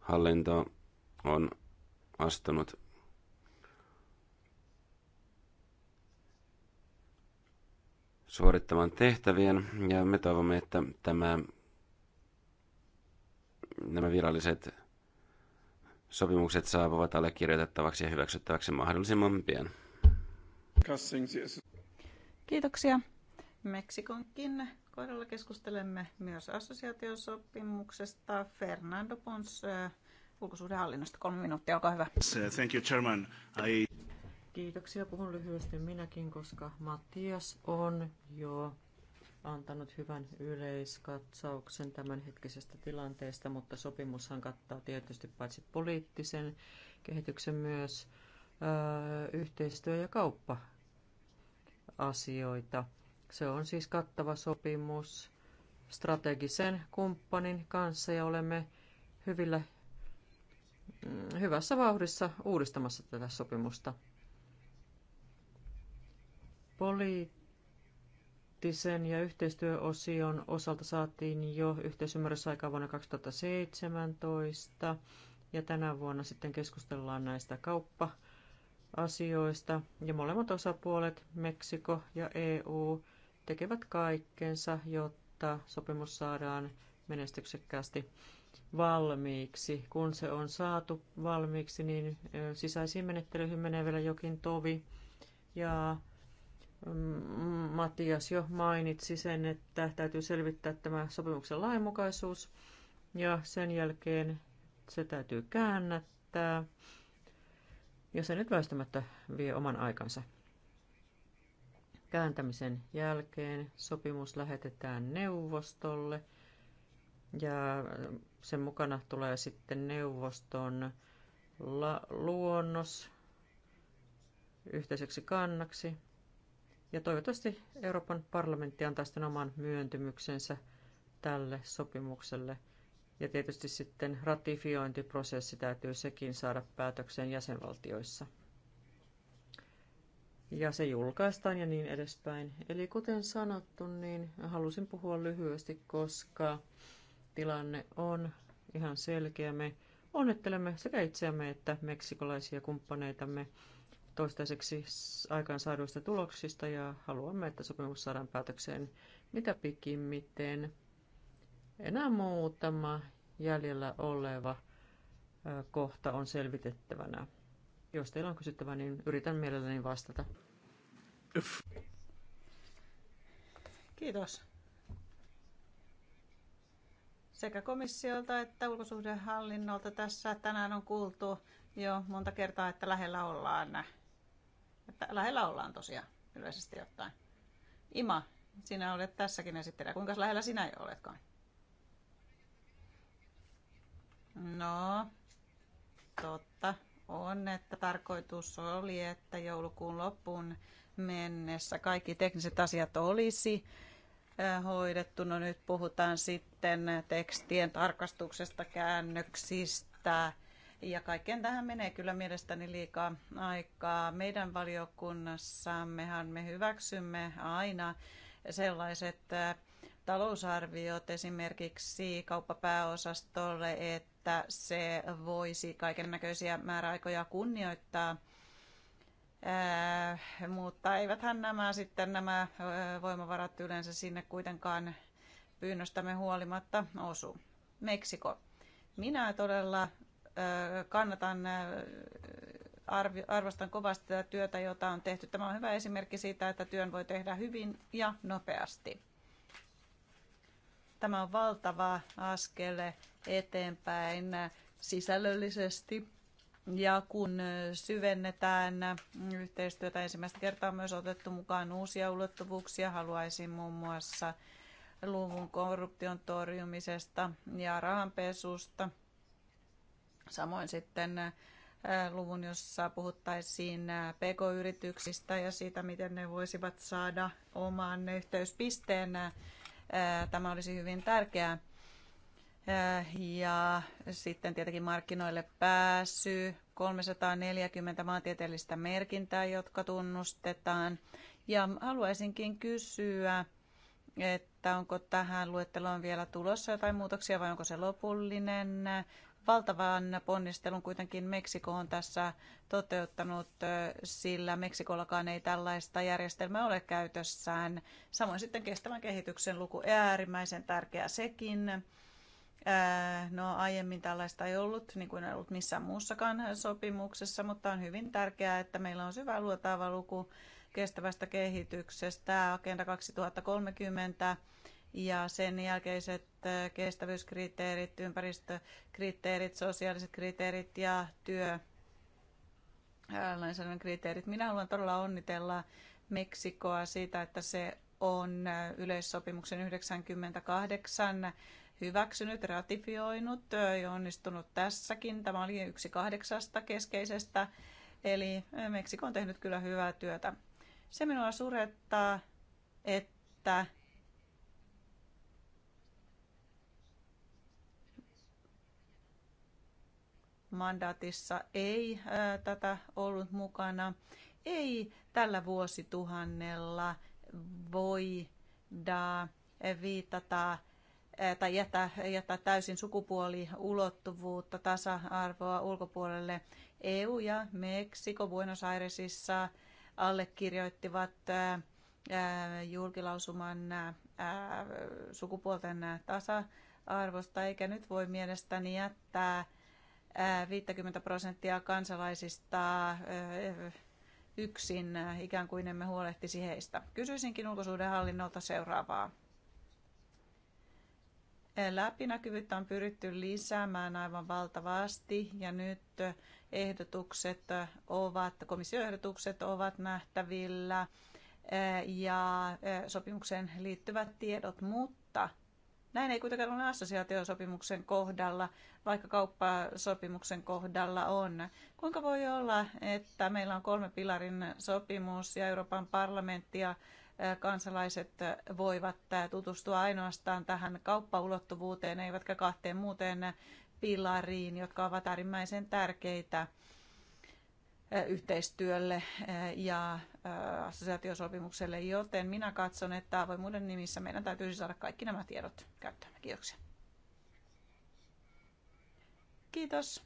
hallinto on astunut suorittamaan tehtävien, ja me toivomme, että tämä, nämä viralliset sopimukset saapuvat allekirjoitettavaksi ja hyväksyttäväksi mahdollisimman pian. Kiitoksia. Meksikonkin kohdalla keskustelemme myös assosiaatiosopimuksesta. Fernando Pons äh, ulkosuhdehallinnosta kolme minuuttia, olkaa hyvä. Thank you, Chairman. I... Kiitoksia. Puhun lyhyesti minäkin, koska Mattias on jo antanut hyvän yleiskatsauksen tämänhetkisestä tilanteesta, mutta sopimushan kattaa tietysti paitsi poliittisen kehityksen myös ö, yhteistyö- ja kauppa-asioita. Se on siis kattava sopimus strategisen kumppanin kanssa ja olemme hyvillä, mm, hyvässä vauhdissa uudistamassa tätä sopimusta poliittisen ja yhteistyöosion osalta saatiin jo yhteisymmärrys aikaa vuonna 2017 ja tänä vuonna sitten keskustellaan näistä kauppa-asioista. Ja molemmat osapuolet, Meksiko ja EU, tekevät kaikkensa, jotta sopimus saadaan menestyksekkäästi valmiiksi. Kun se on saatu valmiiksi, niin sisäisiin menettelyihin menee vielä jokin tovi. Ja Mm, Matias jo mainitsi sen, että täytyy selvittää tämä sopimuksen lainmukaisuus ja sen jälkeen se täytyy käännättää. Ja se nyt väistämättä vie oman aikansa. Kääntämisen jälkeen sopimus lähetetään neuvostolle ja sen mukana tulee sitten neuvoston luonnos yhteiseksi kannaksi ja toivottavasti Euroopan parlamentti antaa sitten oman myöntymyksensä tälle sopimukselle. Ja tietysti sitten ratifiointiprosessi täytyy sekin saada päätökseen jäsenvaltioissa. Ja se julkaistaan ja niin edespäin. Eli kuten sanottu, niin halusin puhua lyhyesti, koska tilanne on ihan selkeä. Me onnettelemme sekä itseämme että meksikolaisia kumppaneitamme toistaiseksi aikaansaaduista tuloksista ja haluamme, että sopimus saadaan päätökseen mitä pikimmiten. Enää muutama jäljellä oleva kohta on selvitettävänä. Jos teillä on kysyttävää, niin yritän mielelläni vastata. Kiitos. Sekä komissiolta että ulkosuhdehallinnolta tässä tänään on kuultu jo monta kertaa, että lähellä ollaan että lähellä ollaan tosiaan yleisesti ottaen. Ima, sinä olet tässäkin esittelijä. Kuinka lähellä sinä jo oletkaan? No, totta on, että tarkoitus oli, että joulukuun loppuun mennessä kaikki tekniset asiat olisi äh, hoidettu. No nyt puhutaan sitten tekstien tarkastuksesta, käännöksistä, ja kaikkeen tähän menee kyllä mielestäni liikaa aikaa. Meidän valiokunnassammehan me hyväksymme aina sellaiset äh, talousarviot esimerkiksi kauppapääosastolle, että se voisi kaiken näköisiä määräaikoja kunnioittaa. Ää, äh, mutta eiväthän nämä sitten nämä äh, voimavarat yleensä sinne kuitenkaan pyynnöstämme huolimatta osu. Meksiko. Minä todella kannatan, arvostan kovasti tätä työtä, jota on tehty. Tämä on hyvä esimerkki siitä, että työn voi tehdä hyvin ja nopeasti. Tämä on valtava askel eteenpäin sisällöllisesti. Ja kun syvennetään yhteistyötä, ensimmäistä kertaa on myös otettu mukaan uusia ulottuvuuksia. Haluaisin muun muassa luvun korruption torjumisesta ja rahanpesusta – Samoin sitten äh, luvun, jossa puhuttaisiin äh, pk-yrityksistä ja siitä, miten ne voisivat saada oman yhteyspisteen. Äh, tämä olisi hyvin tärkeää. Ja sitten tietenkin markkinoille pääsy, 340 maantieteellistä merkintää, jotka tunnustetaan. Ja haluaisinkin kysyä, että onko tähän luetteloon vielä tulossa jotain muutoksia vai onko se lopullinen valtavan ponnistelun kuitenkin Meksiko on tässä toteuttanut, sillä Meksikollakaan ei tällaista järjestelmää ole käytössään. Samoin sitten kestävän kehityksen luku äärimmäisen tärkeä sekin. No aiemmin tällaista ei ollut, niin kuin ei ollut missään muussakaan sopimuksessa, mutta on hyvin tärkeää, että meillä on syvä luotaava luku kestävästä kehityksestä. Agenda 2030 ja sen jälkeiset äh, kestävyyskriteerit, ympäristökriteerit, sosiaaliset kriteerit ja työ äh, lainsäädännön kriteerit. Minä haluan todella onnitella Meksikoa siitä, että se on äh, yleissopimuksen 98 hyväksynyt, ratifioinut ja onnistunut tässäkin. Tämä oli yksi kahdeksasta keskeisestä, eli Meksiko on tehnyt kyllä hyvää työtä. Se minua surettaa, että mandaatissa ei tätä ollut mukana. Ei tällä vuosituhannella voida viitata tai jättää, jättää täysin sukupuoliulottuvuutta, tasa-arvoa ulkopuolelle. EU ja Meksiko Buenos Airesissa allekirjoittivat julkilausuman sukupuolten tasa-arvosta, eikä nyt voi mielestäni jättää 50 prosenttia kansalaisista yksin, ikään kuin emme huolehtisi heistä. Kysyisinkin ulkosuhdehallinnolta seuraavaa. Läpinäkyvyyttä on pyritty lisäämään aivan valtavasti ja nyt ehdotukset ovat, komissioehdotukset ovat nähtävillä ja sopimukseen liittyvät tiedot, mutta näin ei kuitenkaan ole assosiaatiosopimuksen kohdalla, vaikka kauppasopimuksen kohdalla on. Kuinka voi olla, että meillä on kolme pilarin sopimus ja Euroopan parlamentti ja kansalaiset voivat tutustua ainoastaan tähän kauppaulottuvuuteen, eivätkä kahteen muuteen pilariin, jotka ovat äärimmäisen tärkeitä yhteistyölle ja Äh, assosiaatiosopimukselle, joten minä katson, että avoimuuden nimissä meidän täytyisi siis saada kaikki nämä tiedot käyttöön. Kiitoksia. Kiitos.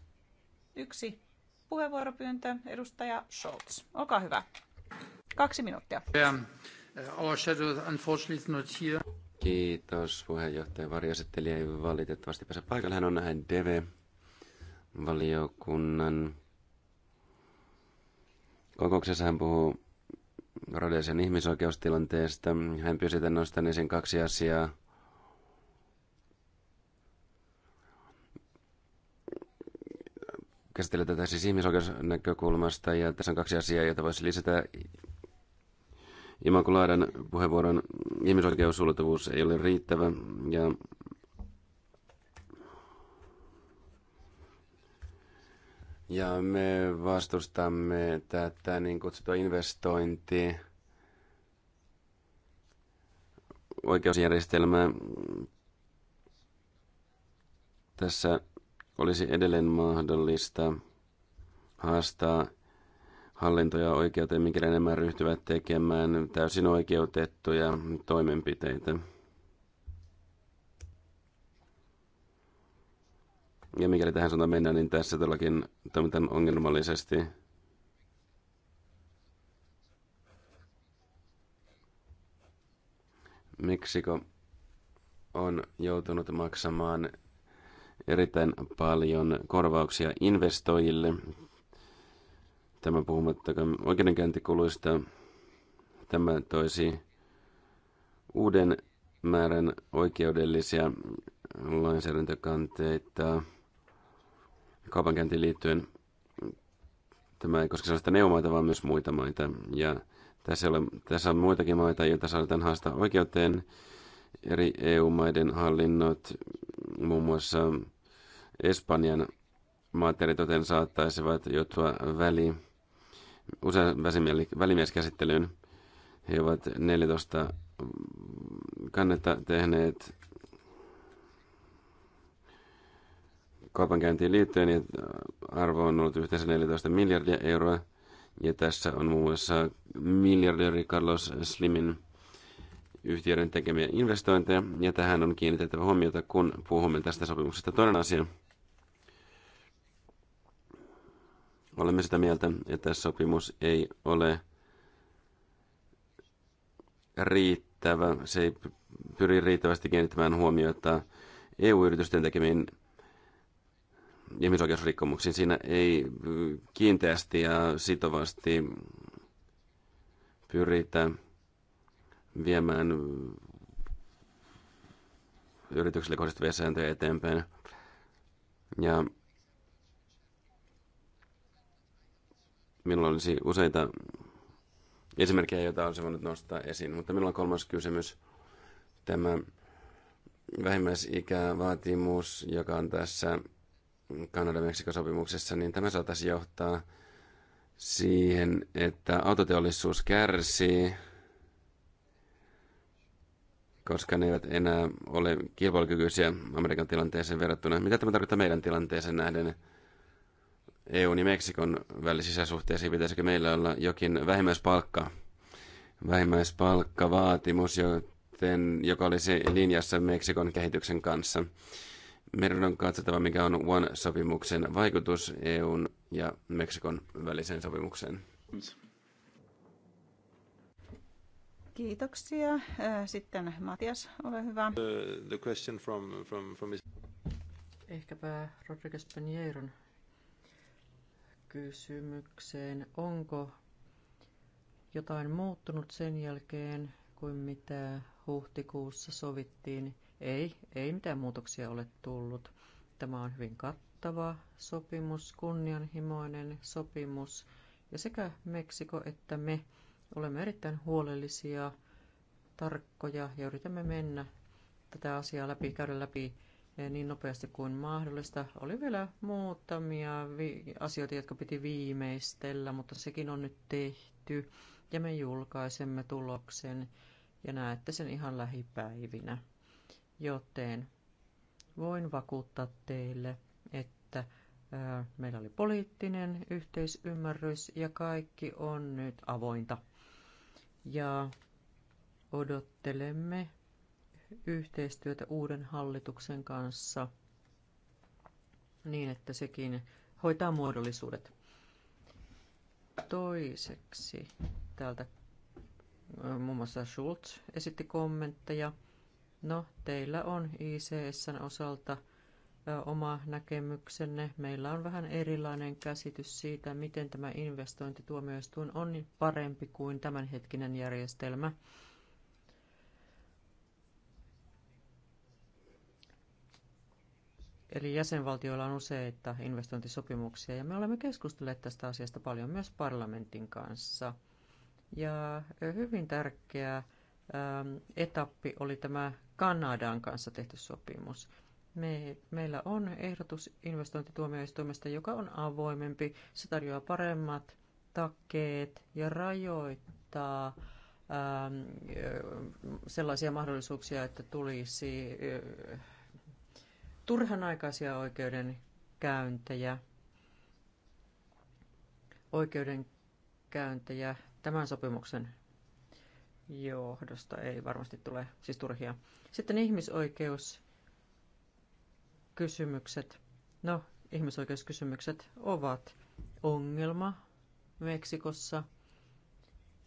Yksi puheenvuoropyyntö, edustaja Scholz. Olkaa hyvä. Kaksi minuuttia. Äh, Kiitos puheenjohtaja. Varjasetteli ei valitettavasti pääse paikalle. Hän on näin DV-valiokunnan kokouksessa. Hän puhuu Rodesian ihmisoikeustilanteesta. Hän pyysi tämän nostan esiin kaksi asiaa. Käsitellä tätä siis ihmisoikeusnäkökulmasta ja tässä on kaksi asiaa, joita voisi lisätä. Imakulaadan puheenvuoron ihmisoikeusulottuvuus ei ole riittävä ja Ja me vastustamme tätä niin kutsuttua investointi oikeusjärjestelmää. Tässä olisi edelleen mahdollista haastaa hallintoja oikeuteen, mikä nämä ryhtyvät tekemään täysin oikeutettuja toimenpiteitä. Ja mikäli tähän suuntaan mennään, niin tässä todellakin toimitaan ongelmallisesti. Meksiko on joutunut maksamaan erittäin paljon korvauksia investoijille. Tämä puhumattakaan oikeudenkäyntikuluista. Tämä toisi uuden määrän oikeudellisia lainsäädäntökanteita kaupankäyntiin liittyen. Tämä ei koske sellaista neumaita, vaan myös muita maita. Ja tässä, ole, tässä on muitakin maita, joita saadaan haastaa oikeuteen. Eri EU-maiden hallinnot, muun muassa Espanjan maateritoten saattaisivat joutua väli, usein välimieskäsittelyyn. He ovat 14 kannetta tehneet kaupankäyntiin liittyen, niin äh, arvo on ollut yhteensä 14 miljardia euroa. Ja tässä on muun muassa miljardööri Carlos Slimin yhtiöiden tekemiä investointeja, ja tähän on kiinnitettävä huomiota, kun puhumme tästä sopimuksesta. Toinen asia. Olemme sitä mieltä, että sopimus ei ole riittävä. Se ei pyri riittävästi kiinnittämään huomiota EU-yritysten tekemiin ihmisoikeusrikkomuksiin. Siinä ei mm, kiinteästi ja sitovasti pyritä viemään mm, yrityksille kohdistuvia sääntöjä eteenpäin. Ja minulla olisi useita esimerkkejä, joita olisi voinut nostaa esiin, mutta minulla on kolmas kysymys. Tämä vähimmäisikävaatimus, joka on tässä Kanada-Meksikosopimuksessa, niin tämä saataisiin johtaa siihen, että autoteollisuus kärsii, koska ne eivät enää ole kilpailukykyisiä Amerikan tilanteeseen verrattuna. Mitä tämä tarkoittaa meidän tilanteeseen nähden? EUn ja Meksikon välisissä suhteisiin pitäisikö meillä olla jokin vähimmäispalkka, vähimmäispalkkavaatimus, joten, joka olisi linjassa Meksikon kehityksen kanssa. Meidän on katsottava, mikä on One-sopimuksen vaikutus EUn ja Meksikon väliseen sopimukseen. Kiitoksia. Äh, sitten Matias, ole hyvä. The, the question from, from, from his... Ehkäpä Rodriguez Panieron kysymykseen. Onko jotain muuttunut sen jälkeen, kuin mitä huhtikuussa sovittiin – ei, ei mitään muutoksia ole tullut. Tämä on hyvin kattava sopimus, kunnianhimoinen sopimus. Ja sekä Meksiko että me olemme erittäin huolellisia, tarkkoja ja yritämme mennä tätä asiaa läpi, käydä läpi eh, niin nopeasti kuin mahdollista. Oli vielä muutamia asioita, jotka piti viimeistellä, mutta sekin on nyt tehty ja me julkaisemme tuloksen ja näette sen ihan lähipäivinä joten voin vakuuttaa teille, että meillä oli poliittinen yhteisymmärrys ja kaikki on nyt avointa. Ja odottelemme yhteistyötä uuden hallituksen kanssa niin, että sekin hoitaa muodollisuudet. Toiseksi täältä muun mm. muassa Schultz esitti kommentteja No, teillä on ICSn osalta oma näkemyksenne. Meillä on vähän erilainen käsitys siitä, miten tämä investointituomioistuin on niin parempi kuin tämänhetkinen järjestelmä. Eli jäsenvaltioilla on useita investointisopimuksia ja me olemme keskustelleet tästä asiasta paljon myös parlamentin kanssa. Ja hyvin tärkeää etappi oli tämä Kanadan kanssa tehty sopimus. Me, meillä on ehdotus investointituomioistuimesta, joka on avoimempi. Se tarjoaa paremmat takkeet ja rajoittaa ää, sellaisia mahdollisuuksia, että tulisi ää, turhanaikaisia oikeudenkäyntejä. Oikeudenkäyntejä tämän sopimuksen johdosta ei varmasti tule siis turhia. Sitten ihmisoikeuskysymykset, No, ihmisoikeuskysymykset ovat ongelma Meksikossa.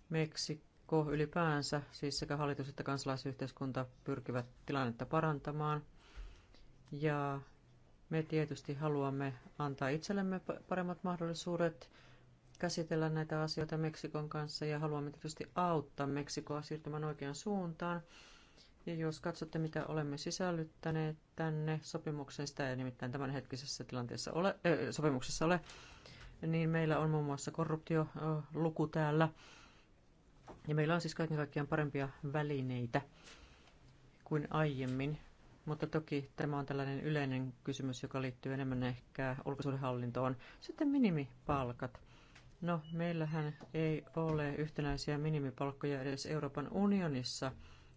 Meksiko ylipäänsä, siis sekä hallitus että kansalaisyhteiskunta pyrkivät tilannetta parantamaan. Ja me tietysti haluamme antaa itsellemme paremmat mahdollisuudet käsitellä näitä asioita Meksikon kanssa ja haluamme tietysti auttaa Meksikoa siirtymään oikeaan suuntaan. Ja jos katsotte, mitä olemme sisällyttäneet tänne sopimukseen, sitä ei nimittäin tämänhetkisessä tilanteessa ole, äh, sopimuksessa ole, niin meillä on muun muassa korruptioluku äh, täällä. Ja meillä on siis kaiken kaikkiaan parempia välineitä kuin aiemmin. Mutta toki tämä on tällainen yleinen kysymys, joka liittyy enemmän ehkä ulkosuudenhallintoon. Sitten minimipalkat. No, meillähän ei ole yhtenäisiä minimipalkkoja edes Euroopan unionissa,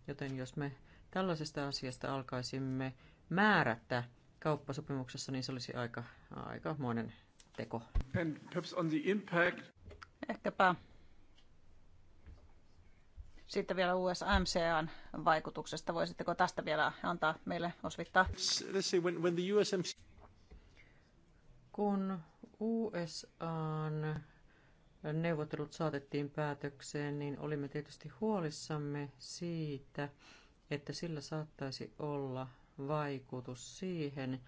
joten jos me tällaisesta asiasta alkaisimme määrätä kauppasopimuksessa, niin se olisi aika, aika monen teko. And perhaps on the impact. Ehkäpä sitten vielä USMCAn vaikutuksesta. Voisitteko tästä vielä antaa meille osvittaa? Let's see, when, when the USMC... Kun USAn neuvottelut saatettiin päätökseen, niin olimme tietysti huolissamme siitä, että sillä saattaisi olla vaikutus siihen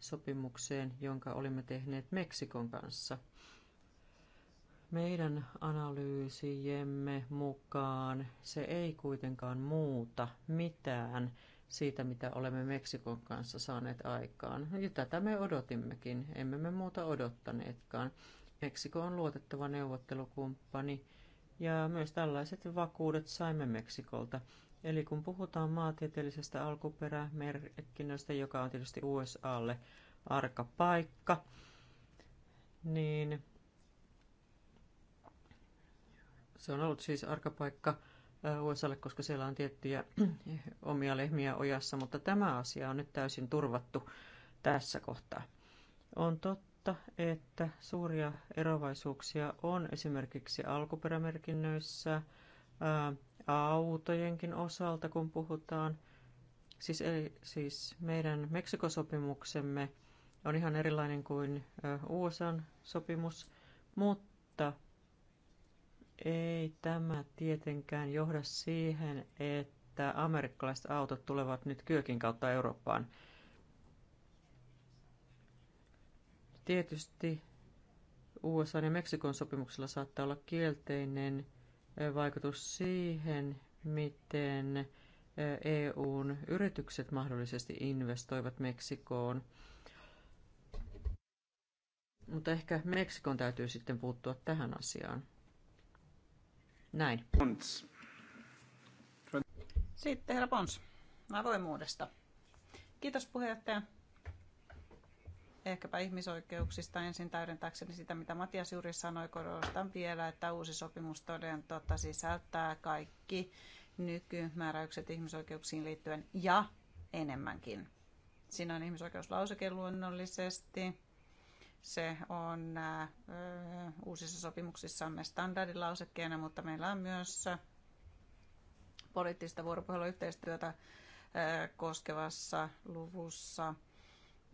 sopimukseen, jonka olimme tehneet Meksikon kanssa. Meidän analyysiemme mukaan se ei kuitenkaan muuta mitään siitä, mitä olemme Meksikon kanssa saaneet aikaan. Ja tätä me odotimmekin, emme me muuta odottaneetkaan. Meksiko on luotettava neuvottelukumppani ja myös tällaiset vakuudet saimme Meksikolta. Eli kun puhutaan maantieteellisestä alkuperämerkinnöstä, joka on tietysti USAlle arka paikka, niin se on ollut siis arka paikka äh, USAlle, koska siellä on tiettyjä <clears throat> omia lehmiä ojassa, mutta tämä asia on nyt täysin turvattu tässä kohtaa. On totta totta, että suuria eroavaisuuksia on esimerkiksi alkuperämerkinnöissä, ää, autojenkin osalta, kun puhutaan. Siis, eli, siis meidän Meksikosopimuksemme on ihan erilainen kuin USAn sopimus, mutta ei tämä tietenkään johda siihen, että amerikkalaiset autot tulevat nyt kyökin kautta Eurooppaan. Tietysti USA ja Meksikon sopimuksella saattaa olla kielteinen vaikutus siihen, miten EUn yritykset mahdollisesti investoivat Meksikoon. Mutta ehkä Meksikon täytyy sitten puuttua tähän asiaan. Näin. Pons. Sitten herra Pons, avoimuudesta. Kiitos puheenjohtaja ehkäpä ihmisoikeuksista ensin täydentääkseni sitä, mitä Matias juuri sanoi. Korostan vielä, että uusi sopimus toden totta sisältää kaikki nykymääräykset ihmisoikeuksiin liittyen ja enemmänkin. Siinä on ihmisoikeuslauseke luonnollisesti. Se on ö, äh, uusissa sopimuksissamme standardilausekkeena, mutta meillä on myös poliittista vuoropuheluyhteistyötä äh, koskevassa luvussa –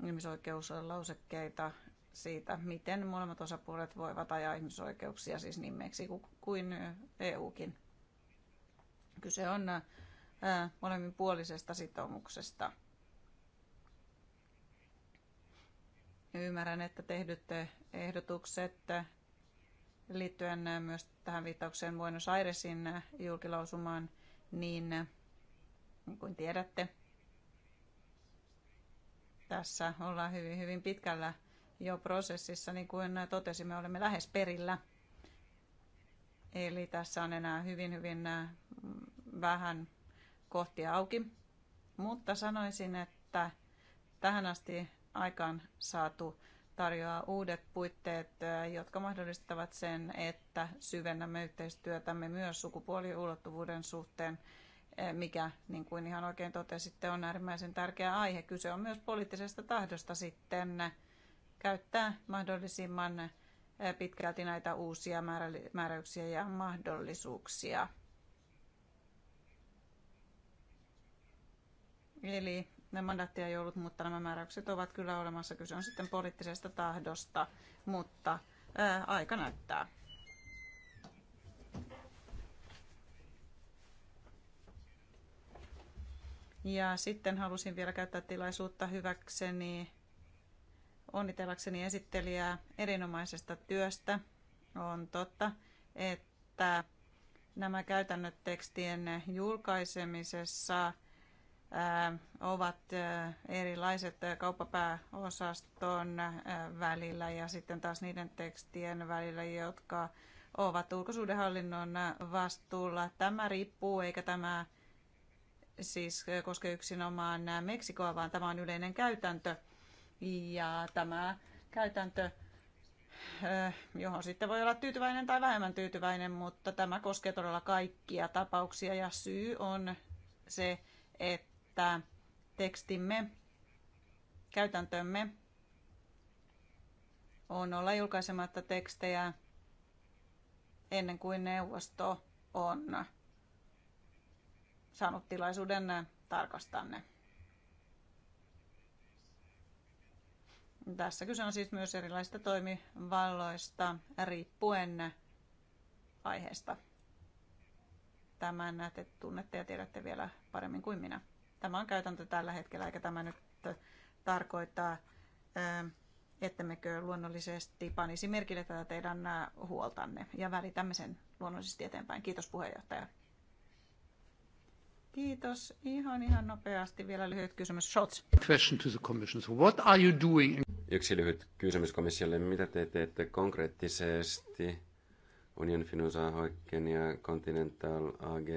ihmisoikeuslausekkeita siitä, miten molemmat osapuolet voivat ajaa ihmisoikeuksia siis niin meiksi kuin EUkin. Kyse on molemminpuolisesta sitoumuksesta. Ymmärrän, että tehdyt ehdotukset liittyen myös tähän viittaukseen Buenos Airesin julkilausumaan, niin, niin kuin tiedätte, tässä ollaan hyvin, hyvin pitkällä jo prosessissa, niin kuin totesimme, olemme lähes perillä. Eli tässä on enää hyvin, hyvin äh, vähän kohtia auki. Mutta sanoisin, että tähän asti aikaan saatu tarjoaa uudet puitteet, äh, jotka mahdollistavat sen, että syvennämme yhteistyötämme myös sukupuoliulottuvuuden suhteen Eh, mikä, niin kuin ihan oikein totesitte, on äärimmäisen tärkeä aihe. Kyse on myös poliittisesta tahdosta sitten käyttää mahdollisimman eh, pitkälti näitä uusia määräyksiä ja mahdollisuuksia. Eli ne mandaatti ei ollut, mutta nämä määräykset ovat kyllä olemassa. Kyse on sitten poliittisesta tahdosta, mutta ää, eh, aika näyttää. Ja sitten halusin vielä käyttää tilaisuutta hyväkseni onnitellakseni esittelijää erinomaisesta työstä. On totta, että nämä käytännöt tekstien julkaisemisessa ovat erilaiset kauppapääosaston välillä ja sitten taas niiden tekstien välillä, jotka ovat ulkosuudenhallinnon vastuulla. Tämä riippuu, eikä tämä siis eh, koske yksinomaan eh, Meksikoa, vaan tämä on yleinen käytäntö. Ja tämä käytäntö, eh, johon sitten voi olla tyytyväinen tai vähemmän tyytyväinen, mutta tämä koskee todella kaikkia tapauksia. Ja syy on se, että tekstimme, käytäntömme on olla julkaisematta tekstejä ennen kuin neuvosto on saanut tilaisuuden äh, tarkastaa ne. Tässä kyse on siis myös erilaisista toimivalloista riippuen aiheesta. Tämän te tunnette ja tiedätte vielä paremmin kuin minä. Tämä on käytäntö tällä hetkellä, eikä tämä nyt äh, tarkoittaa, äh, että mekö luonnollisesti panisi merkille tätä teidän huoltanne ja välitämme sen luonnollisesti eteenpäin. Kiitos puheenjohtaja. Kiitos. Ihan ihan nopeasti vielä lyhyt kysymys. Shots. Question to the commission. So what are you doing? Yksi lyhyt kysymys komissiolle. Mitä te teette konkreettisesti Union Finusa Hoikken ja Continental AG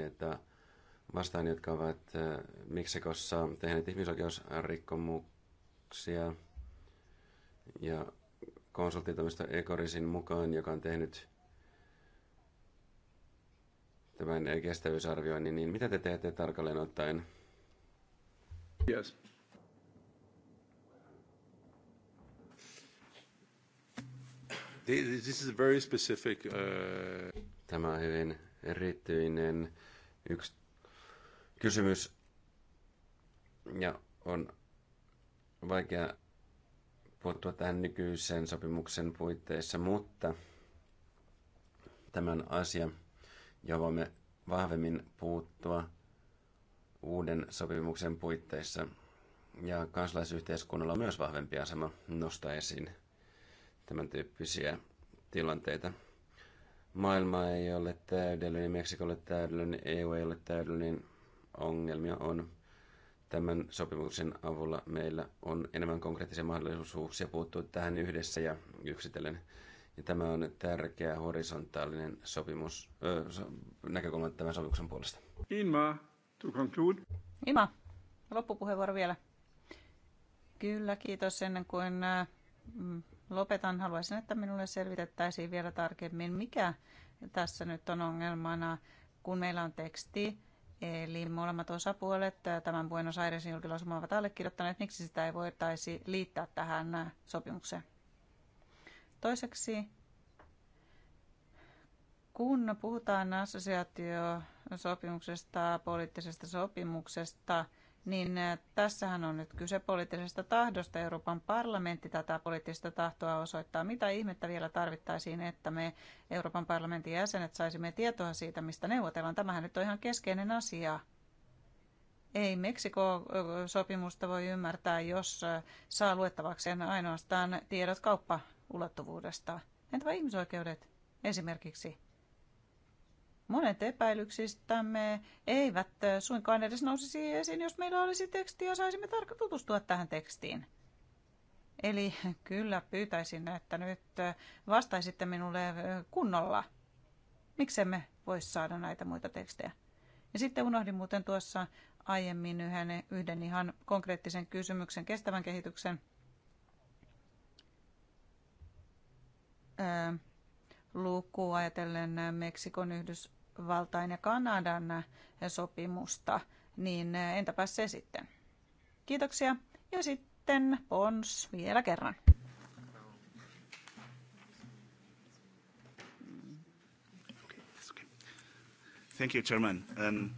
vastaan, jotka ovat äh, Meksikossa tehneet ihmisoikeusrikkomuksia ja konsulttitoimisto Ekorisin mukaan, joka on tehnyt tämän eh, kestävyysarvioinnin, niin mitä te teette tarkalleen ottaen? Yes. This is very specific, uh... Tämä on hyvin erityinen yksi kysymys ja on vaikea puuttua tähän nykyisen sopimuksen puitteissa, mutta tämän asian ja voimme vahvemmin puuttua uuden sopimuksen puitteissa. Ja kansalaisyhteiskunnalla on myös vahvempi asema nostaa esiin tämän tyyppisiä tilanteita. Maailma ei ole täydellinen, niin Meksiko ei ole täydellinen, niin EU ei ole täydellinen, niin ongelmia on. Tämän sopimuksen avulla meillä on enemmän konkreettisia mahdollisuuksia puuttua tähän yhdessä ja yksitellen. Ja tämä on tärkeä horisontaalinen sopimus, ö, näkökulma tämän sopimuksen puolesta. Inma, to conclude. Inma, loppupuheenvuoro vielä. Kyllä, kiitos ennen kuin mm, lopetan. Haluaisin, että minulle selvitettäisiin vielä tarkemmin, mikä tässä nyt on ongelmana, kun meillä on teksti, Eli molemmat osapuolet tämän Buenos Airesin julkilausuman ovat allekirjoittaneet, miksi sitä ei voitaisi liittää tähän sopimukseen. Toiseksi, kun puhutaan assosiaatiosopimuksesta, poliittisesta sopimuksesta, niin tässähän on nyt kyse poliittisesta tahdosta. Euroopan parlamentti tätä poliittista tahtoa osoittaa. Mitä ihmettä vielä tarvittaisiin, että me Euroopan parlamentin jäsenet saisimme tietoa siitä, mistä neuvotellaan? Tämähän nyt on ihan keskeinen asia. Ei Meksiko-sopimusta voi ymmärtää, jos saa luettavakseen ainoastaan tiedot kauppa ulottuvuudesta. entä ihmisoikeudet esimerkiksi? Monet epäilyksistämme eivät suinkaan edes nousisi esiin, jos meillä olisi teksti ja saisimme tarkka tutustua tähän tekstiin. Eli kyllä pyytäisin, että nyt vastaisitte minulle kunnolla. Miksemme voisi saada näitä muita tekstejä? Ja sitten unohdin muuten tuossa aiemmin yhden, yhden ihan konkreettisen kysymyksen kestävän kehityksen Äh, luku ajatellen Meksikon, Yhdysvaltain ja Kanadan sopimusta, niin äh, entäpä se sitten? Kiitoksia ja sitten Pons vielä kerran. Thank you, Chairman. Um...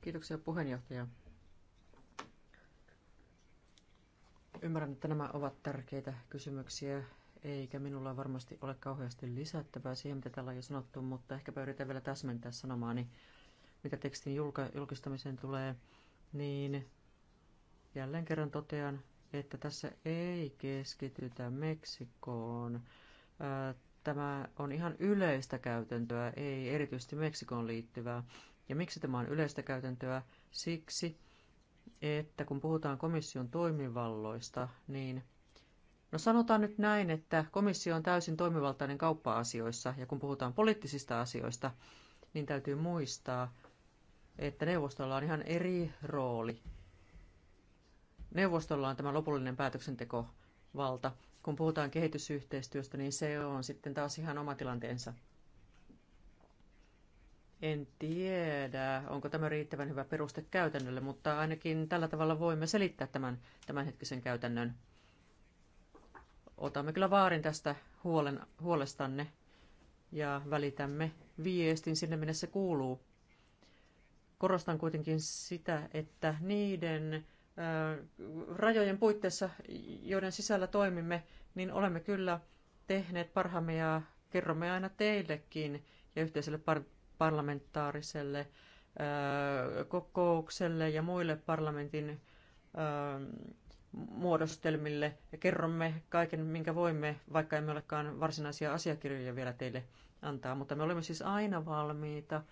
Kiitoksia puheenjohtaja. Ymmärrän, että nämä ovat tärkeitä kysymyksiä eikä minulla varmasti ole kauheasti lisättävää siihen, mitä täällä on jo sanottu, mutta ehkäpä yritän vielä täsmentää sanomaani, mitä tekstin julka- julkistamiseen tulee, niin jälleen kerran totean, että tässä ei keskitytä Meksikoon. Tämä on ihan yleistä käytäntöä, ei erityisesti Meksikoon liittyvää. Ja miksi tämä on yleistä käytäntöä? Siksi, että kun puhutaan komission toimivalloista, niin No sanotaan nyt näin, että komissio on täysin toimivaltainen kauppa-asioissa, ja kun puhutaan poliittisista asioista, niin täytyy muistaa, että neuvostolla on ihan eri rooli. Neuvostolla on tämä lopullinen päätöksentekovalta. Kun puhutaan kehitysyhteistyöstä, niin se on sitten taas ihan oma tilanteensa. En tiedä, onko tämä riittävän hyvä peruste käytännölle, mutta ainakin tällä tavalla voimme selittää tämän tämänhetkisen käytännön Otamme kyllä vaarin tästä huolen, huolestanne ja välitämme viestin sinne, minne se kuuluu. Korostan kuitenkin sitä, että niiden rajojen puitteissa, joiden sisällä toimimme, niin olemme kyllä tehneet parhaamme ja kerromme aina teillekin ja yhteiselle par- parlamentaariselle kokoukselle ja muille parlamentin muodostelmille ja kerromme kaiken, minkä voimme, vaikka emme olekaan varsinaisia asiakirjoja vielä teille antaa, mutta me olemme siis aina valmiita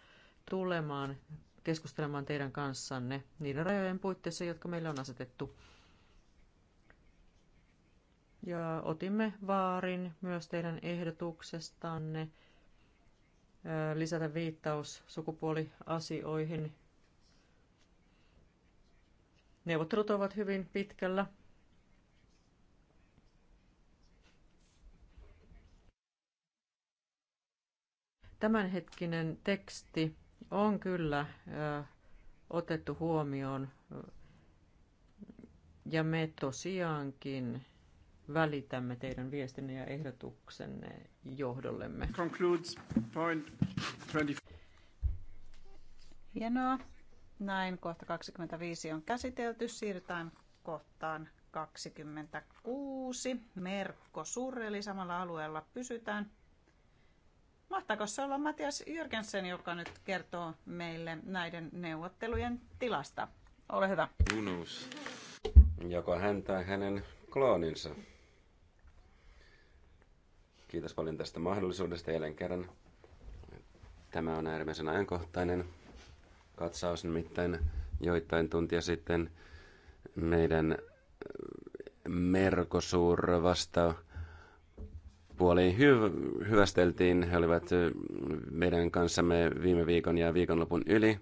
tulemaan keskustelemaan teidän kanssanne niiden rajojen puitteissa, jotka meille on asetettu. Ja otimme vaarin myös teidän ehdotuksestanne lisätä viittaus sukupuoliasioihin Neuvottelut ovat hyvin pitkällä. Tämänhetkinen teksti on kyllä otettu huomioon ja me tosiaankin välitämme teidän viestinne ja ehdotuksenne johdollemme. Hienoa. Näin kohta 25 on käsitelty. Siirrytään kohtaan 26. Merkko Surre, eli samalla alueella pysytään. Mahtaako se olla Matias Jörgensen, joka nyt kertoo meille näiden neuvottelujen tilasta? Ole hyvä. Unus. Joko hän tai hänen klooninsa. Kiitos paljon tästä mahdollisuudesta jälleen kerran. Tämä on äärimmäisen ajankohtainen katsaus, nimittäin joitain tuntia sitten meidän äh, Merkosuur vasta puoli hy- hyvästeltiin. He olivat äh, meidän kanssamme viime viikon ja viikonlopun yli.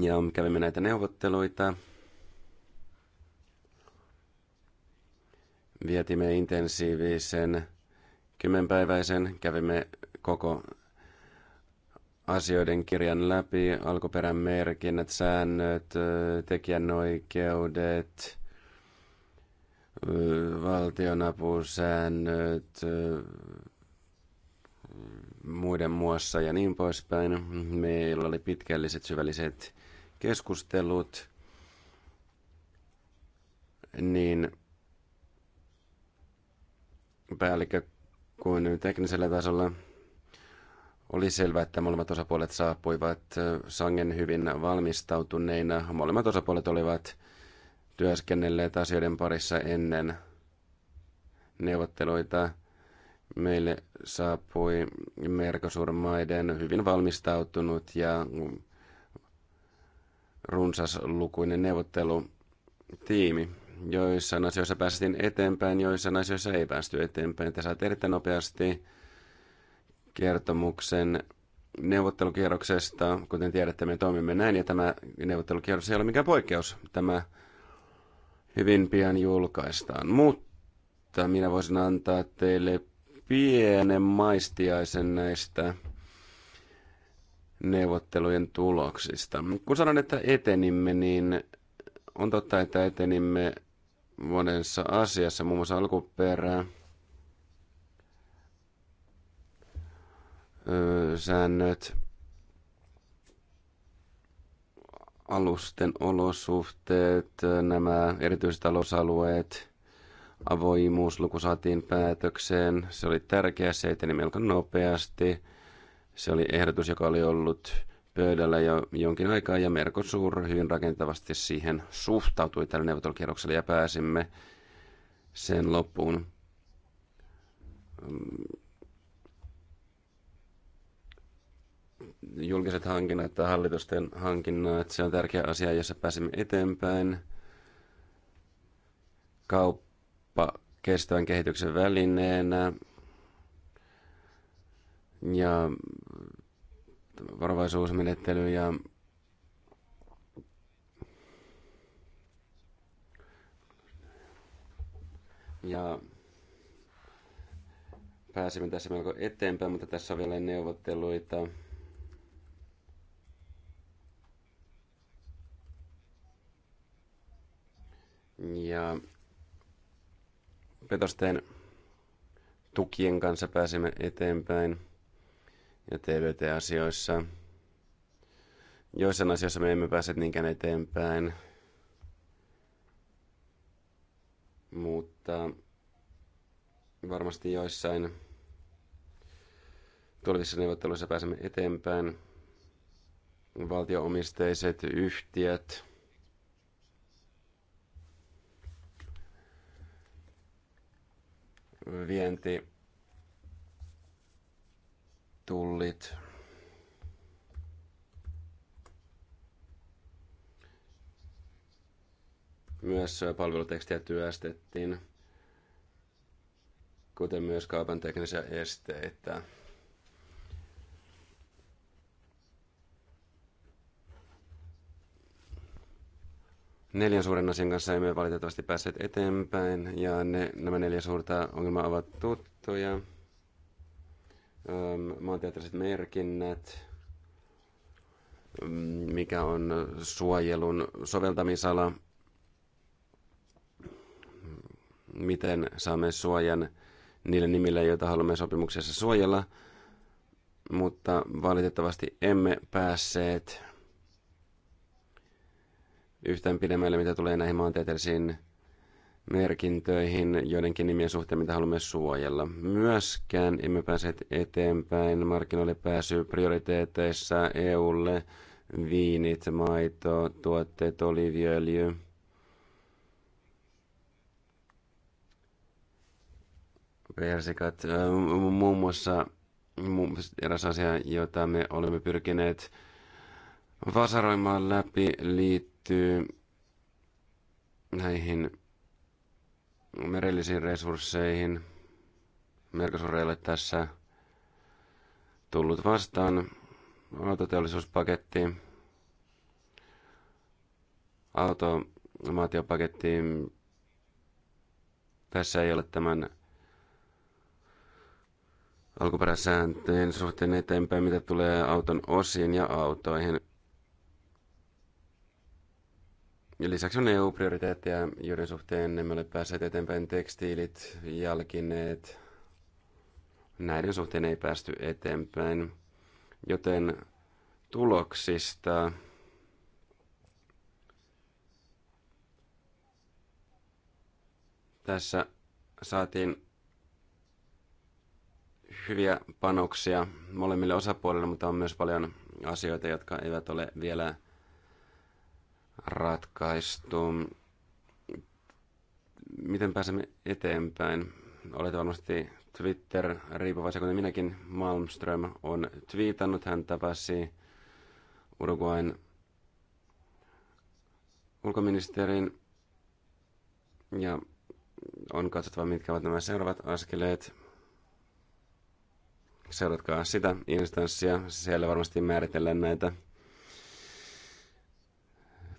Ja kävimme näitä neuvotteluita. Vietimme intensiivisen kymmenpäiväisen, kävimme koko asioiden kirjan läpi, alkuperän merkinnät, säännöt, tekijänoikeudet, valtionapusäännöt, muiden muassa ja niin poispäin. Meillä oli pitkälliset syvälliset keskustelut, niin päällikkö kuin teknisellä tasolla – oli selvää, että molemmat osapuolet saapuivat sangen hyvin valmistautuneina. Molemmat osapuolet olivat työskennelleet asioiden parissa ennen neuvotteluita. Meille saapui Merkosurmaiden hyvin valmistautunut ja runsaslukuinen neuvottelutiimi. Joissain asioissa päästiin eteenpäin, joissain asioissa ei päästy eteenpäin. Te saat erittäin nopeasti kertomuksen neuvottelukierroksesta. Kuten tiedätte, me toimimme näin ja tämä neuvottelukierros ei ole mikään poikkeus. Tämä hyvin pian julkaistaan. Mutta minä voisin antaa teille pienen maistiaisen näistä neuvottelujen tuloksista. Kun sanon, että etenimme, niin on totta, että etenimme monessa asiassa, muun muassa alkuperää, säännöt, alusten olosuhteet, nämä erityistalousalueet, avoimuusluku saatiin päätökseen. Se oli tärkeä, se eteni niin melko nopeasti. Se oli ehdotus, joka oli ollut pöydällä jo jonkin aikaa, ja Mercosur hyvin rakentavasti siihen suhtautui tällä neuvottelukierroksella, ja pääsimme sen loppuun julkiset hankinnat tai hallitusten hankinnat, se on tärkeä asia, jossa pääsemme eteenpäin. Kauppa kestävän kehityksen välineenä ja varovaisuusmenettely ja ja pääsimme tässä melko eteenpäin, mutta tässä on vielä neuvotteluita Ja petosten tukien kanssa pääsemme eteenpäin ja TVT-asioissa. Joissain asioissa me emme pääse niinkään eteenpäin, mutta varmasti joissain tulevissa neuvotteluissa pääsemme eteenpäin. Valtioomisteiset yhtiöt – vienti, tullit, Myös palvelutekstiä työstettiin, kuten myös kaupan teknisiä esteitä. neljän suuren asian kanssa emme valitettavasti päässeet eteenpäin, ja ne, nämä neljä suurta ongelmaa ovat tuttuja. Maantieteelliset merkinnät, mikä on suojelun soveltamisala, miten saamme suojan niille nimille, joita haluamme sopimuksessa suojella, mutta valitettavasti emme päässeet yhtään pidemmälle, mitä tulee näihin maantieteellisiin merkintöihin joidenkin nimien suhteen, mitä haluamme suojella. Myöskään emme pääse eteenpäin markkinoille pääsy prioriteeteissa EUlle, viinit, maito, tuotteet, oliiviöljy. Persikat, muun muassa eräs asia, jota me olemme pyrkineet vasaroimaan läpi liittyen liittyy näihin merellisiin resursseihin. Merkosureille tässä tullut vastaan autoteollisuuspaketti, automaatiopaketti. Tässä ei ole tämän alkuperäsääntöjen suhteen eteenpäin, mitä tulee auton osiin ja autoihin. Lisäksi on EU-prioriteetteja, joiden suhteen emme ole päässeet eteenpäin tekstiilit, jalkineet. Näiden suhteen ei päästy eteenpäin. Joten tuloksista tässä saatiin hyviä panoksia molemmille osapuolille, mutta on myös paljon asioita, jotka eivät ole vielä – ratkaistu. Miten pääsemme eteenpäin? Olet varmasti Twitter-riippuvaisia, kuten minäkin. Malmström on twiitannut, hän tapasi Uruguain ulkoministerin ja on katsottava, mitkä ovat nämä seuraavat askeleet. Seuratkaa sitä instanssia, siellä varmasti määritellään näitä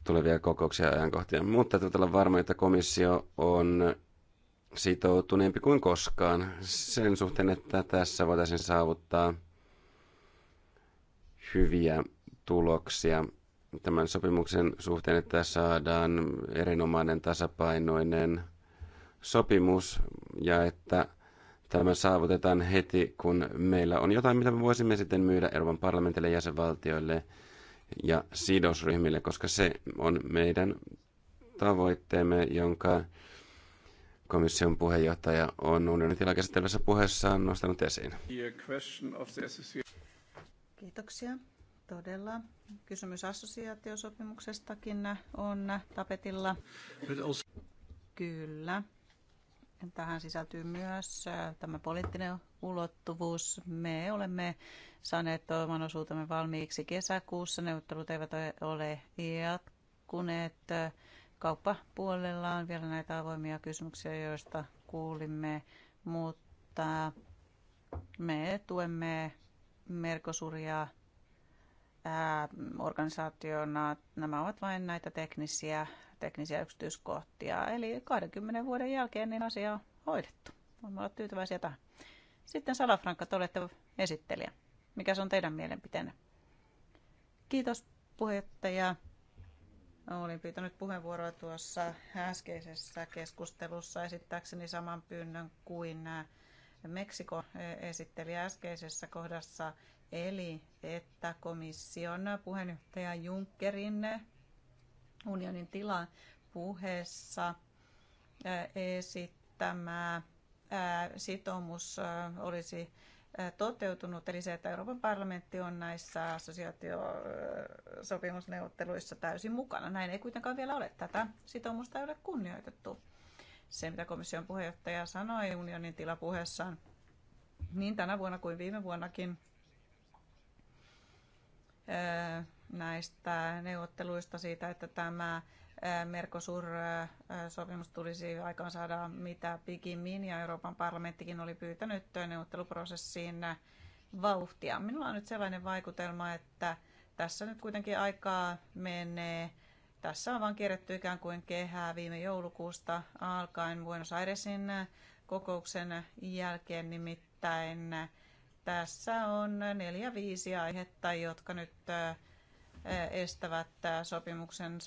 tulevia kokouksia ajankohtia. Mutta täytyy olla varma, että komissio on sitoutuneempi kuin koskaan sen suhteen, että tässä voitaisiin saavuttaa hyviä tuloksia tämän sopimuksen suhteen, että saadaan erinomainen tasapainoinen sopimus ja että tämä saavutetaan heti, kun meillä on jotain, mitä me voisimme sitten myydä Euroopan parlamentille, ja jäsenvaltioille ja sidosryhmille, koska se on meidän tavoitteemme, jonka komission puheenjohtaja on unionin tilakäsittelyssä puheessaan nostanut esiin. Kiitoksia. Todella. Kysymys assosiaatiosopimuksestakin on tapetilla. Kyllä. Tähän sisältyy myös äh, tämä poliittinen ulottuvuus. Me olemme saaneet oman osuutemme valmiiksi kesäkuussa. Neuvottelut eivät ole jatkuneet. Kauppapuolella on vielä näitä avoimia kysymyksiä, joista kuulimme, mutta me tuemme Merkosuria äh, organisaationa. Nämä ovat vain näitä teknisiä teknisiä yksityiskohtia. Eli 20 vuoden jälkeen niin asia on hoidettu. Voimme olla tyytyväisiä tähän. Sitten Salafranka, te olette esittelijä. Mikä se on teidän mielipiteenne? Kiitos puheenjohtaja. Olin pitänyt puheenvuoroa tuossa äskeisessä keskustelussa esittääkseni saman pyynnön kuin Meksiko esitteli äskeisessä kohdassa, eli että komission puheenjohtaja Junckerin unionin tilan puheessa esittämä sitoumus olisi toteutunut, eli se, että Euroopan parlamentti on näissä assosiaatiosopimusneuvotteluissa täysin mukana. Näin ei kuitenkaan vielä ole. Tätä sitoumusta ei ole kunnioitettu. Se, mitä komission puheenjohtaja sanoi unionin tilapuheessaan niin tänä vuonna kuin viime vuonnakin, näistä neuvotteluista siitä, että tämä Mercosur-sopimus tulisi aikaan saada mitä pikimmin ja Euroopan parlamenttikin oli pyytänyt neuvotteluprosessiin vauhtia. Minulla on nyt sellainen vaikutelma, että tässä nyt kuitenkin aikaa menee. Tässä on vain kierretty ikään kuin kehää viime joulukuusta alkaen Buenos Airesin kokouksen jälkeen nimittäin. Tässä on neljä viisi aihetta, jotka nyt estävät sopimuksen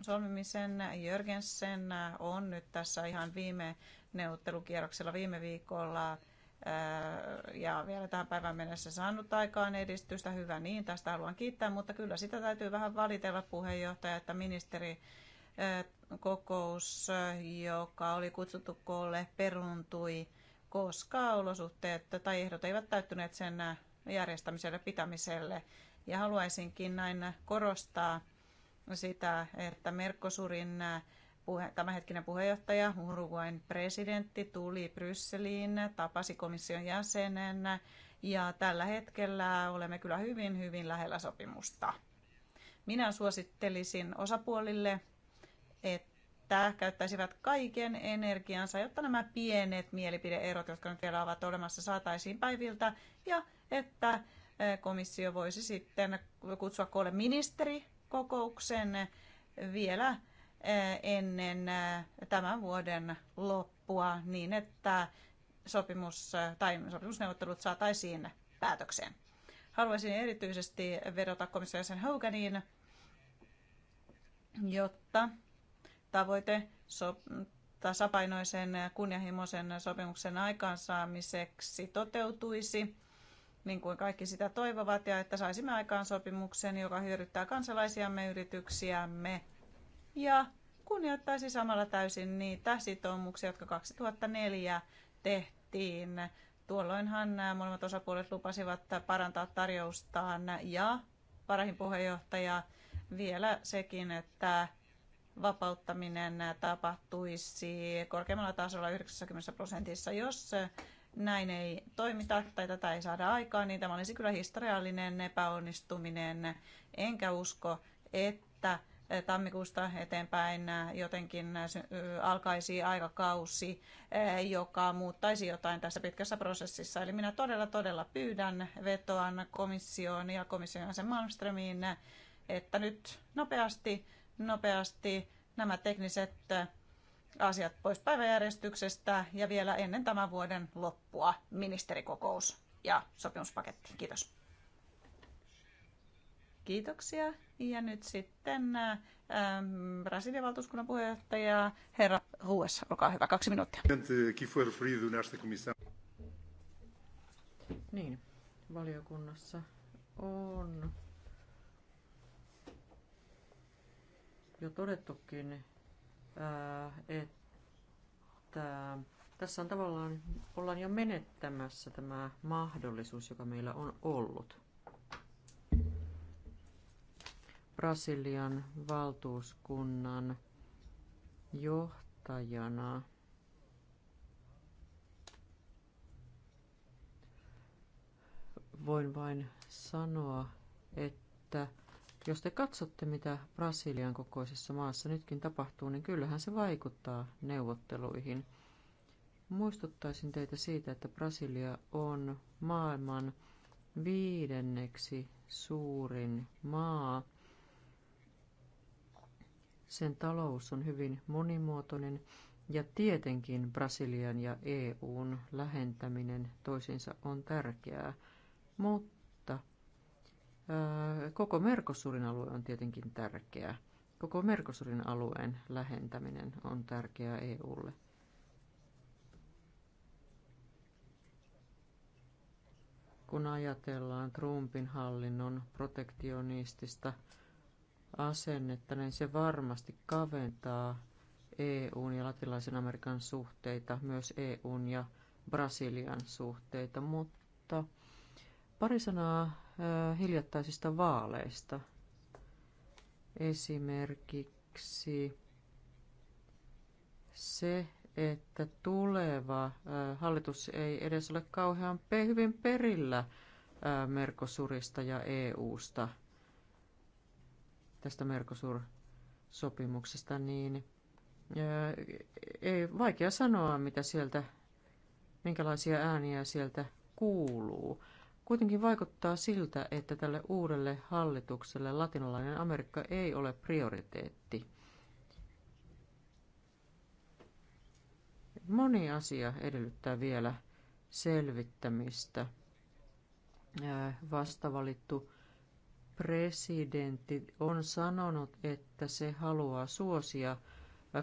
solmimisen. Jörgensen on nyt tässä ihan viime neuvottelukierroksella viime viikolla ja vielä tähän päivään mennessä saanut aikaan edistystä. Hyvä niin, tästä haluan kiittää, mutta kyllä sitä täytyy vähän valitella puheenjohtaja, että ministeri kokous, joka oli kutsuttu koolle, peruntui, koska olosuhteet tai ehdot eivät täyttyneet sen järjestämiselle pitämiselle. Ja haluaisinkin näin korostaa sitä, että Merkosurin äh, puhe, tämänhetkinen puheenjohtaja, Uruguayn presidentti, tuli Brysseliin, tapasi komission jäsenen ja tällä hetkellä olemme kyllä hyvin, hyvin lähellä sopimusta. Minä suosittelisin osapuolille, että käyttäisivät kaiken energiansa, jotta nämä pienet mielipideerot, jotka nyt vielä ovat olemassa, saataisiin päiviltä ja että komissio voisi sitten kutsua koolle ministerikokouksen vielä eh, ennen eh, tämän vuoden loppua niin, että sopimus, eh, tai sopimusneuvottelut saataisiin päätökseen. Haluaisin erityisesti vedota komissaarisen Hoganiin, jotta tavoite so- tasapainoisen kunnianhimoisen sopimuksen aikaansaamiseksi toteutuisi niin kuin kaikki sitä toivovat, ja että saisimme aikaan sopimuksen, joka hyödyttää kansalaisiamme, yrityksiämme ja kunnioittaisi samalla täysin niitä sitoumuksia, jotka 2004 tehtiin. Tuolloinhan nämä molemmat osapuolet lupasivat parantaa tarjoustaan ja parahin puheenjohtaja vielä sekin, että vapauttaminen tapahtuisi korkeammalla tasolla 90 prosentissa, jos näin ei toimita tai tätä ei saada aikaan, niin tämä olisi kyllä historiallinen epäonnistuminen. Enkä usko, että eh, tammikuusta eteenpäin eh, jotenkin eh, alkaisi aikakausi, joka muuttaisi jotain tässä pitkässä prosessissa. Eli minä todella, todella pyydän vetoan komissioon ja komission sen Malmströmiin, että nyt nopeasti, nopeasti nämä tekniset asiat pois päiväjärjestyksestä ja vielä ennen tämän vuoden loppua ministerikokous ja sopimuspaketti. Kiitos. Kiitoksia. Ja nyt sitten ähm, Brasilian valtuuskunnan puheenjohtaja herra Rues, olkaa hyvä, kaksi minuuttia. Niin, valiokunnassa on jo todettukin Äh, että tässä on tavallaan, ollaan jo menettämässä tämä mahdollisuus, joka meillä on ollut. Brasilian valtuuskunnan johtajana voin vain sanoa, että jos te katsotte, mitä Brasilian kokoisessa maassa nytkin tapahtuu, niin kyllähän se vaikuttaa neuvotteluihin. Muistuttaisin teitä siitä, että Brasilia on maailman viidenneksi suurin maa. Sen talous on hyvin monimuotoinen ja tietenkin Brasilian ja EUn lähentäminen toisiinsa on tärkeää, mutta Koko Merkosurin alue on tietenkin tärkeä. Koko Merkosurin alueen lähentäminen on tärkeää EUlle. Kun ajatellaan Trumpin hallinnon protektionistista asennetta, niin se varmasti kaventaa EUn ja latinalaisen Amerikan suhteita, myös EUn ja Brasilian suhteita, mutta pari sanaa hiljattaisista vaaleista. Esimerkiksi se, että tuleva hallitus ei edes ole kauhean hyvin perillä Mercosurista ja EUsta, tästä Mercosur-sopimuksesta, niin ei vaikea sanoa, mitä sieltä, minkälaisia ääniä sieltä kuuluu. Kuitenkin vaikuttaa siltä, että tälle uudelle hallitukselle latinalainen Amerikka ei ole prioriteetti. Moni asia edellyttää vielä selvittämistä. Vastavalittu presidentti on sanonut, että se haluaa suosia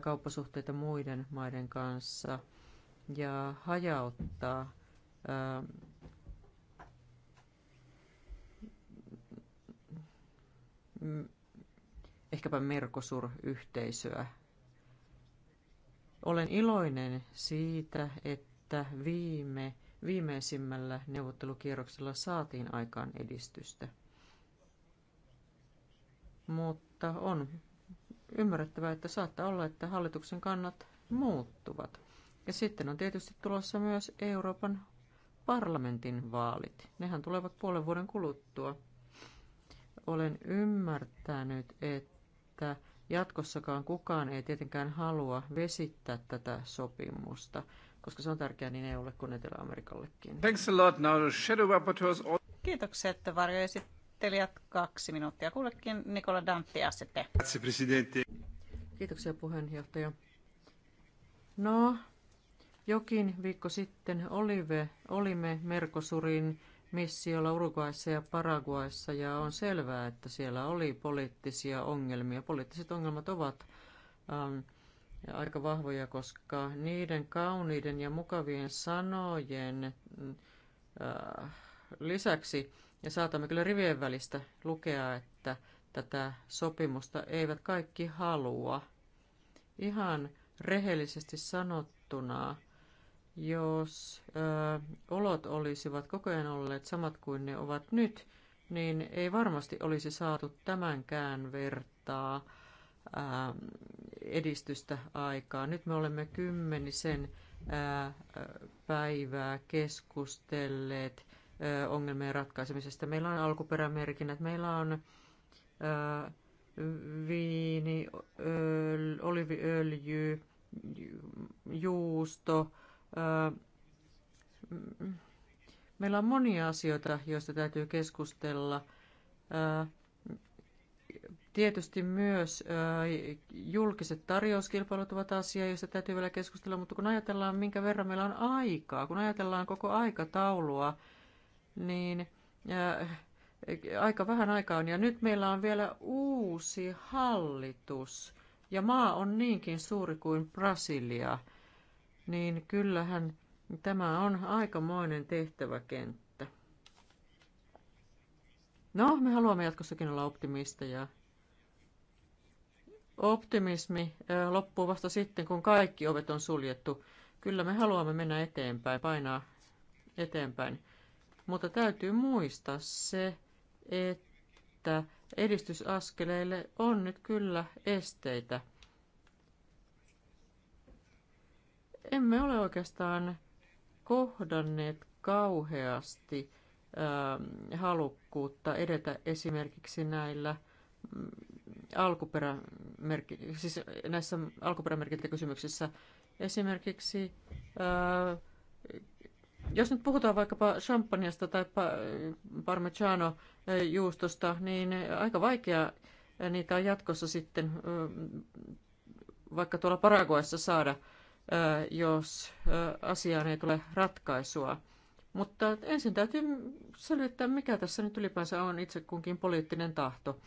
kauppasuhteita muiden maiden kanssa ja hajauttaa ehkäpä Mercosur-yhteisöä. Olen iloinen siitä, että viime, viimeisimmällä neuvottelukierroksella saatiin aikaan edistystä. Mutta on ymmärrettävää, että saattaa olla, että hallituksen kannat muuttuvat. Ja sitten on tietysti tulossa myös Euroopan parlamentin vaalit. Nehän tulevat puolen vuoden kuluttua. Olen ymmärtänyt, että jatkossakaan kukaan ei tietenkään halua vesittää tätä sopimusta, koska se on tärkeää niin EUlle kuin Etelä-Amerikallekin. Thanks a lot. Now the shadow rapporteurs... Kiitokset varjoesittelijät. Kaksi minuuttia kullekin. Nikola Danttia sitten. Kiitoksia puheenjohtaja. No, jokin viikko sitten olive, olimme Merkosurin missiolla Uruguayssa ja Paraguayssa ja on selvää, että siellä oli poliittisia ongelmia. Poliittiset ongelmat ovat ähm, aika vahvoja, koska niiden kauniiden ja mukavien sanojen äh, lisäksi, ja saatamme kyllä rivien välistä lukea, että tätä sopimusta eivät kaikki halua. Ihan rehellisesti sanottuna jos ö, olot olisivat koko ajan olleet samat kuin ne ovat nyt, niin ei varmasti olisi saatu tämänkään vertaa ö, edistystä aikaa. Nyt me olemme kymmenisen ö, päivää keskustelleet ö, ongelmien ratkaisemisesta. Meillä on alkuperämerkinnät, meillä on ö, viini, öl, oliviöljy, juusto, meillä on monia asioita, joista täytyy keskustella. Tietysti myös julkiset tarjouskilpailut ovat asia, josta täytyy vielä keskustella, mutta kun ajatellaan, minkä verran meillä on aikaa, kun ajatellaan koko aikataulua, niin aika vähän aikaa on. Ja nyt meillä on vielä uusi hallitus, ja maa on niinkin suuri kuin Brasilia niin kyllähän tämä on aikamoinen tehtäväkenttä. No, me haluamme jatkossakin olla optimisteja. Optimismi loppuu vasta sitten, kun kaikki ovet on suljettu. Kyllä me haluamme mennä eteenpäin, painaa eteenpäin. Mutta täytyy muistaa se, että edistysaskeleille on nyt kyllä esteitä. emme ole oikeastaan kohdanneet kauheasti ähm, halukkuutta edetä esimerkiksi näillä mm, alkuperämerki, siis näissä alkuperämerkintäkysymyksissä. Esimerkiksi, ää, äh, jos nyt puhutaan vaikkapa champagnesta tai parmigiano äh, juustosta, niin aika vaikea niitä on jatkossa sitten äh, vaikka tuolla Paraguassa saada jos asiaan ei tule ratkaisua. Mutta ensin täytyy selvittää, mikä tässä nyt ylipäänsä on itse kunkin poliittinen tahto.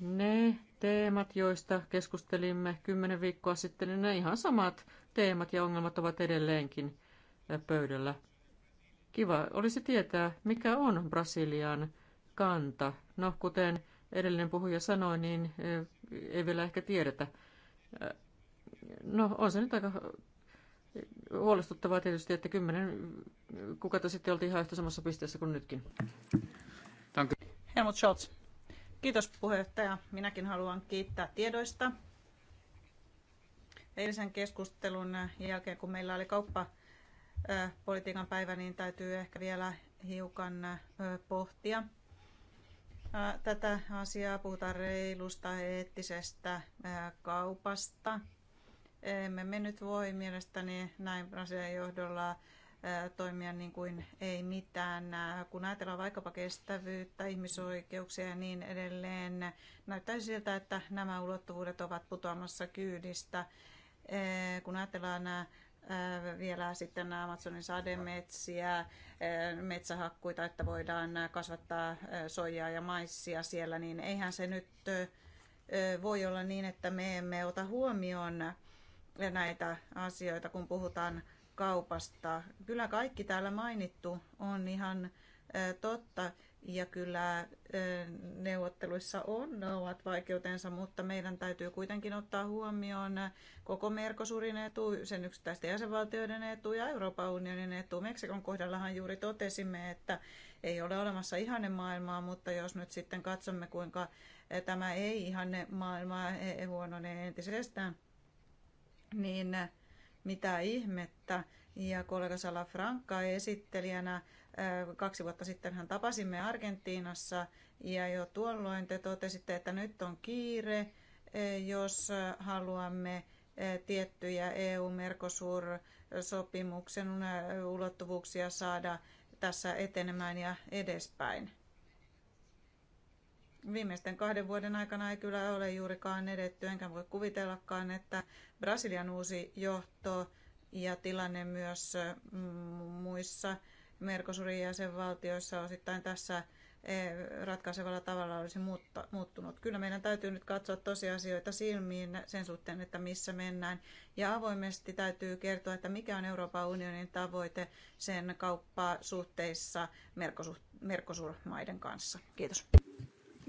Ne teemat, joista keskustelimme kymmenen viikkoa sitten, niin ne ihan samat teemat ja ongelmat ovat edelleenkin pöydällä. Kiva olisi tietää, mikä on Brasilian kanta. No, kuten edellinen puhuja sanoi, niin ei vielä ehkä tiedetä. No on se nyt aika huolestuttavaa tietysti, että kymmenen kukata sitten oltiin ihan yhtä samassa pisteessä kuin nytkin. Helmut Scholz. Kiitos puheenjohtaja. Minäkin haluan kiittää tiedoista. Eilisen keskustelun jälkeen, kun meillä oli kauppa politiikan päivä, niin täytyy ehkä vielä hiukan pohtia tätä asiaa, puhutaan reilusta, eettisestä kaupasta. Emme me nyt voi mielestäni näin asian johdolla toimia niin kuin ei mitään. Kun ajatellaan vaikkapa kestävyyttä, ihmisoikeuksia ja niin edelleen, näyttäisi siltä, että nämä ulottuvuudet ovat putoamassa kyydistä. Kun ajatellaan vielä sitten nämä Amazonin sademetsiä, metsähakkuita, että voidaan kasvattaa soijaa ja maissia siellä, niin eihän se nyt voi olla niin, että me emme ota huomioon näitä asioita, kun puhutaan kaupasta. Kyllä kaikki täällä mainittu on ihan totta. Ja kyllä neuvotteluissa on, ne ovat vaikeutensa, mutta meidän täytyy kuitenkin ottaa huomioon koko Merkosurin etu, sen yksittäisten jäsenvaltioiden etu ja Euroopan unionin etu. Meksikon kohdallahan juuri totesimme, että ei ole olemassa ihanne maailmaa, mutta jos nyt sitten katsomme, kuinka e, tämä ei ihanne maailma e, e, huononee entisestään, niin mitä ihmettä. Ja kollega Salafranca esittelijänä Kaksi vuotta sitten hän tapasimme Argentiinassa ja jo tuolloin te totesitte, että nyt on kiire, jos haluamme tiettyjä EU-merkosur-sopimuksen ulottuvuuksia saada tässä etenemään ja edespäin. Viimeisten kahden vuoden aikana ei kyllä ole juurikaan edetty, enkä voi kuvitellakaan, että Brasilian uusi johto ja tilanne myös muissa Mercosurin jäsenvaltioissa osittain tässä e, ratkaisevalla tavalla olisi muuttunut. Kyllä meidän täytyy nyt katsoa tosiasioita silmiin sen suhteen, että missä mennään. Ja avoimesti täytyy kertoa, että mikä on Euroopan unionin tavoite sen kauppaa suhteissa Mercosur-maiden kanssa. Kiitos.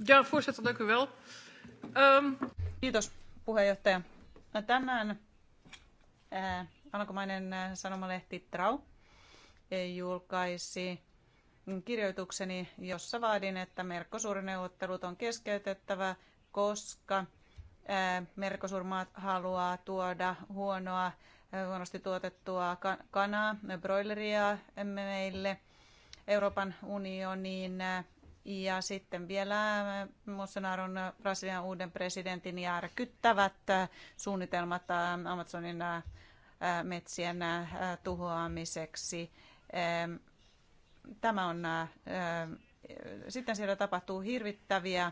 Ja, voorzitter, dank u wel. Um... Kiitos, puheenjohtaja. Tänään ää, e, alkomainen sanomalehti Trau julkaisi kirjoitukseni, jossa vaadin, että Merkosur-neuvottelut on keskeytettävä, koska Merkosurmaat haluaa tuoda huonoa, huonosti tuotettua kanaa, broileria meille Euroopan unioniin. Ja sitten vielä Bolsonaron Brasilian uuden presidentin järkyttävät suunnitelmat Amazonin metsien tuhoamiseksi Tämä on, sitten siellä tapahtuu hirvittäviä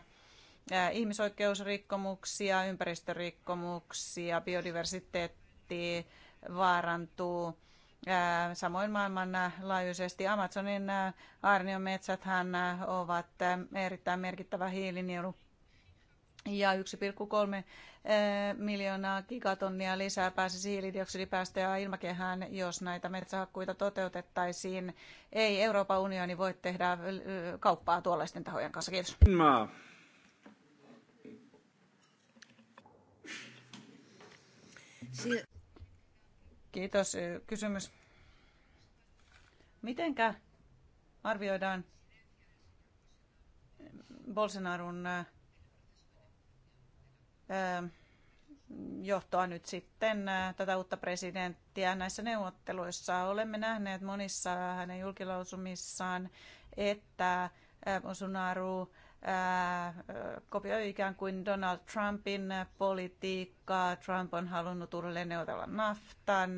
ihmisoikeusrikkomuksia, ympäristörikkomuksia, biodiversiteetti vaarantuu. Samoin maailmanlaajuisesti Amazonin aarniometsät ovat erittäin merkittävä hiilinielu ja 1,3 eh, miljoonaa gigatonnia lisää pääsisi hiilidioksidipäästöjä ilmakehään, jos näitä metsähakkuita toteutettaisiin. Ei Euroopan unioni voi tehdä eh, kauppaa tuollaisten tahojen kanssa. Kiitos. Maa. Kiitos. Eh, kysymys. Mitenkä arvioidaan Bolsonaron Ähm, johtoa nyt sitten äh, tätä uutta presidenttiä näissä neuvotteluissa. Olemme nähneet monissa hänen julkilausumissaan, että äh, Bolsonaro äh, kopioi ikään kuin Donald Trumpin politiikkaa. Trump on halunnut uudelleen neuvotella naftan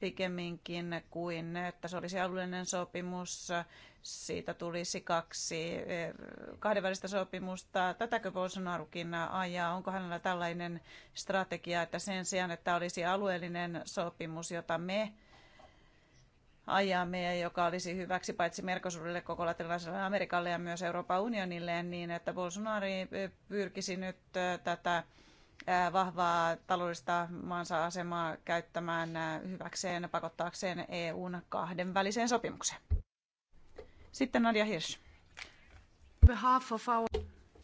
pikemminkin kuin, että se olisi alueellinen sopimus siitä tulisi kaksi eh, kahdenvälistä sopimusta. Tätäkö Bolsonarukin ajaa? Onko hänellä tällainen strategia, että sen sijaan, että olisi alueellinen sopimus, jota me ajamme ja joka olisi hyväksi paitsi Merkosurille, koko latinalaiselle Amerikalle ja myös Euroopan unionille, niin että Bolsonaro pyrkisi nyt eh, tätä eh, vahvaa taloudellista maansa asemaa käyttämään hyväkseen, pakottaakseen EUn kahden sopimukseen. Sitten Nadia Hirsch.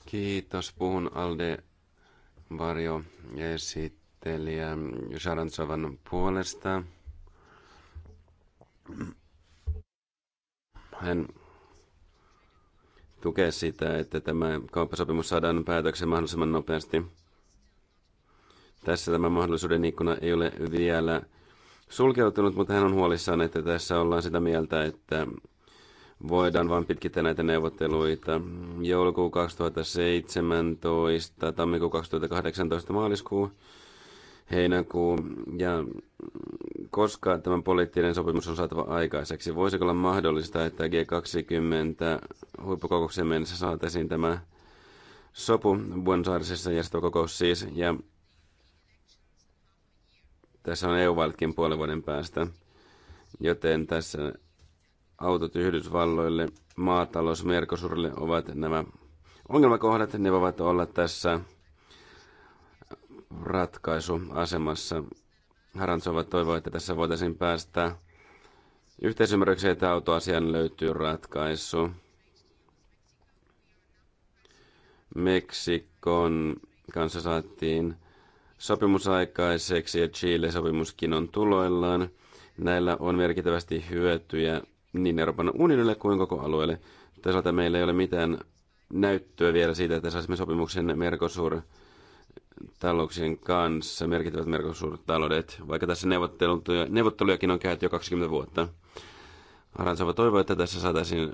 Kiitos. Puhun Alde Varjo esittelijä Sarantsovan puolesta. Hän tukee sitä, että tämä kauppasopimus saadaan päätöksen mahdollisimman nopeasti. Tässä tämä mahdollisuuden ikkuna ei ole vielä sulkeutunut, mutta hän on huolissaan, että tässä ollaan sitä mieltä, että voidaan vain pitkittää näitä neuvotteluita. Joulukuu 2017, tammikuu 2018, maaliskuu, heinäkuu. Ja koska tämä poliittinen sopimus on saatava aikaiseksi, voisiko olla mahdollista, että G20 huippukokouksen mennessä saataisiin tämä sopu Buenos Airesissa järjestävä kokous siis, ja tässä on EU-valitkin puolen vuoden päästä, joten tässä autot Yhdysvalloille, maatalous Merkosurille ovat nämä ongelmakohdat. Ne voivat olla tässä ratkaisuasemassa. Harantsova toivoo, että tässä voitaisiin päästä yhteisymmärrykseen, että autoasian löytyy ratkaisu. Meksikon kanssa saatiin sopimusaikaiseksi ja Chile sopimuskin on tuloillaan. Näillä on merkittävästi hyötyjä niin Euroopan unionille kuin koko alueelle. Toisaalta meillä ei ole mitään näyttöä vielä siitä, että saisimme sopimuksen Mercosur talouksien kanssa, merkittävät Mercosur-taloudet, vaikka tässä neuvottelujakin on käyty jo 20 vuotta. Aransova toivoo, että tässä saataisiin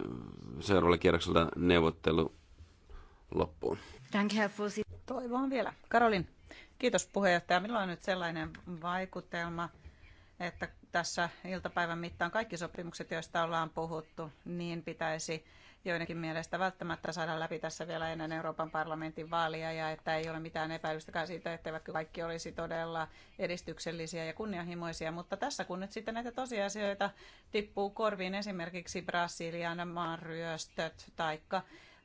seuraavalla kierroksella neuvottelu loppuun. Toivon vielä. Karolin, kiitos puheenjohtaja. Minulla on nyt sellainen vaikutelma, että tässä iltapäivän mittaan kaikki sopimukset, joista ollaan puhuttu, niin pitäisi joidenkin mielestä välttämättä saada läpi tässä vielä ennen Euroopan parlamentin vaalia ja että ei ole mitään epäilystäkään siitä, etteivätkö kaikki olisi todella edistyksellisiä ja kunnianhimoisia. Mutta tässä kun nyt sitten näitä tosiasioita tippuu korviin esimerkiksi Brasilian maanryöstöt tai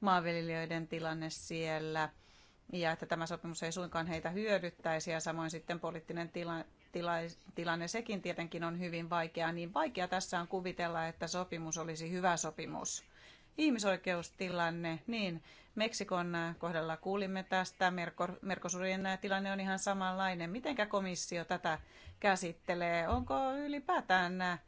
maanviljelijöiden tilanne siellä ja että tämä sopimus ei suinkaan heitä hyödyttäisi ja samoin sitten poliittinen tila, tilanne, sekin tietenkin on hyvin vaikea, niin vaikea tässä on kuvitella, että sopimus olisi hyvä sopimus. Ihmisoikeustilanne, niin Meksikon äh, kohdalla kuulimme tästä, Merkosurien äh, tilanne on ihan samanlainen. Mitenkä komissio tätä käsittelee? Onko ylipäätään äh,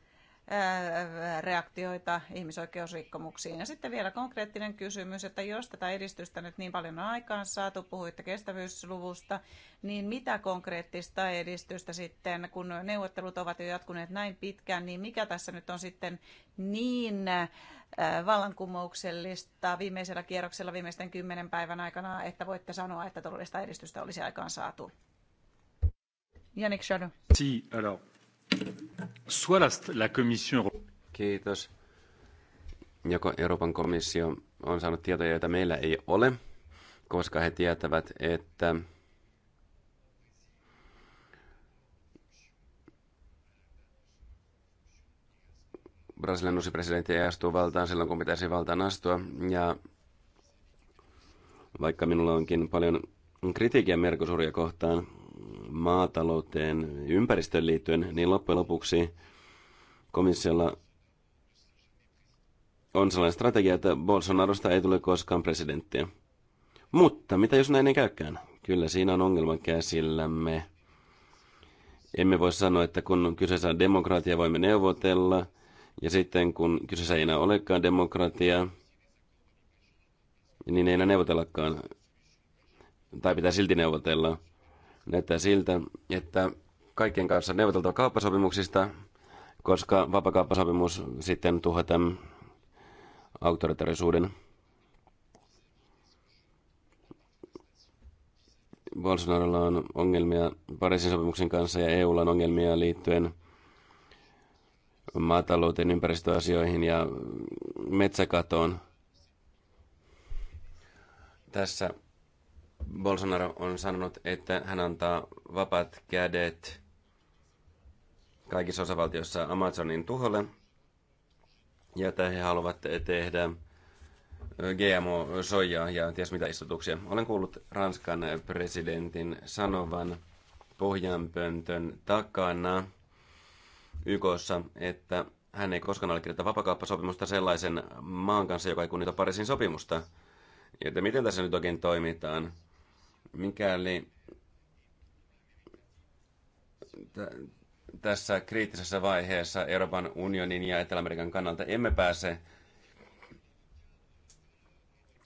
reaktioita ihmisoikeusrikkomuksiin. Ja sitten vielä konkreettinen kysymys, että jos tätä edistystä nyt niin paljon on aikaan saatu, puhuitte kestävyysluvusta, niin mitä konkreettista edistystä sitten, kun neuvottelut ovat jo jatkuneet näin pitkään, niin mikä tässä nyt on sitten niin vallankumouksellista viimeisellä kierroksella viimeisten kymmenen päivän aikana, että voitte sanoa, että todellista edistystä olisi aikaan saatu? Janik Shadow. Si, alors. Kiitos. Joko Euroopan komissio on saanut tietoja, joita meillä ei ole, koska he tietävät, että Brasilian uusi presidentti ei astu valtaan silloin, kun pitäisi valtaan astua. Ja vaikka minulla onkin paljon kritiikkiä Merkosuria kohtaan, maatalouteen ympäristöön liittyen, niin loppujen lopuksi komissiolla on sellainen strategia, että Bolsonarosta ei tule koskaan presidenttiä. Mutta mitä jos näin ei käykään? Kyllä siinä on ongelma käsillämme. Emme voi sanoa, että kun kyseessä on demokratia, voimme neuvotella. Ja sitten kun kyseessä ei enää olekaan demokratia, niin ei enää neuvotellakaan. Tai pitää silti neuvotella. Näyttää siltä, että kaikkien kanssa neuvoteltava kauppasopimuksista, koska vapakauppasopimus sitten tämän autoritarisuuden. Bolsonarolla on ongelmia Pariisin sopimuksen kanssa ja EUlla on ongelmia liittyen maatalouteen, ympäristöasioihin ja metsäkatoon. Tässä Bolsonaro on sanonut, että hän antaa vapaat kädet kaikissa osavaltioissa Amazonin tuholle ja että he haluavat tehdä gmo sojaa ja ties mitä istutuksia. Olen kuullut Ranskan presidentin sanovan pohjanpöntön takana YKssa, että hän ei koskaan allekirjoita vapakauppasopimusta sellaisen maan kanssa, joka ei kunnita Pariisin sopimusta. ja Että miten tässä nyt oikein toimitaan? Mikäli tässä kriittisessä vaiheessa Euroopan unionin ja Etelä-Amerikan kannalta emme pääse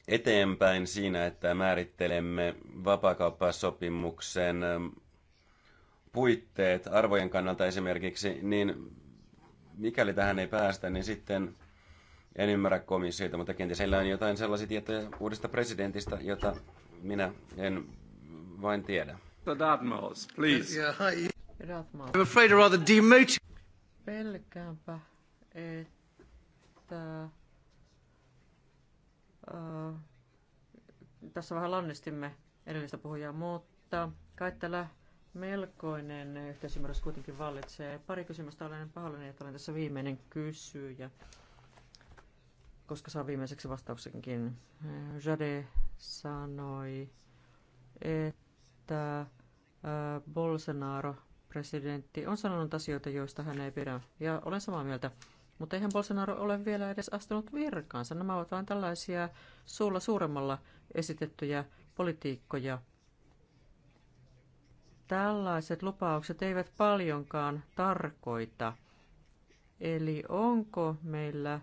eteenpäin siinä, että määrittelemme vapakauppasopimuksen ähm, puitteet arvojen kannalta esimerkiksi, niin mikäli tähän ei päästä, niin sitten en ymmärrä komissiota, mutta kenties heillä on jotain sellaisia tietoja uudesta presidentistä, jota minä en vain tiedä. Dartmouth, please. I'm afraid I'm rather demoted. Pelkäänpä, että äh, tässä vähän lannistimme edellistä puhujaa, mutta kai tällä melkoinen yhteisymmärrys kuitenkin vallitsee. Pari kysymystä olen pahoillani, että olen tässä viimeinen kysyjä, koska saa viimeiseksi vastauksenkin. Äh, Jade sanoi, että Bolsonaro, presidentti, on sanonut asioita, joista hän ei pidä. Ja olen samaa mieltä. Mutta eihän Bolsonaro ole vielä edes astunut virkaansa. Nämä ovat vain tällaisia suulla suuremmalla esitettyjä politiikkoja. Tällaiset lupaukset eivät paljonkaan tarkoita. Eli onko meillä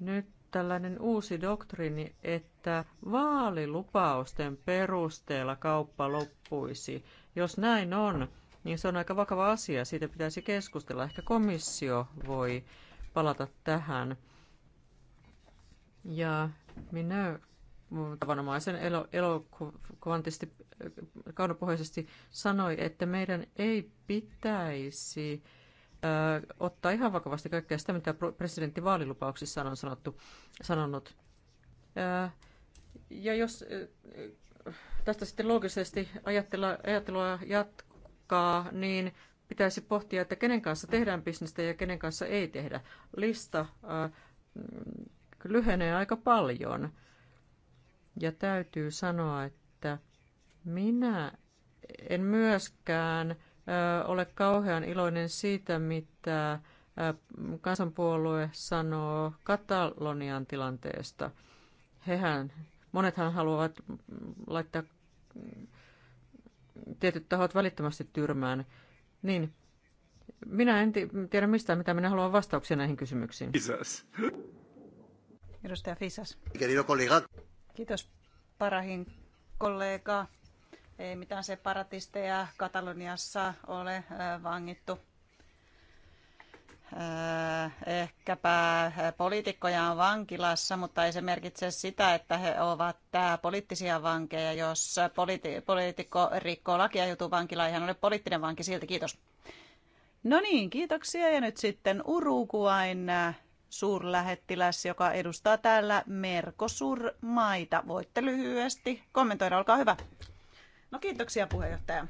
nyt tällainen uusi doktriini, että että vaalilupausten perusteella kauppa loppuisi. Jos näin on, niin se on aika vakava asia. Siitä pitäisi keskustella. Ehkä komissio voi palata tähän. Ja minä tavanomaisen elo, elokuvantisti äh, kaunopohjaisesti sanoi, että meidän ei pitäisi ö, äh, ottaa ihan vakavasti kaikkea sitä, mitä presidentti vaalilupauksissa on sanottu, sanonut. Ö, äh, ja jos tästä sitten loogisesti ajattelua jatkaa, niin pitäisi pohtia, että kenen kanssa tehdään bisnestä ja kenen kanssa ei tehdä. Lista mm, lyhenee aika paljon. Ja täytyy sanoa, että minä en myöskään ole kauhean iloinen siitä, mitä kansanpuolue sanoo Katalonian tilanteesta. Hehän Monethan haluavat laittaa tietyt tahot välittömästi tyrmään. Niin, minä en tiedä mistään, mitä minä haluan vastauksia näihin kysymyksiin. Fisas. Edustaja Fisas. Kiitos Parahin kollega. Ei mitään separatisteja Kataloniassa ole äh, vangittu Äh, ehkäpä poliitikkoja on vankilassa, mutta ei se merkitse sitä, että he ovat tää poliittisia vankeja. Jos politi- poliitikko rikkoo lakia ja joutuu vankilaan, hän ole poliittinen vanki silti. Kiitos. No niin, kiitoksia. Ja nyt sitten Urukuain äh, suurlähettiläs, joka edustaa täällä Mercosur-maita. Voitte lyhyesti kommentoida, olkaa hyvä. No kiitoksia puheenjohtaja.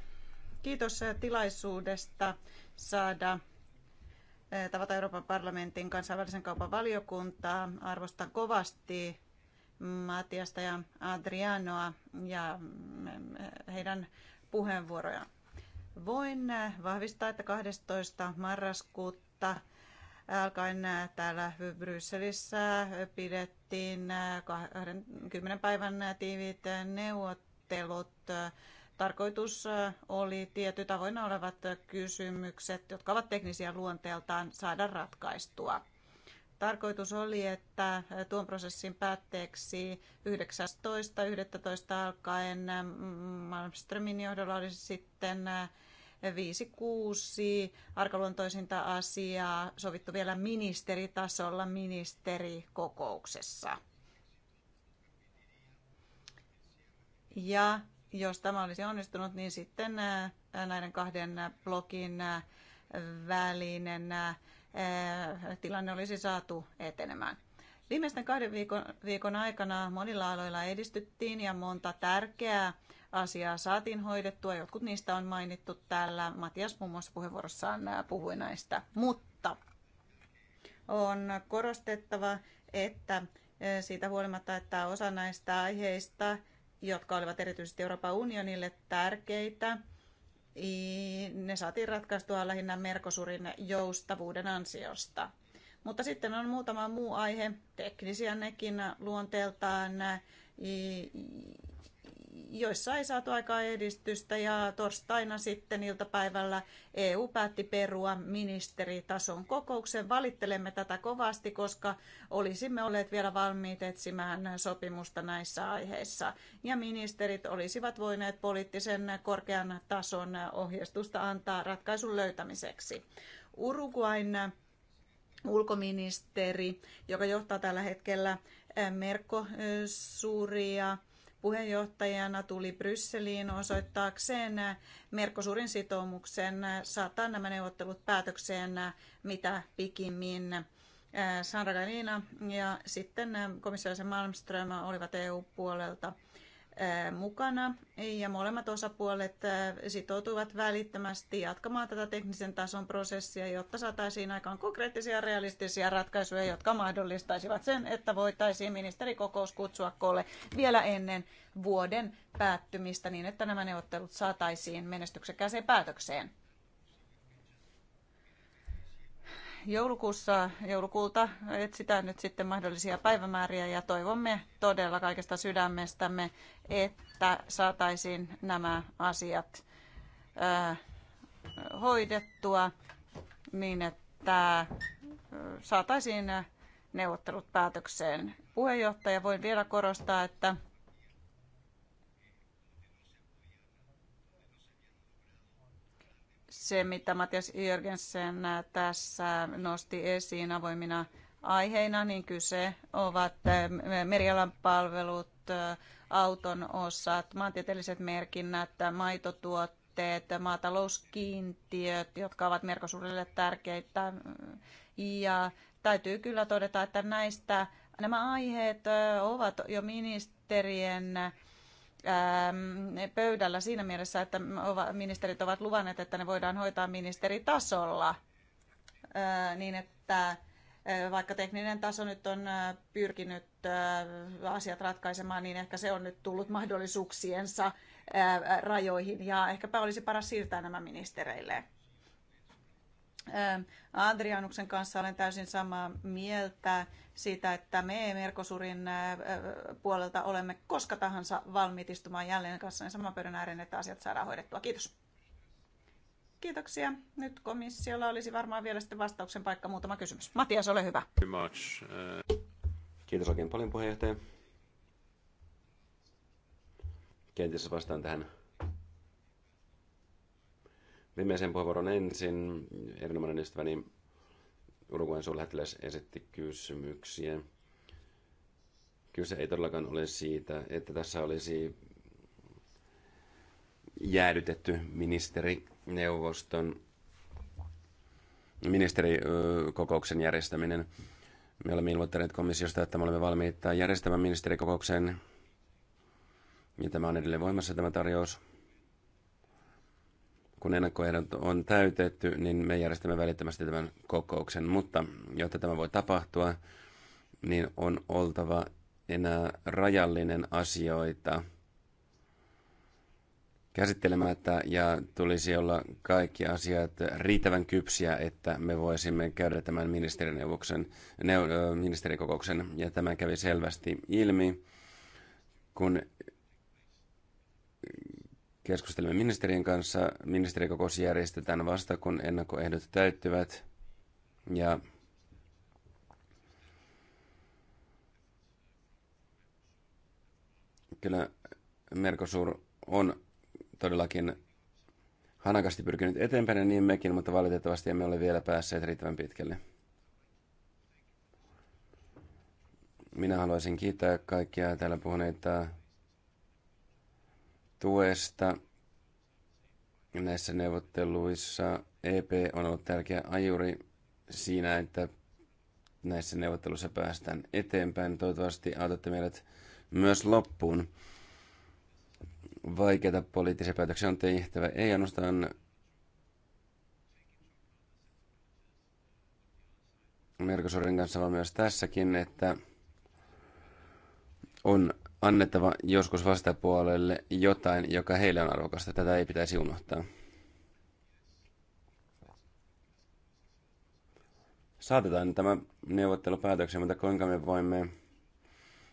Kiitos äh, tilaisuudesta saada tavata Euroopan parlamentin kansainvälisen kaupan valiokuntaa. Arvostan kovasti Matiasta ja Adrianoa ja mm, heidän puheenvuorojaan. Voin vahvistaa, että 12. marraskuuta alkaen täällä Brysselissä pidettiin 20 päivän tiiviit neuvottelut tarkoitus oli tietyt avoinna olevat kysymykset, jotka ovat teknisiä luonteeltaan, saada ratkaistua. Tarkoitus oli, että tuon prosessin päätteeksi 19.11. alkaen Malmströmin johdolla olisi sitten 5-6 arkaluontoisinta asiaa sovittu vielä ministeritasolla ministerikokouksessa. Ja jos tämä olisi onnistunut, niin sitten äh, näiden kahden äh, blogin äh, välinen tilanne olisi saatu etenemään. Viimeisten kahden viikon, viikon aikana monilla aloilla edistyttiin ja monta tärkeää asiaa saatiin hoidettua. Jotkut niistä on mainittu täällä. Matias muun muassa puheenvuorossaan puhui näistä. Mutta on korostettava, että siitä huolimatta, että osa näistä aiheista jotka olivat erityisesti Euroopan unionille tärkeitä, niin ne saatiin ratkaistua lähinnä Merkosurin joustavuuden ansiosta. Mutta sitten on muutama muu aihe, teknisiä nekin luonteeltaan, joissa ei saatu aikaa edistystä ja torstaina sitten iltapäivällä EU päätti perua ministeritason kokouksen. Valittelemme tätä kovasti, koska olisimme olleet vielä valmiit etsimään sopimusta näissä aiheissa. Ja ministerit olisivat voineet poliittisen korkean tason ohjeistusta antaa ratkaisun löytämiseksi. Uruguain ulkoministeri, joka johtaa tällä hetkellä Merkosuria, puheenjohtajana tuli Brysseliin osoittaakseen Merkosurin sitoumuksen saattaa nämä neuvottelut päätökseen mitä pikimmin. Sandra Galina ja sitten komissaarisen Malmström olivat EU-puolelta mukana ja molemmat osapuolet sitoutuivat välittömästi jatkamaan tätä teknisen tason prosessia, jotta saataisiin aikaan konkreettisia ja realistisia ratkaisuja, jotka mahdollistaisivat sen, että voitaisiin ministerikokous kutsua koolle vielä ennen vuoden päättymistä niin, että nämä neuvottelut saataisiin menestyksekkääseen päätökseen. joulukuussa, joulukuulta etsitään nyt sitten mahdollisia päivämääriä ja toivomme todella kaikesta sydämestämme, että saataisiin nämä asiat hoidettua niin, että saataisiin neuvottelut päätökseen. Puheenjohtaja, voin vielä korostaa, että se, mitä Matias Jörgensen tässä nosti esiin avoimina aiheina, niin kyse ovat merialan palvelut, auton osat, maantieteelliset merkinnät, maitotuotteet, maatalouskiintiöt, jotka ovat merkosuudelle tärkeitä. Ja täytyy kyllä todeta, että näistä nämä aiheet ovat jo ministerien Ähm, pöydällä siinä mielessä, että ministerit ovat luvanneet, että ne voidaan hoitaa ministeritasolla äh, niin, että äh, vaikka tekninen taso nyt on äh, pyrkinyt asiat ratkaisemaan, niin ehkä se on nyt tullut mahdollisuuksiensa rajoihin ja ehkäpä olisi paras siirtää nämä ministereille. Adrianuksen kanssa olen täysin samaa mieltä siitä, että me Merkosurin puolelta olemme koska tahansa valmiit istumaan jälleen kanssa saman pöydän ääreen, että asiat saadaan hoidettua. Kiitos. Kiitoksia. Nyt komissiolla olisi varmaan vielä sitten vastauksen paikka muutama kysymys. Matias, ole hyvä. Kiitos oikein paljon puheenjohtaja. Kenties vastaan tähän Viimeisen puheenvuoron ensin erinomainen ystäväni Uruguayn suurlähettiläs esitti kysymyksiä. Kyse ei todellakaan ole siitä, että tässä olisi jäädytetty ministerineuvoston ministerikokouksen järjestäminen. Me olemme ilmoittaneet komissiosta, että me olemme valmiita järjestämään ministerikokouksen. Ja tämä on edelleen voimassa tämä tarjous kun ennakkoehdot on täytetty, niin me järjestämme välittömästi tämän kokouksen. Mutta jotta tämä voi tapahtua, niin on oltava enää rajallinen asioita käsittelemättä ja tulisi olla kaikki asiat riittävän kypsiä, että me voisimme käydä tämän ministerineuvoksen, ne, ministerikokouksen. Ja tämä kävi selvästi ilmi, kun Keskustelemme ministerin kanssa. Ministerikokous järjestetään vasta, kun ennakkoehdot täyttyvät. Ja kyllä Mercosur on todellakin hanakasti pyrkinyt eteenpäin niin mekin, mutta valitettavasti emme ole vielä päässeet riittävän pitkälle. Minä haluaisin kiittää kaikkia täällä puhuneita tuesta näissä neuvotteluissa. EP on ollut tärkeä ajuri siinä, että näissä neuvotteluissa päästään eteenpäin. Toivottavasti autatte meidät myös loppuun. Vaikeita poliittisia päätöksiä on tehtävä. Ei ainoastaan Mercosurin kanssa, vaan myös tässäkin, että on annettava joskus vastapuolelle jotain, joka heille on arvokasta. Tätä ei pitäisi unohtaa. Saatetaan tämä neuvottelu päätökseen, mutta kuinka me voimme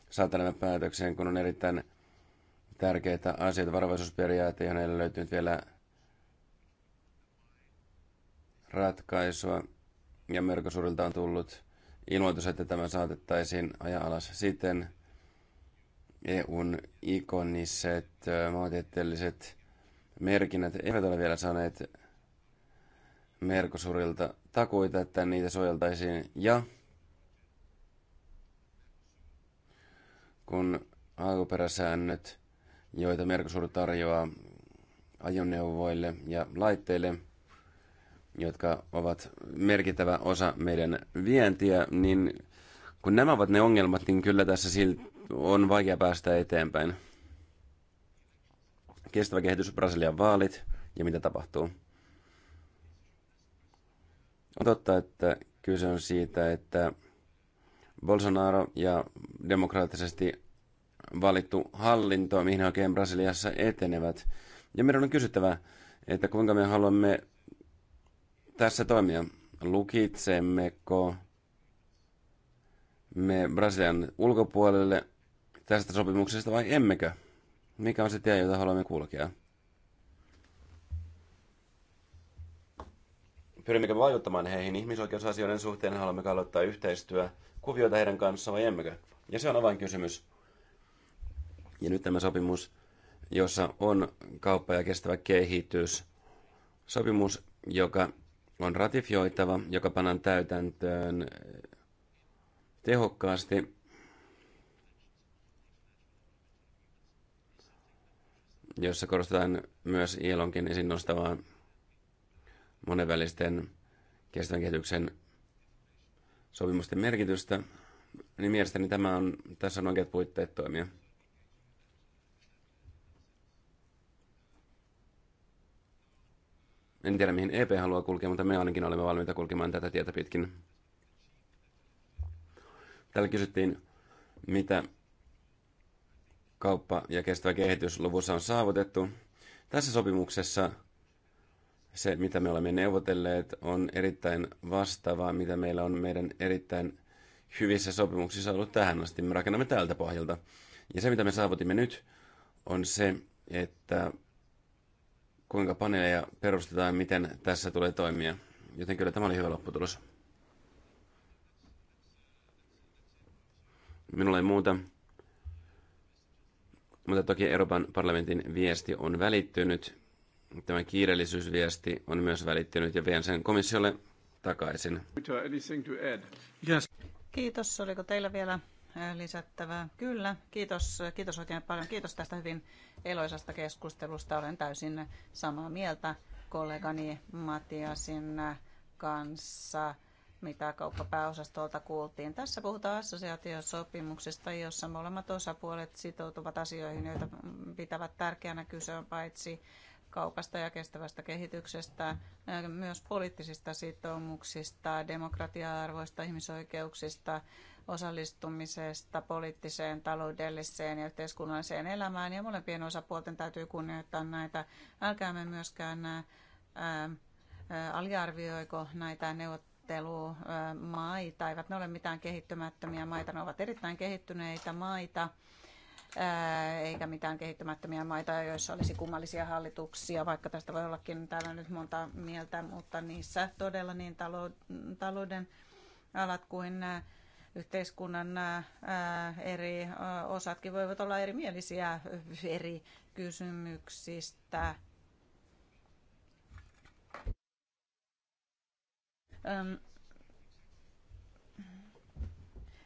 saada nämä päätökseen, kun on erittäin tärkeitä asioita. Varovaisuusperiaate, johon ei ole löytynyt vielä ratkaisua. Ja Merkosurilta on tullut ilmoitus, että tämä saatettaisiin ajaa alas siten, EUn ikoniset maantieteelliset merkinnät eivät ole vielä saaneet Merkosurilta takuita, että niitä suojeltaisiin. Ja kun alkuperäsäännöt, joita Mercosur tarjoaa ajoneuvoille ja laitteille, jotka ovat merkittävä osa meidän vientiä, niin kun nämä ovat ne ongelmat, niin kyllä tässä silti on vaikea päästä eteenpäin. Kestävä kehitys, Brasilian vaalit ja mitä tapahtuu. On totta, että kyse on siitä, että Bolsonaro ja demokraattisesti valittu hallinto, mihin he oikein Brasiliassa etenevät. Ja meidän on kysyttävä, että kuinka me haluamme tässä toimia. Lukitsemmeko me Brasilian ulkopuolelle tästä sopimuksesta vai emmekö? Mikä on se tie, jota haluamme kulkea? Pyrimmekö vaikuttamaan heihin ihmisoikeusasioiden suhteen, haluamme aloittaa yhteistyö kuvioita heidän kanssaan vai emmekö? Ja se on avainkysymys. Ja nyt tämä sopimus, jossa on kauppa ja kestävä kehitys, sopimus, joka on ratifioitava, joka pannaan täytäntöön tehokkaasti jossa korostetaan myös ILOnkin esiin nostavaa monenvälisten kestävän kehityksen sopimusten merkitystä, niin mielestäni tämä on, tässä on oikeat puitteet toimia. En tiedä, mihin EP haluaa kulkea, mutta me ainakin olemme valmiita kulkemaan tätä tietä pitkin. Täällä kysyttiin, mitä kauppa ja kestävä kehitys luvussa on saavutettu. Tässä sopimuksessa se, mitä me olemme neuvotelleet, on erittäin vastaavaa, mitä meillä on meidän erittäin hyvissä sopimuksissa ollut tähän asti. Me rakennamme tältä pohjalta. Ja se, mitä me saavutimme nyt, on se, että kuinka paneeleja perustetaan, miten tässä tulee toimia. Joten kyllä tämä oli hyvä lopputulos. Minulla ei muuta. Mutta toki Euroopan parlamentin viesti on välittynyt. Tämä kiireellisyysviesti on myös välittynyt ja vien sen komissiolle takaisin. Kiitos. Oliko teillä vielä äh, lisättävää? Kyllä. Kiitos, kiitos oikein paljon. Kiitos tästä hyvin eloisasta keskustelusta. Olen täysin samaa mieltä kollegani Matiasin kanssa mitä kauppapääosastolta kuultiin. Tässä puhutaan assosiaatiosopimuksesta, jossa molemmat osapuolet sitoutuvat asioihin, joita pitävät tärkeänä kyse on paitsi kaupasta ja kestävästä kehityksestä, myös poliittisista sitoumuksista, demokratia-arvoista, ihmisoikeuksista, osallistumisesta poliittiseen, taloudelliseen ja yhteiskunnalliseen elämään. Ja molempien osapuolten täytyy kunnioittaa näitä. Älkäämme myöskään ää, ää, aliarvioiko näitä neuvotteluja neuvottelumaita. Eivät ne ole mitään kehittymättömiä maita, ne ovat erittäin kehittyneitä maita eikä mitään kehittymättömiä maita, joissa olisi kummallisia hallituksia, vaikka tästä voi ollakin täällä nyt monta mieltä, mutta niissä todella niin talouden alat kuin yhteiskunnan eri osatkin voivat olla erimielisiä eri kysymyksistä.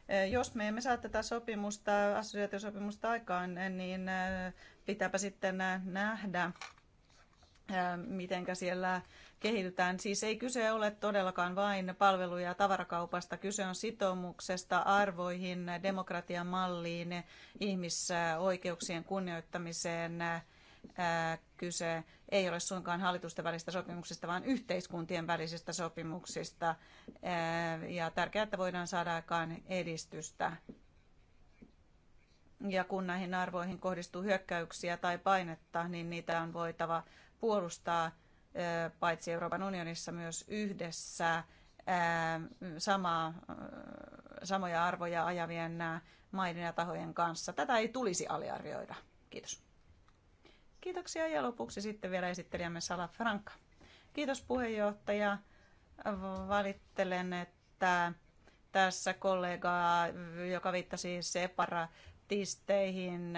Eh, jos me emme saa tätä sopimusta, assosiaatiosopimusta aikaan, eh, niin eh, pitääpä sitten nähdä, miten siellä kehitytään. Siis ei kyse ole todellakaan vain palveluja, ja tavarakaupasta, kyse on sitoumuksesta arvoihin, demokratian malliin, ihmisoikeuksien kunnioittamiseen, kyse ei ole suinkaan hallitusten välistä sopimuksista, vaan yhteiskuntien välisistä sopimuksista. Ja tärkeää, että voidaan saada aikaan edistystä. Ja kun näihin arvoihin kohdistuu hyökkäyksiä tai painetta, niin niitä on voitava puolustaa paitsi Euroopan unionissa myös yhdessä samaa, samoja arvoja ajavien maiden ja tahojen kanssa. Tätä ei tulisi aliarvioida. Kiitos. Kiitoksia ja lopuksi sitten vielä esittelijämme Sala Franka. Kiitos puheenjohtaja. Valittelen, että tässä kollegaa, joka viittasi separa tisteihin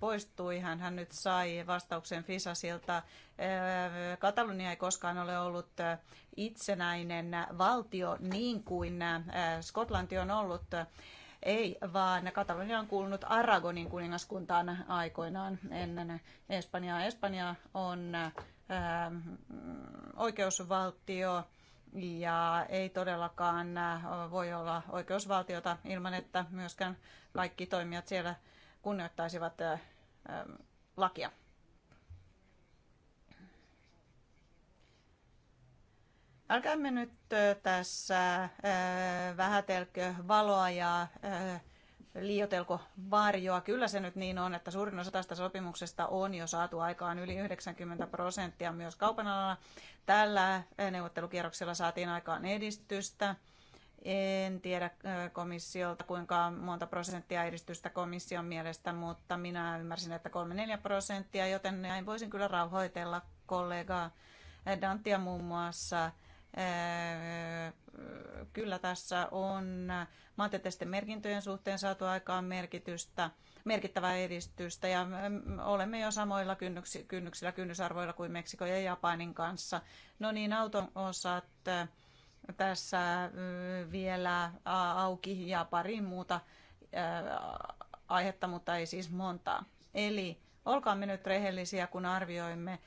poistui. Hän, hän nyt sai vastauksen Fisasilta. Katalonia ei koskaan ole ollut itsenäinen valtio niin kuin Skotlanti on ollut. Ei, vaan Katalonia on kuulunut Aragonin kuningaskuntaan aikoinaan ennen Espanjaa. Espanja on ää, ähm, oikeusvaltio ja ei todellakaan äh, voi olla oikeusvaltiota ilman, että myöskään kaikki toimijat siellä kunnioittaisivat ää, äh, äh, lakia. Älkäämme nyt tässä vähätelkö valoa ja liiotelko varjoa. Kyllä se nyt niin on, että suurin osa tästä sopimuksesta on jo saatu aikaan yli 90 prosenttia myös kaupan alalla. Tällä neuvottelukierroksella saatiin aikaan edistystä. En tiedä komissiolta kuinka monta prosenttia edistystä komission mielestä, mutta minä ymmärsin, että 3-4 prosenttia, joten näin voisin kyllä rauhoitella kollegaa Dantia muun muassa – kyllä tässä on maantieteisten merkintöjen suhteen saatu aikaan merkitystä, merkittävää edistystä ja mm, olemme jo samoilla kynnyksillä, kynnyksillä kynnysarvoilla kuin Meksiko ja Japanin kanssa. No niin, auton osat tässä vielä auki ja pari muuta aihetta, mutta ei siis montaa. Eli olkaamme nyt rehellisiä, kun arvioimme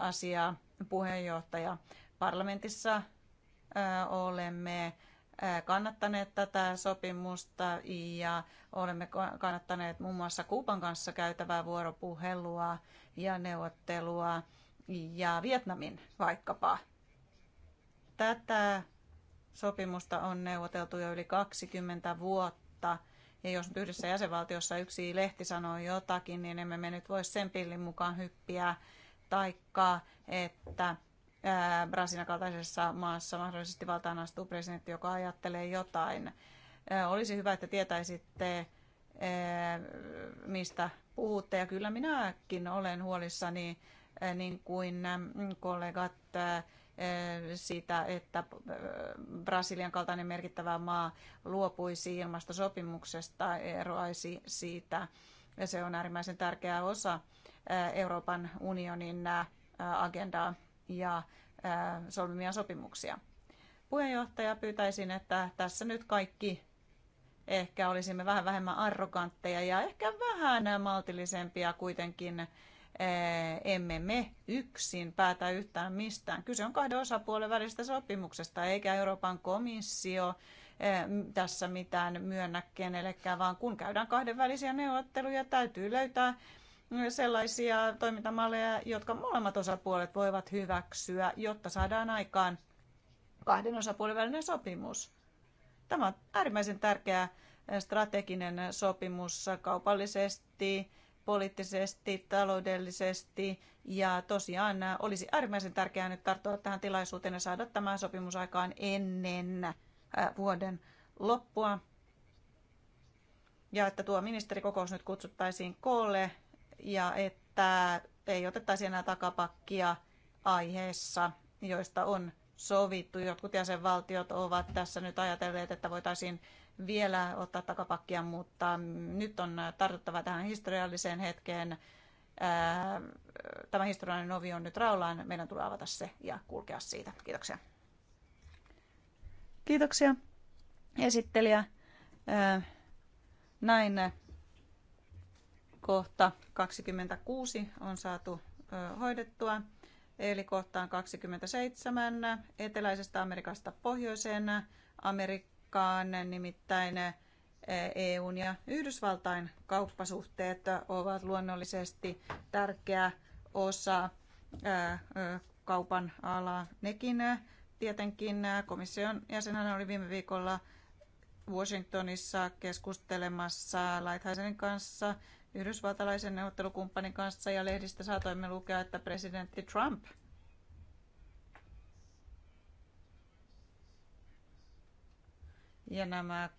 asiaa puheenjohtaja parlamentissa olemme kannattaneet tätä sopimusta ja olemme kannattaneet muun muassa Kuupan kanssa käytävää vuoropuhelua ja neuvottelua ja Vietnamin vaikkapa. Tätä sopimusta on neuvoteltu jo yli 20 vuotta. Ja jos nyt yhdessä jäsenvaltiossa yksi lehti sanoo jotakin, niin emme me nyt voi sen pillin mukaan hyppiä taikka että Brasilian kaltaisessa maassa mahdollisesti valtaan astuu presidentti, joka ajattelee jotain. Olisi hyvä, että tietäisitte, mistä puhutte. Ja kyllä minäkin olen huolissani, niin kuin kollegat, siitä, että Brasilian kaltainen merkittävä maa luopuisi ilmastosopimuksesta, eroaisi siitä. Ja se on äärimmäisen tärkeä osa Euroopan unionin agendaa ja solmimia sopimuksia. Puheenjohtaja, pyytäisin, että tässä nyt kaikki ehkä olisimme vähän vähemmän arrogantteja ja ehkä vähän maltillisempia kuitenkin. Emme me yksin päätä yhtään mistään. Kyse on kahden osapuolen välistä sopimuksesta, eikä Euroopan komissio tässä mitään myönnä kenellekään, vaan kun käydään kahdenvälisiä neuvotteluja, täytyy löytää sellaisia toimintamalleja, jotka molemmat osapuolet voivat hyväksyä, jotta saadaan aikaan kahden osapuolen välinen sopimus. Tämä on äärimmäisen tärkeä eh, strateginen sopimus kaupallisesti, poliittisesti, taloudellisesti ja tosiaan eh, olisi äärimmäisen tärkeää nyt tarttua tähän tilaisuuteen ja saada tämä sopimus aikaan ennen eh, vuoden loppua. Ja että tuo ministerikokous nyt kutsuttaisiin koolle ja että ei otettaisi enää takapakkia aiheessa, joista on sovittu. Jotkut jäsenvaltiot ovat tässä nyt ajatelleet, että voitaisiin vielä ottaa takapakkia, mutta nyt on tartuttava tähän historialliseen hetkeen. Tämä historiallinen ovi on nyt raollaan. Meidän tulee avata se ja kulkea siitä. Kiitoksia. Kiitoksia esittelijä. Näin kohta 26 on saatu hoidettua. Eli kohtaan 27 eteläisestä Amerikasta pohjoiseen Amerikkaan, nimittäin EUn ja Yhdysvaltain kauppasuhteet ovat luonnollisesti tärkeä osa kaupan alaa. Nekin tietenkin komission jäsenhän oli viime viikolla Washingtonissa keskustelemassa Lighthizenin kanssa yhdysvaltalaisen neuvottelukumppanin kanssa ja lehdistä saatoimme lukea, että presidentti Trump ja nämä,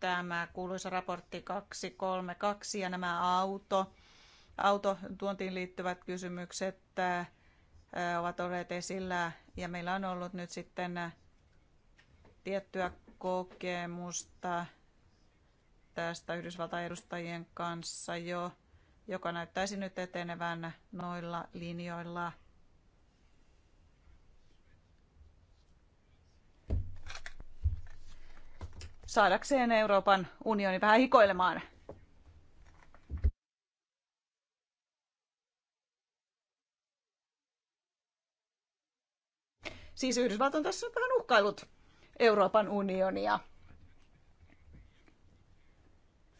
tämä kuuluisa raportti 232 ja nämä auto, autotuontiin liittyvät kysymykset ovat olleet esillä ja meillä on ollut nyt sitten tiettyä kokemusta tästä Yhdysvaltain edustajien kanssa jo, joka näyttäisi nyt etenevän noilla linjoilla. saadakseen Euroopan unioni vähän hikoilemaan. Siis Yhdysvallat on tässä vähän uhkailut Euroopan unionia.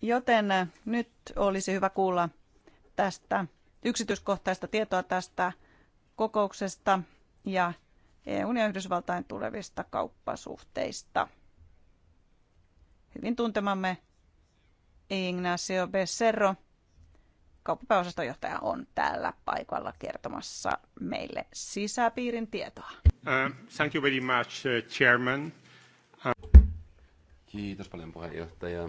Joten eh, nyt olisi hyvä kuulla tästä yksityiskohtaista tietoa tästä kokouksesta ja EUn ja Yhdysvaltain tulevista kauppasuhteista. Hyvin tuntemamme Ignacio Becerro, kauppapäosaston johtaja, on täällä paikalla kertomassa meille sisäpiirin tietoa. Uh, thank you very much, uh, chairman. Uh... Kiitos paljon puheenjohtaja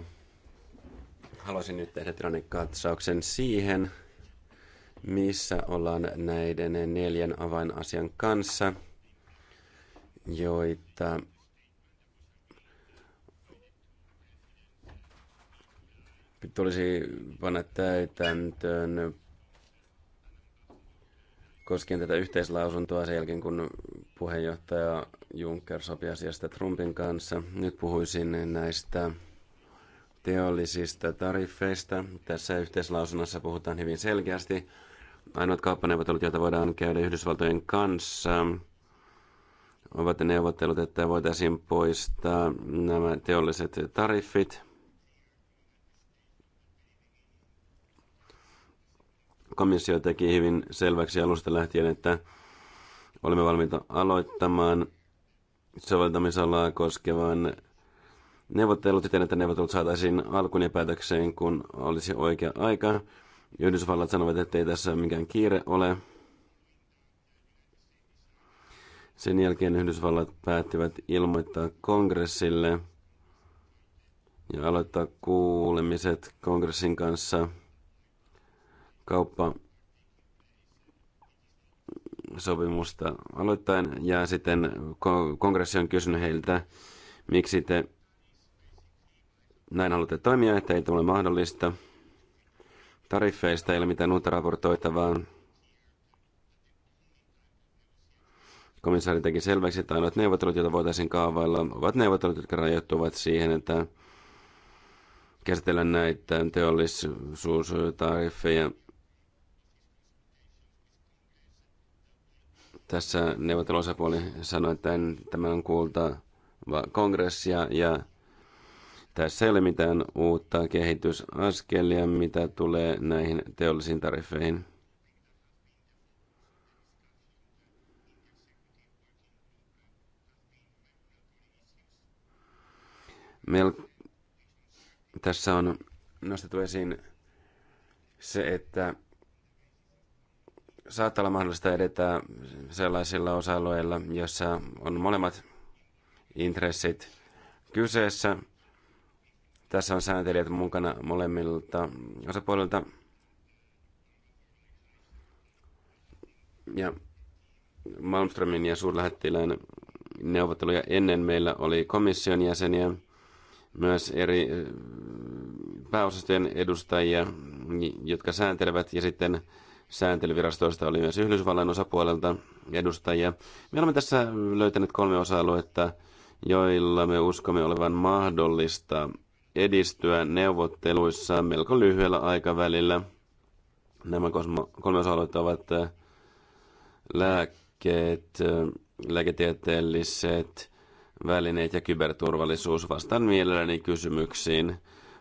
haluaisin nyt tehdä tilannekatsauksen siihen, missä ollaan näiden neljän avainasian kanssa, joita tulisi panna täytäntöön koskien tätä yhteislausuntoa sen jälkeen, kun puheenjohtaja Juncker sopi asiasta Trumpin kanssa. Nyt puhuisin näistä teollisista tariffeista. Tässä yhteislausunnossa puhutaan hyvin selkeästi. Ainoat kauppaneuvottelut, joita voidaan käydä Yhdysvaltojen kanssa, ovat ne neuvottelut, että voitaisiin poistaa nämä teolliset tariffit. Komissio teki hyvin selväksi alusta lähtien, että olemme valmiita aloittamaan soveltamisalaa koskevan neuvottelut siten, että neuvottelut saataisiin alkuun ja päätökseen, kun olisi oikea aika. Yhdysvallat sanovat, että ei tässä mikään kiire ole. Sen jälkeen Yhdysvallat päättivät ilmoittaa kongressille ja aloittaa kuulemiset kongressin kanssa kauppa sopimusta aloittain ja sitten kongressi on kysynyt heiltä, miksi te näin haluatte toimia, että ei tule mahdollista. Tariffeista ei ole mitään uutta raportoitavaa. Komissaari teki selväksi, että ainoat neuvottelut, joita voitaisiin kaavailla, ovat neuvottelut, jotka rajoittuvat siihen, että käsitellään näitä teollisuustariffeja. Tässä neuvotteluosapuoli sanoi, että tämän kuulta kongressia ja tässä ei ole mitään uutta kehitysaskelia, mitä tulee näihin teollisiin tariffeihin. Meillä tässä on nostettu esiin se, että saattaa olla mahdollista edetä sellaisilla osa-alueilla, joissa on molemmat intressit kyseessä – tässä on sääntelijät mukana molemmilta osapuolilta. Ja Malmströmin ja suurlähettilään neuvotteluja ennen meillä oli komission jäseniä, myös eri pääosastojen edustajia, jotka sääntelevät, ja sitten sääntelyvirastoista oli myös Yhdysvallan osapuolelta edustajia. Me olemme tässä löytäneet kolme osa-aluetta, joilla me uskomme olevan mahdollista edistyä neuvotteluissa melko lyhyellä aikavälillä. Nämä kolme osa alueita ovat äh, lääkkeet, äh, lääketieteelliset välineet ja kyberturvallisuus. Vastaan mielelläni kysymyksiin.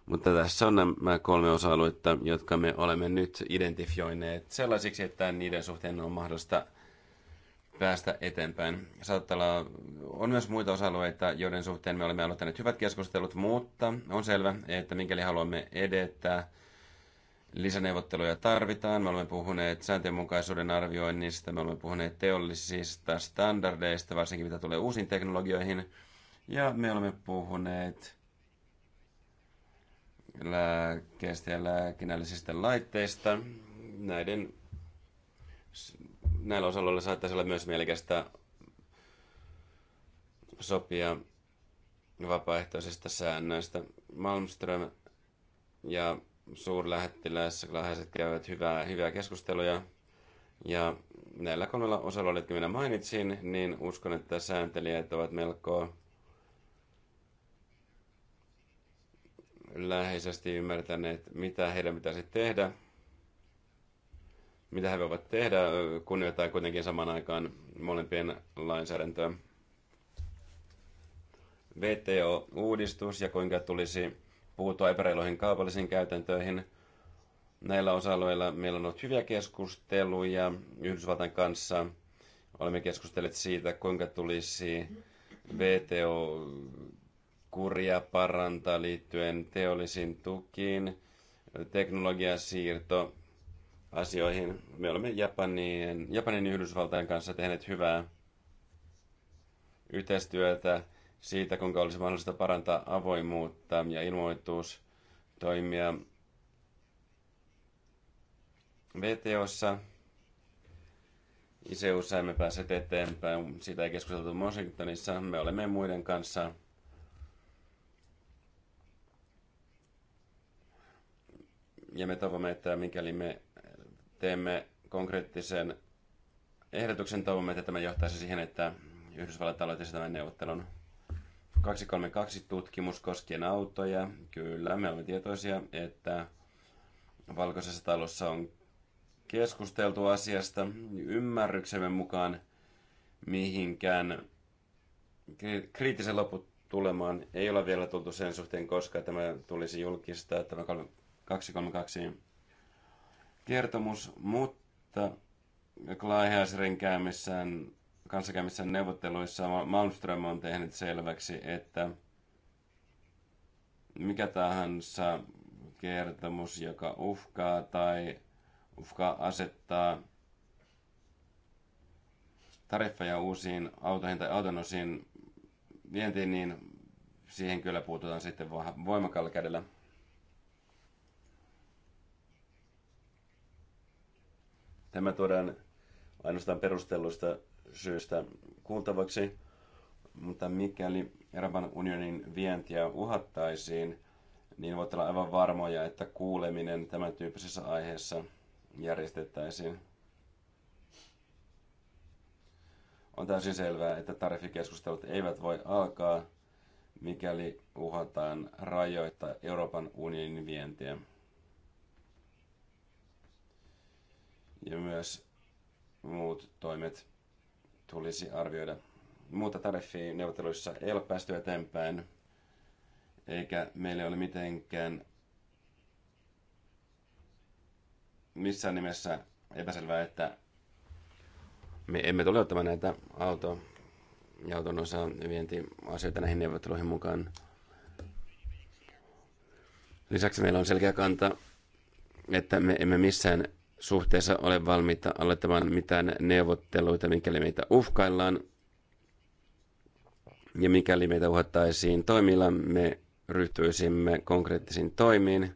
Mutta tässä on nämä kolme osa-aluetta, jotka me olemme nyt identifioineet sellaisiksi, että niiden suhteen on mahdollista – päästä eteenpäin. Saattaa on myös muita osa-alueita, joiden suhteen me olemme aloittaneet hyvät keskustelut, mutta on selvä, että minkäli haluamme edetä, lisäneuvotteluja tarvitaan. Me olemme puhuneet sääntöjenmukaisuuden arvioinnista, me olemme puhuneet teollisista standardeista, varsinkin mitä tulee uusiin teknologioihin. Ja me olemme puhuneet lääkkeistä ja lääkinnällisistä laitteista. Näiden näillä osa saattaisi olla myös mielekästä sopia vapaaehtoisista säännöistä. Malmström ja suurlähettiläs läheiset käyvät hyvää, hyviä keskusteluja. Ja näillä kolmella osalla, jotka minä mainitsin, niin uskon, että sääntelijät ovat melko läheisesti ymmärtäneet, mitä heidän pitäisi tehdä mitä he voivat tehdä, kunnioittaa kuitenkin samaan aikaan molempien lainsäädäntöä. VTO-uudistus ja kuinka tulisi puuttua epäreiluihin kaupallisiin käytäntöihin. Näillä osa-alueilla meillä on ollut hyviä keskusteluja Yhdysvaltain kanssa. Olemme keskustelleet siitä, kuinka tulisi VTO kuria parantaa liittyen teollisiin tukiin, teknologiasiirto asioihin. Me olemme Japanin, Japanin Yhdysvaltain kanssa tehneet hyvää yhteistyötä siitä, kuinka olisi mahdollista parantaa avoimuutta ja ilmoitustoimia VTOssa. ICUssa emme päässeet eteenpäin, siitä ei keskusteltu Washingtonissa. Me olemme muiden kanssa ja me toivomme, että mikäli me teemme konkreettisen ehdotuksen. Toivomme, että tämä johtaisi siihen, että Yhdysvallat aloittaisi tämän neuvottelun 232-tutkimus koskien autoja. Kyllä, me olemme tietoisia, että Valkoisessa talossa on keskusteltu asiasta ymmärryksemme mukaan mihinkään kriittisen lopputulemaan ei ole vielä tultu sen suhteen, koska tämä tulisi julkistaa, tämä 232 kertomus, mutta Klaihäsren käymissään, kanssakäymissään neuvotteluissa Malmström on tehnyt selväksi, että mikä tahansa kertomus, joka uhkaa tai uhkaa asettaa tariffeja uusiin autoihin tai auton osiin vientiin, niin siihen kyllä puututaan sitten voimakkaalla kädellä. Tämä tuodaan ainoastaan perustelluista syistä kuultavaksi, mutta mikäli Euroopan unionin vientiä uhattaisiin, niin voit olla aivan varmoja, että kuuleminen tämän tyyppisessä aiheessa järjestettäisiin. On täysin selvää, että tarifikeskustelut eivät voi alkaa, mikäli uhataan rajoittaa Euroopan unionin vientiä. ja myös muut toimet tulisi arvioida. Muuta tariffia neuvotteluissa ei ole päästy eteenpäin, eikä meillä ole mitenkään missään nimessä epäselvää, että me emme tule ottamaan näitä auto- ja auton osa vientiasioita näihin neuvotteluihin mukaan. Lisäksi meillä on selkeä kanta, että me emme missään suhteessa ole valmiita aloittamaan mitään neuvotteluita, mikäli meitä uhkaillaan. Ja mikäli meitä uhattaisiin toimilla, me ryhtyisimme konkreettisiin toimiin.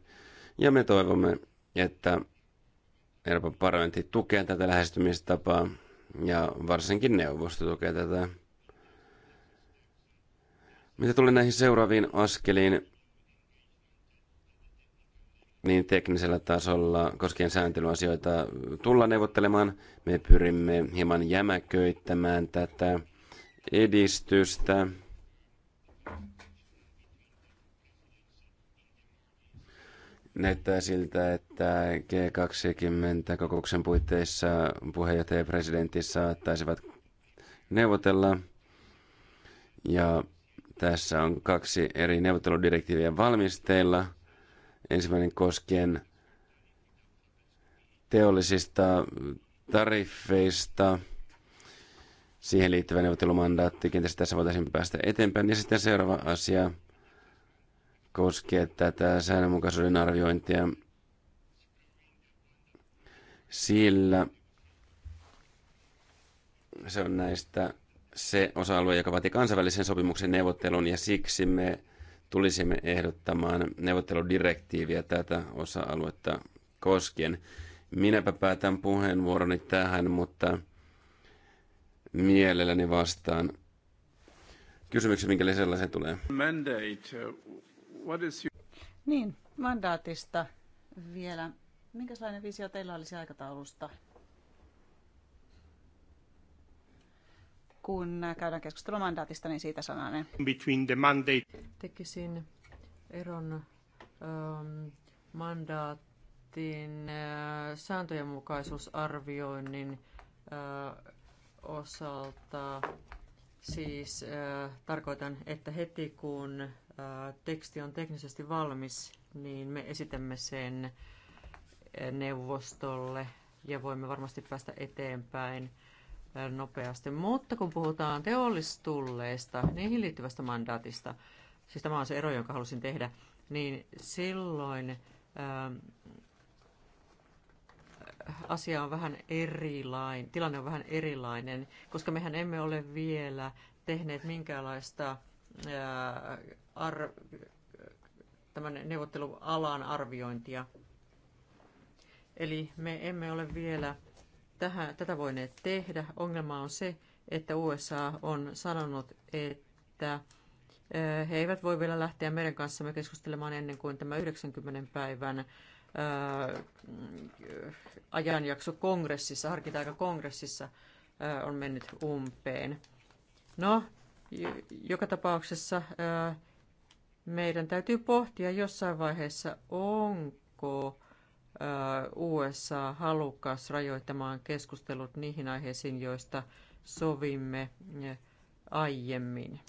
Ja me toivomme, että Euroopan parlamentti tukee tätä lähestymistapaa ja varsinkin neuvosto tukee tätä. Mitä tulee näihin seuraaviin askeliin, niin teknisellä tasolla koskien sääntelyasioita tulla neuvottelemaan. Me pyrimme hieman jämäköittämään tätä edistystä. Näyttää siltä, että G20-kokouksen puitteissa puheenjohtaja ja presidentti saattaisivat neuvotella. Ja tässä on kaksi eri neuvotteludirektiiviä valmisteilla – Ensimmäinen koskien teollisista tariffeista, siihen liittyvä neuvottelumandaatti, kenties tässä voitaisiin päästä eteenpäin. Ja sitten seuraava asia koskee tätä säännönmukaisuuden arviointia. Sillä se on näistä se osa-alue, joka vaatii kansainvälisen sopimuksen neuvottelun, ja siksi me tulisimme ehdottamaan neuvotteludirektiiviä tätä osa-aluetta koskien. Minäpä päätän puheenvuoroni tähän, mutta mielelläni vastaan kysymyksiä, minkä sellaisen tulee. Mandate. Uh, what is your... Niin, mandaatista vielä. Minkälainen visio teillä olisi aikataulusta? kun käydään keskustelua mandaatista, niin siitä sananen. Between the mandate. Tekisin eron um, ähm, mandaattiin uh, äh, sääntöjenmukaisuusarvioinnin uh, osalta. Siis uh, tarkoitan, että heti kun uh, teksti on teknisesti valmis, niin me esitämme sen neuvostolle ja voimme varmasti päästä eteenpäin nopeasti. Mutta kun puhutaan teollistulleista, niihin liittyvästä mandaatista, siis tämä on se ero, jonka halusin tehdä, niin silloin ää, asia on vähän erilainen, tilanne on vähän erilainen, koska mehän emme ole vielä tehneet minkäänlaista ää, ar- tämän neuvottelualan arviointia. Eli me emme ole vielä tähän, tätä voineet tehdä. Ongelma on se, että USA on sanonut, että he eivät voi vielä lähteä meidän kanssamme keskustelemaan ennen kuin tämä 90 päivän ajanjakso kongressissa, harkitaanko kongressissa, on mennyt umpeen. No, joka tapauksessa meidän täytyy pohtia jossain vaiheessa, onko USA halukas rajoittamaan keskustelut niihin aiheisiin, joista sovimme eh, aiemmin.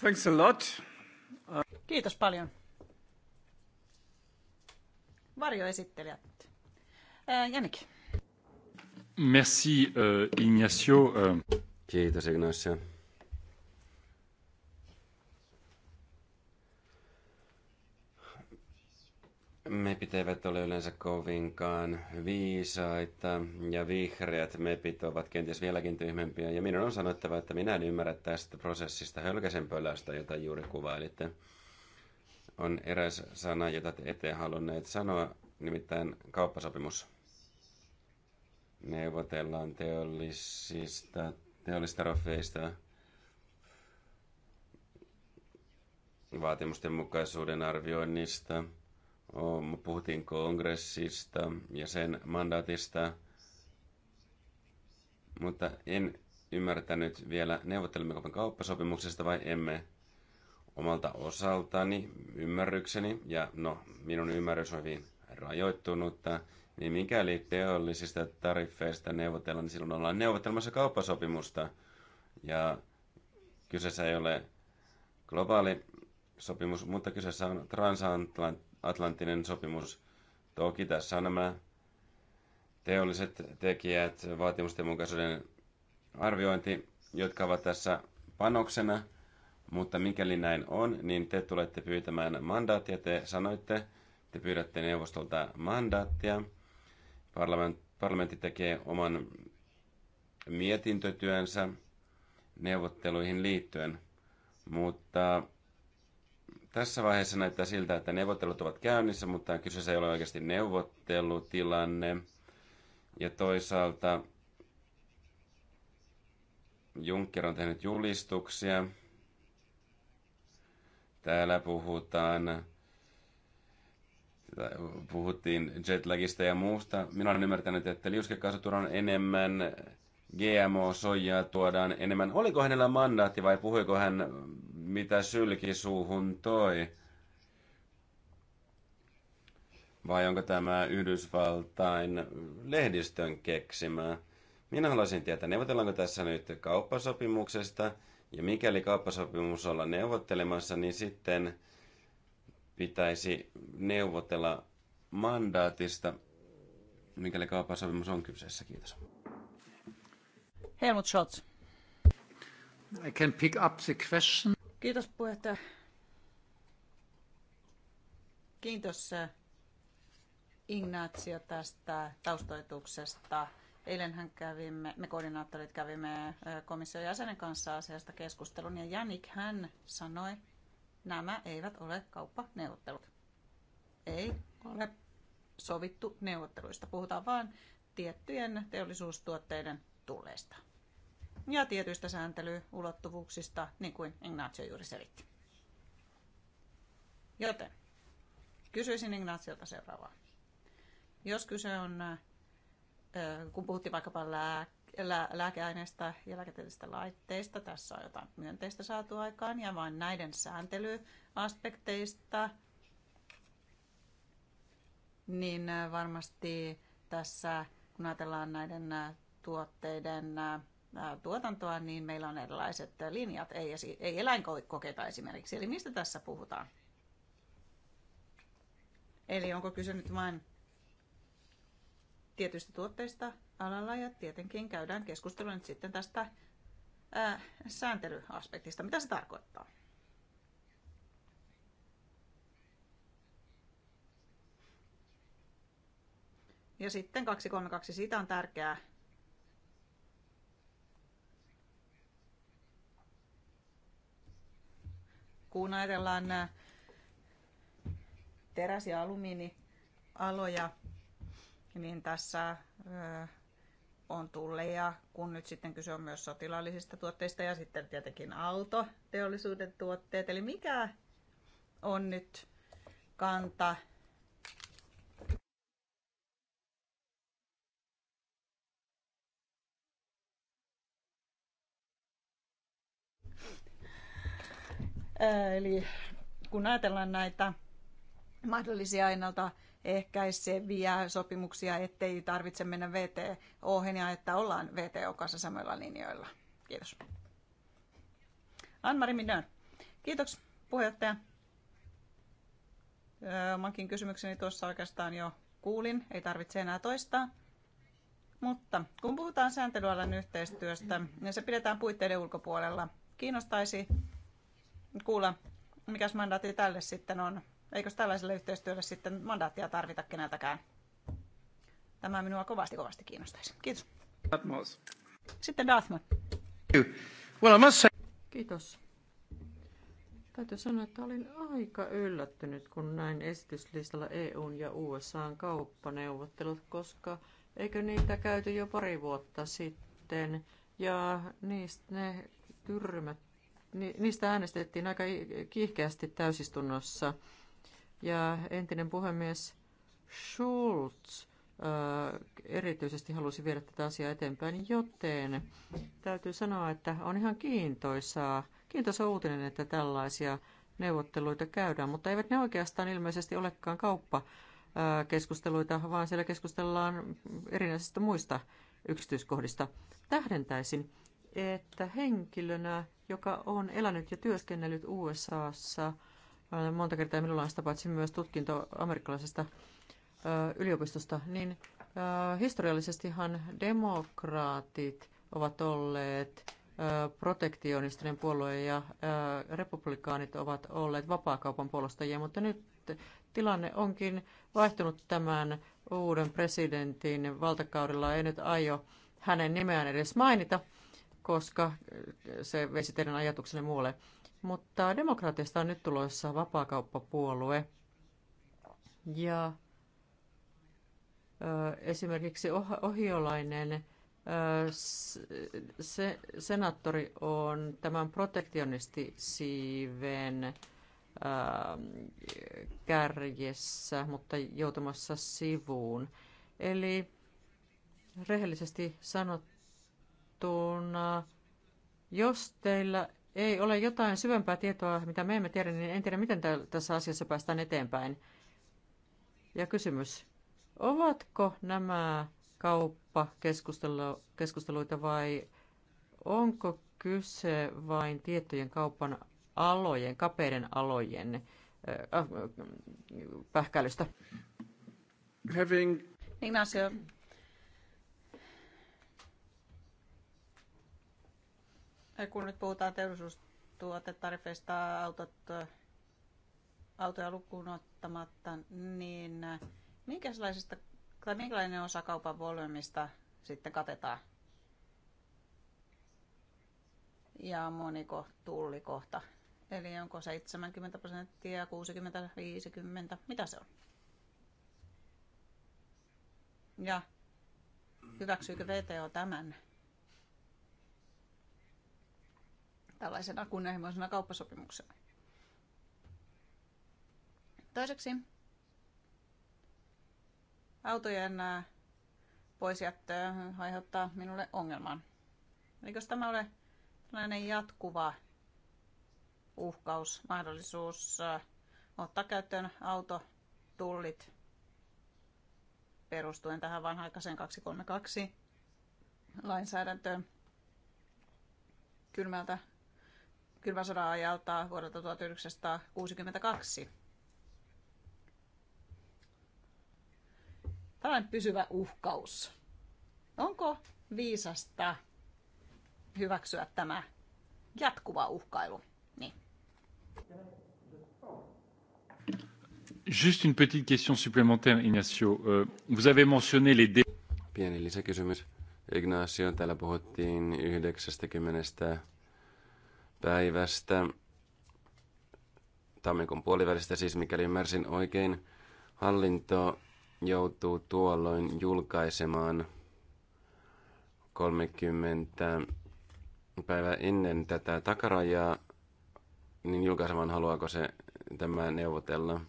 Thanks a lot. Kiitos paljon. Varjoesittelijät. Jannik. Merci Ignacio. Kiitos Ignacio. mepit eivät ole yleensä kovinkaan viisaita ja vihreät mepit ovat kenties vieläkin tyhmempiä. Ja minun on sanottava, että minä en ymmärrä tästä prosessista hölkäsenpölästä, jota juuri kuvailitte. On eräs sana, jota te ette halunneet sanoa, nimittäin kauppasopimus. Neuvotellaan teollisista, teollisista rofeista vaatimusten mukaisuuden arvioinnista – Puhuttiin kongressista ja sen mandaatista, mutta en ymmärtänyt vielä, neuvottelemmeko kauppasopimuksesta vai emme omalta osaltani ymmärrykseni, ja no, minun ymmärrys on hyvin rajoittunutta, niin mikäli teollisista tariffeista neuvotellaan, niin silloin ollaan neuvottelemassa kauppasopimusta. Ja kyseessä ei ole globaali sopimus, mutta kyseessä on transatlant, Atlanttinen sopimus. Toki tässä on nämä teolliset tekijät, vaatimusten mukaisuuden arviointi, jotka ovat tässä panoksena, mutta mikäli näin on, niin te tulette pyytämään mandaattia. Te sanoitte, te pyydätte neuvostolta mandaattia. Parlament, parlamentti tekee oman mietintötyönsä neuvotteluihin liittyen, mutta tässä vaiheessa näyttää siltä, että neuvottelut ovat käynnissä, mutta kyseessä ei ole oikeasti neuvottelutilanne. Ja toisaalta Juncker on tehnyt julistuksia. Täällä puhutaan puhuttiin jetlagista ja muusta. Minä olen ymmärtänyt, että liuskekaasu on enemmän, GMO-soijaa tuodaan enemmän. Oliko hänellä mandaatti vai puhuiko hän mitä sylki suuhun toi. Vai onko tämä Yhdysvaltain lehdistön keksimää? Minä haluaisin tietää, neuvotellaanko tässä nyt kauppasopimuksesta, ja mikäli kauppasopimus olla neuvottelemassa, niin sitten pitäisi neuvotella mandaatista, mikäli kauppasopimus on kyseessä. Kiitos. Helmut Scholz. I can pick up the question. Kiitos puheenjohtaja. Kiitos äh, Ignacio tästä taustoituksesta. Eilenhän kävimme, me koordinaattorit kävimme äh, komission jäsenen kanssa asiasta keskustelun ja Janik hän sanoi, nämä eivät ole kauppaneuvottelut. Ei ole sovittu neuvotteluista. Puhutaan vain tiettyjen teollisuustuotteiden tulleista ja tietyistä sääntelyulottuvuuksista, niin kuin Ignacio juuri selitti. Joten kysyisin Ignaciolta seuraavaa. Jos kyse on, kun puhuttiin vaikkapa lääkeaineista ja lääketieteellisistä laitteista, tässä on jotain myönteistä saatu aikaan, ja vain näiden sääntelyaspekteista, niin varmasti tässä, kun ajatellaan näiden tuotteiden tuotantoa, niin meillä on erilaiset linjat, ei, esi- ei eläinkokeita esimerkiksi. Eli mistä tässä puhutaan? Eli onko kyse nyt vain tietyistä tuotteista alalla ja tietenkin käydään keskustelua nyt sitten tästä ää, sääntelyaspektista. Mitä se tarkoittaa? Ja sitten 232, siitä on tärkeää kun ajatellaan nämä äh, teräs- ja alumiinialoja, niin tässä äh, on tulleja, kun nyt sitten kyse on myös sotilaallisista tuotteista ja sitten tietenkin autoteollisuuden tuotteet. Eli mikä on nyt kanta Eli kun ajatellaan näitä mahdollisia ennalta ehkäiseviä sopimuksia, ettei tarvitse mennä VTO ja että ollaan VTO kanssa samoilla linjoilla. Kiitos. Anmari Minör. Kiitos puheenjohtaja. Omankin kysymykseni tuossa oikeastaan jo kuulin, ei tarvitse enää toistaa. Mutta kun puhutaan sääntelyalan yhteistyöstä, niin se pidetään puitteiden ulkopuolella. Kiinnostaisi kuulla, mikäs mandaatti tälle sitten on. Eikös tällaiselle yhteistyölle sitten mandaattia tarvita keneltäkään? Tämä minua kovasti kovasti kiinnostaisi. Kiitos. Dartmouth. Sitten Dartmouth. Well, I must say... Kiitos. Täytyy sanoa, että olin aika yllättynyt, kun näin esityslistalla EUn ja USAn kauppaneuvottelut, koska eikö niitä käyty jo pari vuotta sitten. Ja niistä ne tyrmät niistä äänestettiin aika kiihkeästi täysistunnossa. Ja entinen puhemies Schulz erityisesti halusi viedä tätä asiaa eteenpäin, joten täytyy sanoa, että on ihan kiintoisaa, kiintoisa uutinen, että tällaisia neuvotteluita käydään, mutta eivät ne oikeastaan ilmeisesti olekaan kauppakeskusteluita, vaan siellä keskustellaan erinäisistä muista yksityiskohdista. Tähdentäisin, että henkilönä joka on elänyt ja työskennellyt USAssa. Äh, monta kertaa minulla on sitä paitsi myös tutkinto amerikkalaisesta äh, yliopistosta, niin äh, historiallisestihan demokraatit ovat olleet protektionistinen puolue ja republikaanit ovat olleet vapaakaupan puolustajia, mutta nyt tilanne onkin vaihtunut tämän uuden presidentin valtakaudella. Ei nyt aio hänen nimeään edes mainita, koska se veisi teidän ajatuksenne muualle. Mutta demokratiasta on nyt tulossa vapaakauppapuolue. Ja esimerkiksi ohiolainen se, senaattori on tämän protektionistisiiven kärjessä, mutta joutumassa sivuun. Eli rehellisesti sanottuna, sanottuna, jos teillä ei ole jotain syvempää tietoa, mitä me emme tiedä, niin en tiedä, miten tässä asiassa päästään eteenpäin. Ja kysymys, ovatko nämä kauppakeskusteluita vai onko kyse vain tiettyjen kaupan alojen, kapeiden alojen äh, äh, pähkäilystä? Having... Ignacio, kun nyt puhutaan teollisuustuotetarifeista autot, autoja lukuun ottamatta, niin minkälaisista, tai minkälainen osa kaupan volyymista sitten katetaan? Ja moniko tullikohta? Eli onko 70 prosenttia, 60, 50, mitä se on? Ja hyväksyykö VTO tämän? tällaisena kunnianhimoisena kauppasopimuksena. Toiseksi autojen poisjättö aiheuttaa minulle ongelman. Eikö tämä ole tällainen jatkuva uhkaus, mahdollisuus ottaa käyttöön tullit perustuen tähän vanhaikaiseen 232 lainsäädäntöön kylmältä kylmän sodan ajalta vuodelta 1962. Tällainen pysyvä uhkaus. Onko viisasta hyväksyä tämä jatkuva uhkailu? Niin. Juste une petite question supplémentaire, Ignacio. Euh, vous avez mentionné les dé... Pieni lisäkysymys. Ignacio, täällä puhuttiin 90 päivästä, tammikuun puolivälistä siis, mikäli ymmärsin oikein, hallinto joutuu tuolloin julkaisemaan 30 päivää ennen tätä takarajaa, niin julkaisemaan haluaako se tämä neuvotella.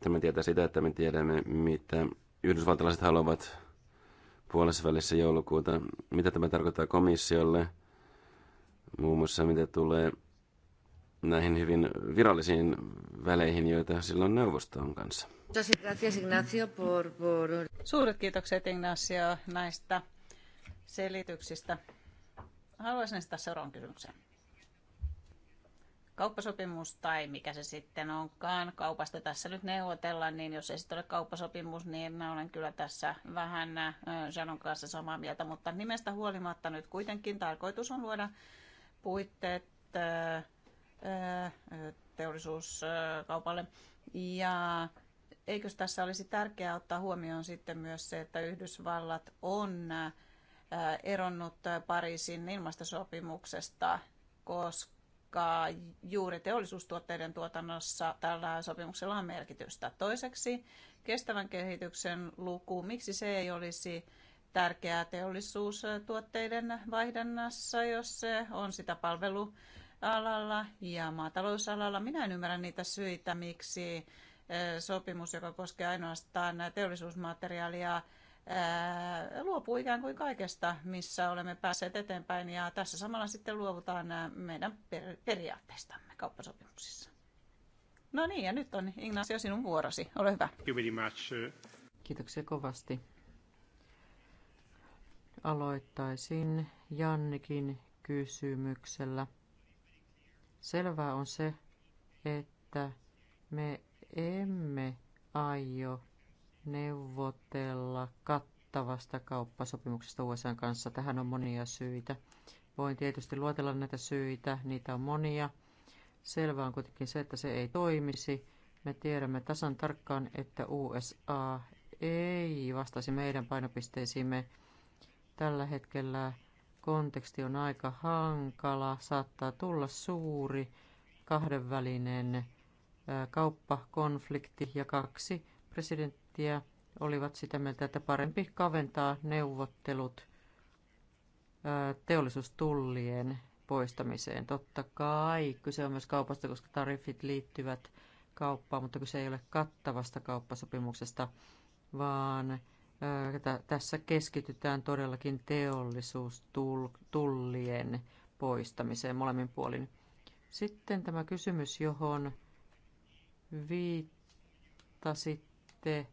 Tämä tietää sitä, että me tiedämme, mitä yhdysvaltalaiset haluavat puolessa välissä joulukuuta. Mitä tämä tarkoittaa komissiolle – muun muassa mitä tulee näihin hyvin virallisiin väleihin, joita silloin neuvosto on kanssa. Suuret kiitokset Ignacio näistä selityksistä. Haluaisin sitä seuraavan kysymyksen. Kauppasopimus tai mikä se sitten onkaan, kaupasta tässä nyt neuvotellaan, niin jos ei sitten ole kauppasopimus, niin mä olen kyllä tässä vähän Janon kanssa samaa mieltä, mutta nimestä huolimatta nyt kuitenkin tarkoitus on luoda puitteet äh, äh, teollisuuskaupalle. Äh, ja eikö tässä olisi tärkeää ottaa huomioon sitten myös se, että Yhdysvallat on eronnut Pariisin ilmastosopimuksesta, koska juuri teollisuustuotteiden tuotannossa tällä sopimuksella on merkitystä. Toiseksi kestävän kehityksen luku, miksi se ei olisi tärkeää teollisuustuotteiden vaihdannassa, jos se on sitä palvelualalla ja maatalousalalla. Minä en ymmärrä niitä syitä, miksi eh, sopimus, joka koskee ainoastaan teollisuusmateriaalia, eh, luopuu ikään kuin kaikesta, missä olemme päässeet eteenpäin. Ja tässä samalla sitten luovutaan eh, meidän periaatteistamme kauppasopimuksissa. No niin, ja nyt on Ignacio sinun vuorosi. Ole hyvä. Kiitoksia kovasti. Aloittaisin Jannikin kysymyksellä. Selvää on se, että me emme aio neuvotella kattavasta kauppasopimuksesta USA kanssa. Tähän on monia syitä. Voin tietysti luotella näitä syitä, niitä on monia. Selvää on kuitenkin se, että se ei toimisi. Me tiedämme tasan tarkkaan, että USA ei vastaisi meidän painopisteisiimme Tällä hetkellä konteksti on aika hankala, saattaa tulla suuri kahdenvälinen kauppakonflikti ja kaksi presidenttiä olivat sitä mieltä, että parempi kaventaa neuvottelut teollisuustullien poistamiseen. Totta kai kyse on myös kaupasta, koska tariffit liittyvät kauppaan, mutta kyse ei ole kattavasta kauppasopimuksesta, vaan Äh, tässä keskitytään todellakin teollisuustullien poistamiseen molemmin puolin. Sitten tämä kysymys, johon viittasitte,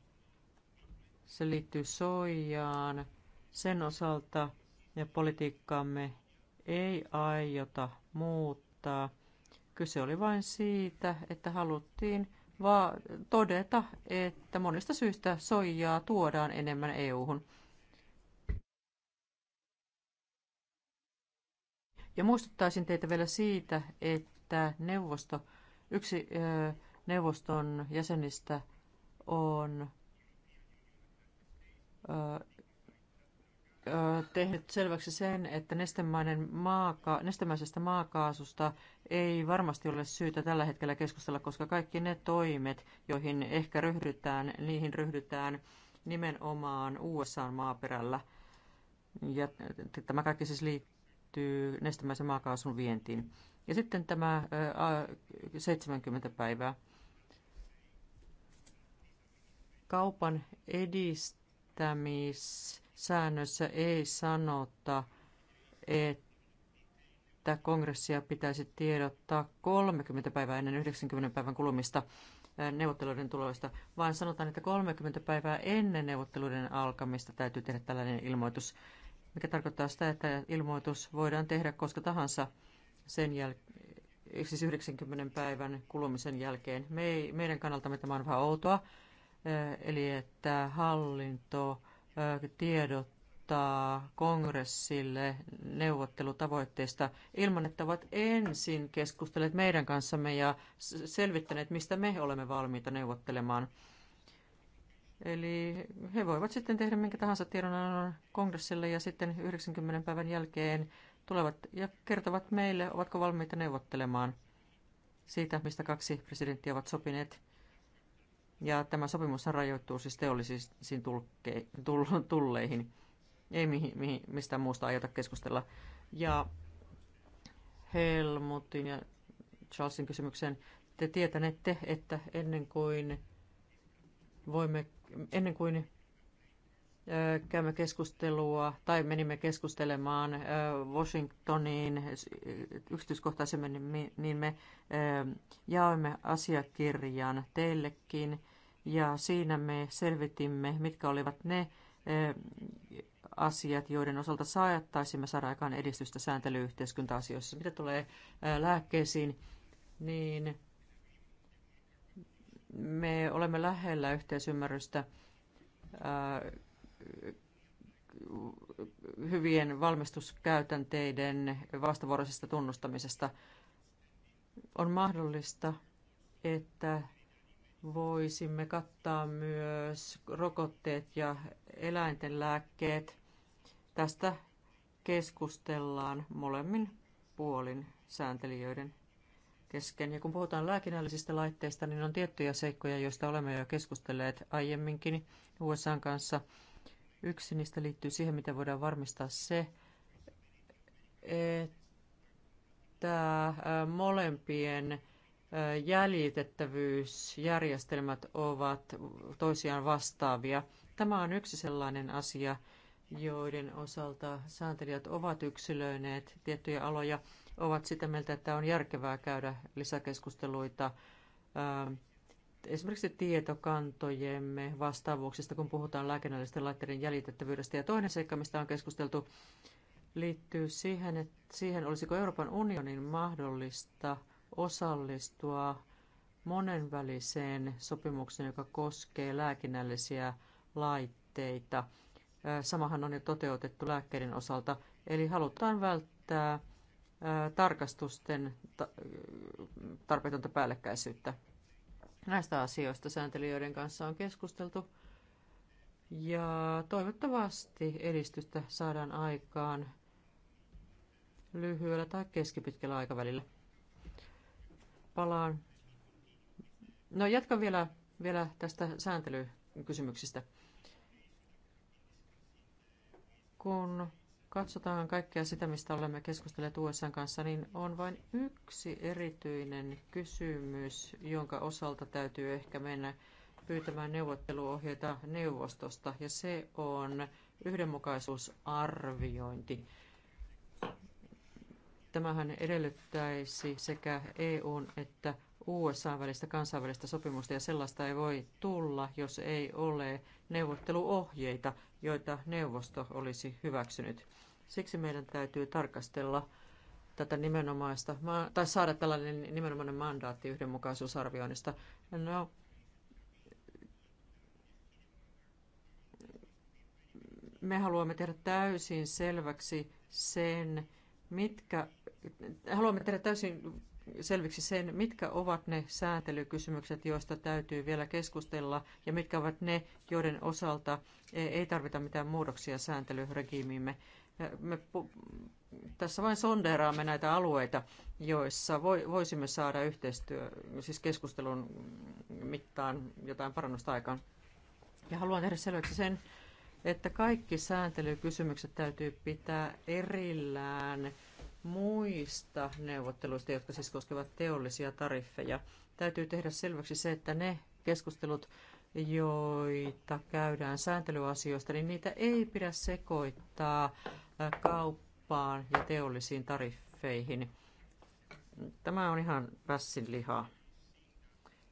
se liittyy soijaan. Sen osalta ja politiikkaamme ei aiota muuttaa. Kyse oli vain siitä, että haluttiin vaan todeta, että monista syistä soijaa tuodaan enemmän EU-hun. Ja muistuttaisin teitä vielä siitä, että neuvosto, yksi neuvoston jäsenistä on tehnyt selväksi sen, että nestemäinen maaka- nestemäisestä maakaasusta ei varmasti ole syytä tällä hetkellä keskustella, koska kaikki ne toimet, joihin ehkä ryhdytään, niihin ryhdytään nimenomaan USA-maaperällä. Ja tämä kaikki siis liittyy nestemäisen maakaasun vientiin. Ja sitten tämä ää, 70 päivää. Kaupan edistämis säännössä ei sanota, että kongressia pitäisi tiedottaa 30 päivää ennen 90 päivän kulumista äh, neuvotteluiden tuloista, vaan sanotaan, että 30 päivää ennen neuvotteluiden alkamista täytyy tehdä tällainen ilmoitus, mikä tarkoittaa sitä, että ilmoitus voidaan tehdä koska tahansa sen jäl- siis 90 päivän kulumisen jälkeen. Me ei, meidän kannaltamme tämä on vähän outoa, äh, eli että hallinto tiedottaa kongressille neuvottelutavoitteista ilman, että ovat ensin keskustelleet meidän kanssamme ja selvittäneet, mistä me olemme valmiita neuvottelemaan. Eli he voivat sitten tehdä minkä tahansa tiedonannon kongressille ja sitten 90 päivän jälkeen tulevat ja kertovat meille, ovatko valmiita neuvottelemaan siitä, mistä kaksi presidenttiä ovat sopineet. Ja tämä sopimus rajoittuu siis teollisiin tulke, tulleihin. Ei mihin, mihin, mistään muusta aiota keskustella. Ja Helmutin ja Charlesin kysymykseen. Te tietänette, että ennen kuin voimme, ennen kuin käymme keskustelua tai menimme keskustelemaan Washingtoniin yksityiskohtaisemmin, niin me jaoimme asiakirjan teillekin ja siinä me selvitimme, mitkä olivat ne asiat, joiden osalta saattaisimme saada aikaan edistystä sääntelyyhteiskunta-asioissa. Mitä tulee lääkkeisiin, niin me olemme lähellä yhteisymmärrystä hyvien valmistuskäytänteiden vastavuoroisesta tunnustamisesta. On mahdollista, että voisimme kattaa myös rokotteet ja eläinten lääkkeet. Tästä keskustellaan molemmin puolin sääntelijöiden kesken. Ja kun puhutaan lääkinnällisistä laitteista, niin on tiettyjä seikkoja, joista olemme jo keskustelleet aiemminkin USAn kanssa. Yksi niistä liittyy siihen, miten voidaan varmistaa se, että äh, molempien jäljitettävyysjärjestelmät ovat toisiaan vastaavia. Tämä on yksi sellainen asia, joiden osalta sääntelijät ovat yksilöineet tiettyjä aloja, ovat sitä mieltä, että on järkevää käydä lisäkeskusteluita esimerkiksi tietokantojemme vastaavuuksista, kun puhutaan lääkinnällisten laitteiden jäljitettävyydestä. Ja toinen seikka, mistä on keskusteltu, liittyy siihen, että siihen olisiko Euroopan unionin mahdollista – osallistua monenväliseen sopimukseen, joka koskee lääkinnällisiä laitteita. Samahan on jo toteutettu lääkkeiden osalta, eli halutaan välttää tarkastusten tarpeetonta päällekkäisyyttä. Näistä asioista sääntelijöiden kanssa on keskusteltu ja toivottavasti edistystä saadaan aikaan lyhyellä tai keskipitkällä aikavälillä palaan. No jatkan vielä, vielä tästä sääntelykysymyksistä. Kun katsotaan kaikkea sitä, mistä olemme keskustelleet USA kanssa, niin on vain yksi erityinen kysymys, jonka osalta täytyy ehkä mennä pyytämään neuvotteluohjeita neuvostosta, ja se on yhdenmukaisuusarviointi. Tämähän edellyttäisi sekä EUn että USA välistä kansainvälistä sopimusta ja sellaista ei voi tulla, jos ei ole neuvotteluohjeita, joita neuvosto olisi hyväksynyt. Siksi meidän täytyy tarkastella tätä nimenomaista, tai saada tällainen nimenomainen mandaatti yhdenmukaisuusarvioinnista. No, me haluamme tehdä täysin selväksi sen, mitkä haluamme tehdä täysin selviksi sen, mitkä ovat ne sääntelykysymykset, joista täytyy vielä keskustella, ja mitkä ovat ne, joiden osalta e- ei tarvita mitään muutoksia sääntelyregiimiimme. Me tässä vain sondeeraamme näitä alueita, joissa voisimme saada yhteistyö, siis keskustelun mittaan jotain parannusta aikaan. Ja haluan tehdä selväksi sen, että kaikki sääntelykysymykset täytyy pitää erillään muista neuvotteluista, jotka siis koskevat teollisia tariffeja. Täytyy tehdä selväksi se, että ne keskustelut, joita käydään sääntelyasioista, niin niitä ei pidä sekoittaa kauppaan ja teollisiin tariffeihin. Tämä on ihan pässin lihaa.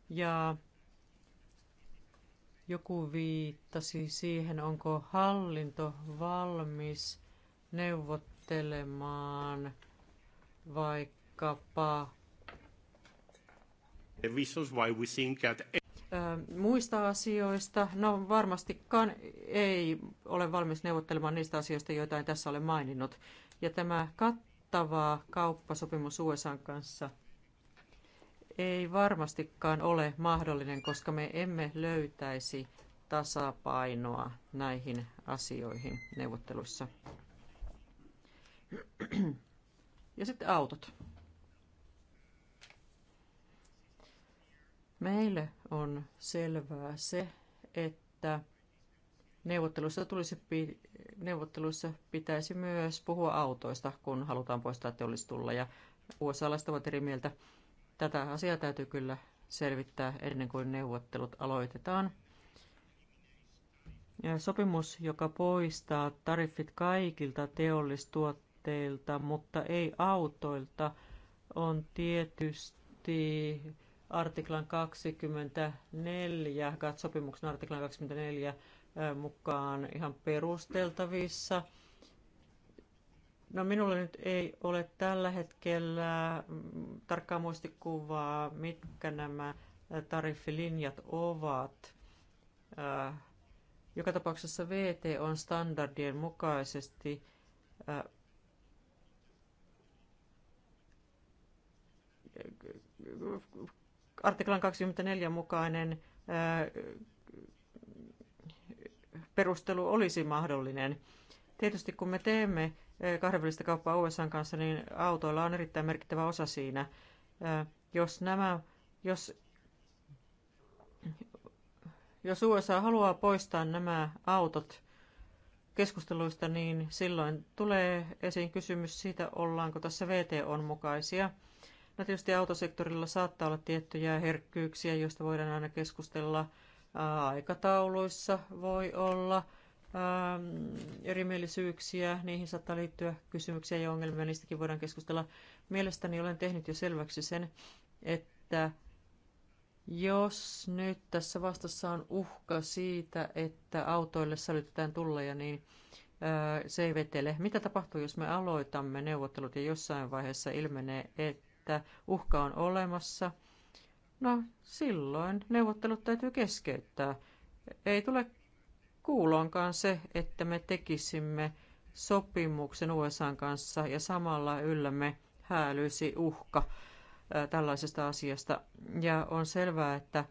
Ja joku viittasi siihen, onko hallinto valmis neuvottelemaan ajattelemaan vaikkapa muista asioista. No varmastikaan ei ole valmis neuvottelemaan niistä asioista, joita en tässä ole maininnut. Ja tämä kattava kauppasopimus USA kanssa ei varmastikaan ole mahdollinen, koska me emme löytäisi tasapainoa näihin asioihin neuvotteluissa. Ja sitten autot. Meille on selvää se, että neuvotteluissa, tulisi, neuvotteluissa pitäisi myös puhua autoista, kun halutaan poistaa teollistulla. Ja USA-laiset ovat eri mieltä. Tätä asiaa täytyy kyllä selvittää ennen kuin neuvottelut aloitetaan. Ja sopimus, joka poistaa tariffit kaikilta teollistuotteilta, tuotteilta, mutta ei autoilta, on tietysti artiklan 24, GATT-sopimuksen artiklan 24 mukaan ihan perusteltavissa. No minulla nyt ei ole tällä hetkellä mm, tarkkaa muistikuvaa, mitkä nämä tariffilinjat ovat. Joka tapauksessa VT on standardien mukaisesti artiklan 24 mukainen perustelu olisi mahdollinen. Tietysti kun me teemme kahdenvälistä kauppaa USA kanssa, niin autoilla on erittäin merkittävä osa siinä. Jos nämä, jos, jos USA haluaa poistaa nämä autot keskusteluista, niin silloin tulee esiin kysymys siitä, ollaanko tässä VTO mukaisia – No tietysti autosektorilla saattaa olla tiettyjä herkkyyksiä, joista voidaan aina keskustella. Aikatauluissa voi olla erimielisyyksiä, niihin saattaa liittyä kysymyksiä ja ongelmia, niistäkin voidaan keskustella. Mielestäni olen tehnyt jo selväksi sen, että jos nyt tässä vastassa on uhka siitä, että autoille sälytetään tulleja, niin se ei vetele. Mitä tapahtuu, jos me aloitamme neuvottelut ja jossain vaiheessa ilmenee, että että uhka on olemassa, no silloin neuvottelut täytyy keskeyttää. Ei tule kuuloonkaan se, että me tekisimme sopimuksen USAn kanssa ja samalla yllämme häälyisi uhka tällaisesta asiasta. Ja on selvää, että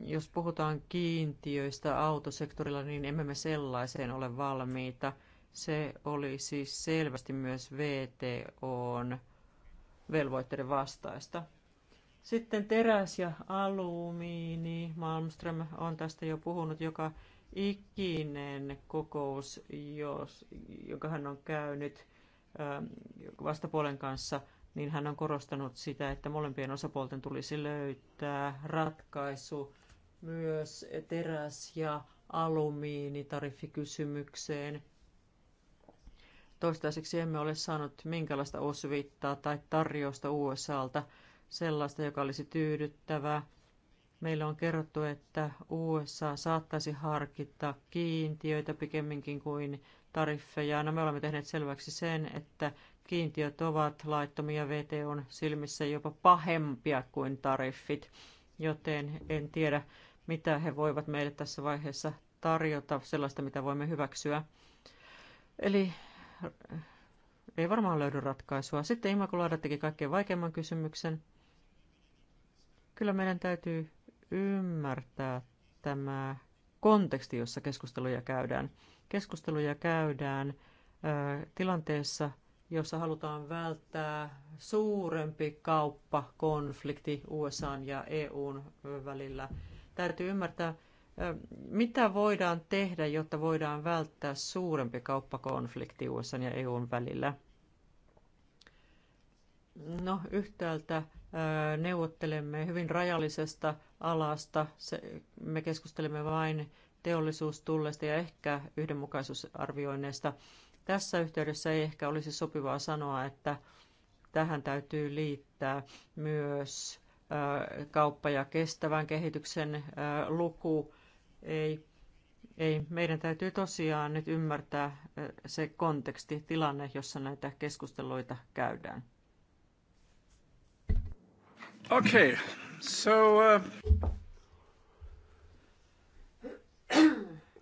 jos puhutaan kiintiöistä autosektorilla, niin emme me sellaiseen ole valmiita. Se olisi selvästi myös VTOn velvoitteiden vastaista. Sitten teräs ja alumiini. Malmström on tästä jo puhunut joka ikinen kokous, jos, joka hän on käynyt ähm, vastapuolen kanssa, niin hän on korostanut sitä, että molempien osapuolten tulisi löytää ratkaisu myös teräs- ja alumiinitariffikysymykseen. Toistaiseksi emme ole saanut minkälaista osviittaa tai tarjousta USAlta, sellaista, joka olisi tyydyttävää. Meillä on kerrottu, että USA saattaisi harkita kiintiöitä pikemminkin kuin tariffeja. No, me olemme tehneet selväksi sen, että kiintiöt ovat laittomia VTOn silmissä jopa pahempia kuin tariffit, joten en tiedä, mitä he voivat meille tässä vaiheessa tarjota sellaista, mitä voimme hyväksyä. Eli ei varmaan löydy ratkaisua. Sitten Imakulaada teki kaikkein vaikeimman kysymyksen. Kyllä meidän täytyy ymmärtää tämä konteksti, jossa keskusteluja käydään. Keskusteluja käydään ö, tilanteessa, jossa halutaan välttää suurempi kauppakonflikti USA ja EUn välillä. Täytyy ymmärtää, mitä voidaan tehdä, jotta voidaan välttää suurempi kauppakonflikti USA ja EUn välillä? No yhtäältä neuvottelemme hyvin rajallisesta alasta. me keskustelemme vain teollisuustulleista ja ehkä yhdenmukaisuusarvioinneista. Tässä yhteydessä ei ehkä olisi sopivaa sanoa, että tähän täytyy liittää myös kauppa- ja kestävän kehityksen luku ei, ei. Meidän täytyy tosiaan nyt ymmärtää se konteksti, tilanne, jossa näitä keskusteluita käydään. Okei, okay. so... Uh...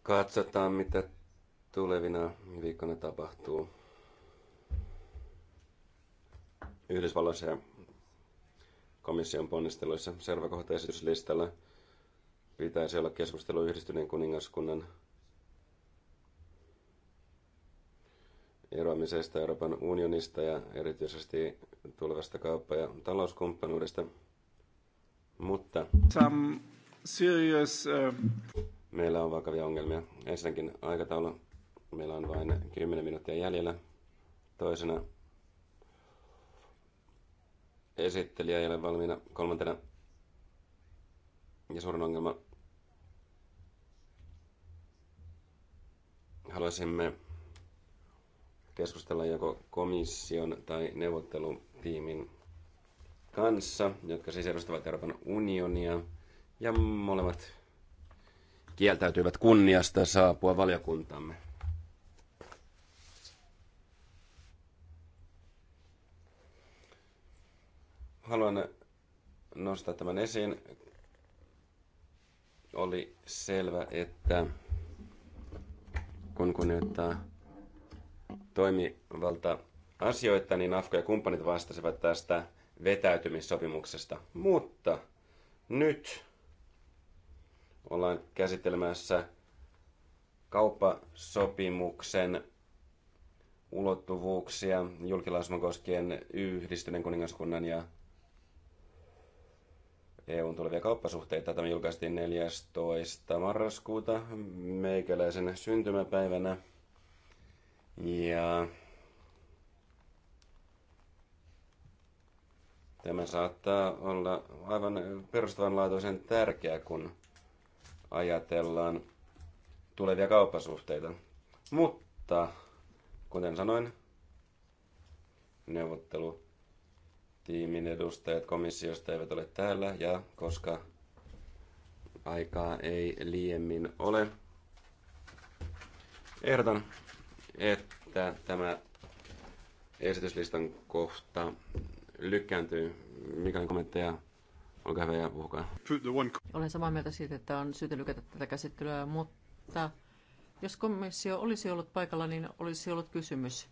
Katsotaan, mitä tulevina viikkoina tapahtuu. Yhdysvalloissa ja komission ponnisteluissa. Seuraava kohta esityslistalla pitäisi olla keskustelu yhdistyneen kuningaskunnan eroamisesta Euroopan unionista ja erityisesti tulevasta kauppa- ja talouskumppanuudesta. Mutta Some serious, uh... meillä on vakavia ongelmia. Ensinnäkin aikataulu. Meillä on vain 10 minuuttia jäljellä. Toisena esittelijä ei ole valmiina. Kolmantena ja suurin ongelma Haluaisimme keskustella joko komission tai neuvottelutiimin kanssa, jotka siis edustavat Euroopan unionia, ja molemmat kieltäytyivät kunniasta saapua valiokuntamme. Haluan nostaa tämän esiin. Oli selvä, että kun kunnioittaa äh, toimivalta asioita, niin Afko ja kumppanit vastasivat tästä vetäytymissopimuksesta. Mutta nyt ollaan käsittelemässä kauppasopimuksen ulottuvuuksia julkilausuma koskien yhdistyneen kuningaskunnan ja EUn tulevia kauppasuhteita. Tämä julkaistiin 14. marraskuuta meikäläisen syntymäpäivänä. Ja tämä saattaa olla aivan perustavanlaatuisen tärkeä, kun ajatellaan tulevia kauppasuhteita. Mutta, kuten sanoin, neuvottelu tiimin edustajat komissiosta eivät ole täällä ja koska aikaa ei liiemmin ole, ehdotan, että tämä esityslistan kohta lykkääntyy. Mikä on kommentteja? Olkaa hyvä ja puhukaa. Olen samaa mieltä siitä, että on syytä lykätä tätä käsittelyä, mutta jos komissio olisi ollut paikalla, niin olisi ollut kysymys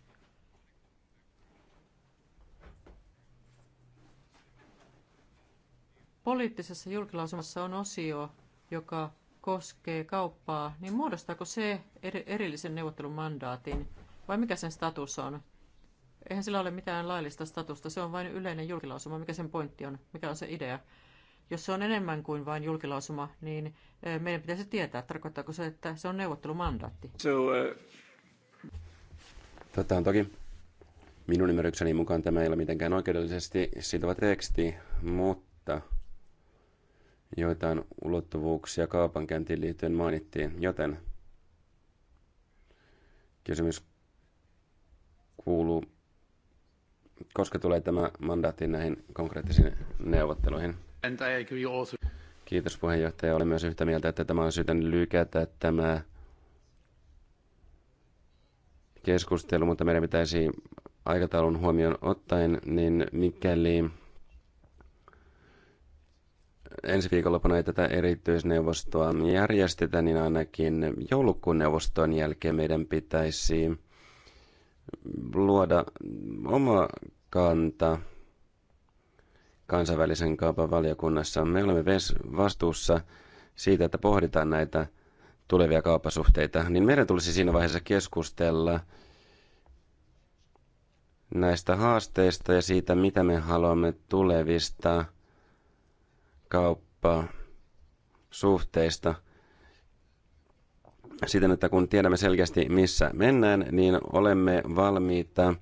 poliittisessa julkilausumassa on osio, joka koskee kauppaa, niin muodostaako se erillisen neuvottelumandaatin vai mikä sen status on? Eihän sillä ole mitään laillista statusta, se on vain yleinen julkilausuma. Mikä sen pointti on? Mikä on se idea? Jos se on enemmän kuin vain julkilausuma, niin eh, meidän pitäisi tietää, tarkoittaako se, että se on neuvottelumandaatti. So, uh... Eh, Totta on toki. Minun ymmärrykseni mukaan tämä ei ole mitenkään oikeudellisesti sitova teksti, mutta joitain ulottuvuuksia kaupankäyntiin liittyen mainittiin, joten kysymys kuuluu, koska tulee tämä mandaatti näihin konkreettisiin neuvotteluihin? Kiitos puheenjohtaja. Olen myös yhtä mieltä, että tämä on syytä lykätä tämä keskustelu, mutta meidän pitäisi aikataulun huomioon ottaen, niin mikäli ensi viikonloppuna ei tätä erityisneuvostoa järjestetä, niin ainakin joulukuun neuvoston jälkeen meidän pitäisi luoda oma kanta kansainvälisen kaupan valiokunnassa. Me olemme vastuussa siitä, että pohditaan näitä tulevia kaupasuhteita, niin meidän tulisi siinä vaiheessa keskustella näistä haasteista ja siitä, mitä me haluamme tulevista – kauppaa suhteista siten, että kun tiedämme selkeästi, missä mennään, niin olemme valmiita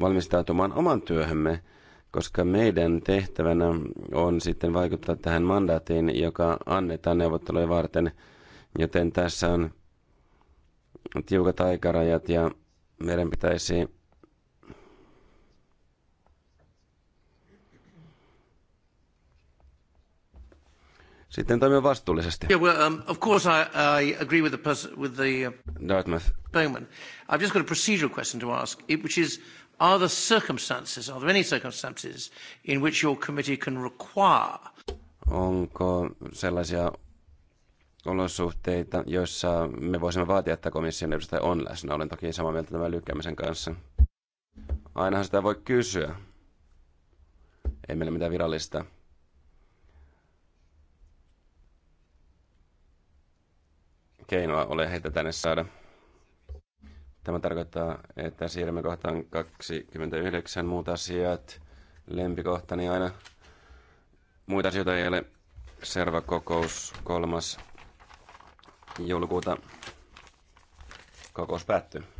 valmistautumaan oman työhömme, koska meidän tehtävänä on sitten vaikuttaa tähän mandaatiin, joka annetaan neuvotteluja varten, joten tässä on tiukat aikarajat ja meidän pitäisi sitten toimia vastuullisesti. Yeah, well, um, of course I, I agree with the, pers- with the uh, Dartmouth. Bowman. I've just got a procedural question to ask, which is, are there circumstances, are there any circumstances in which your committee can require? Onko sellaisia olosuhteita, joissa me voisimme vaatia, että komission edustaja on läsnä? Olen toki samaa mieltä tämän lykkäämisen kanssa. Ainahan sitä voi kysyä. Ei meillä mitään virallista keinoa ole heitä tänne saada. Tämä tarkoittaa, että siirrymme kohtaan 29 muut asiat. Lempikohtani aina. Muita asioita ei ole. Serva kokous kolmas joulukuuta. Kokous päättyy.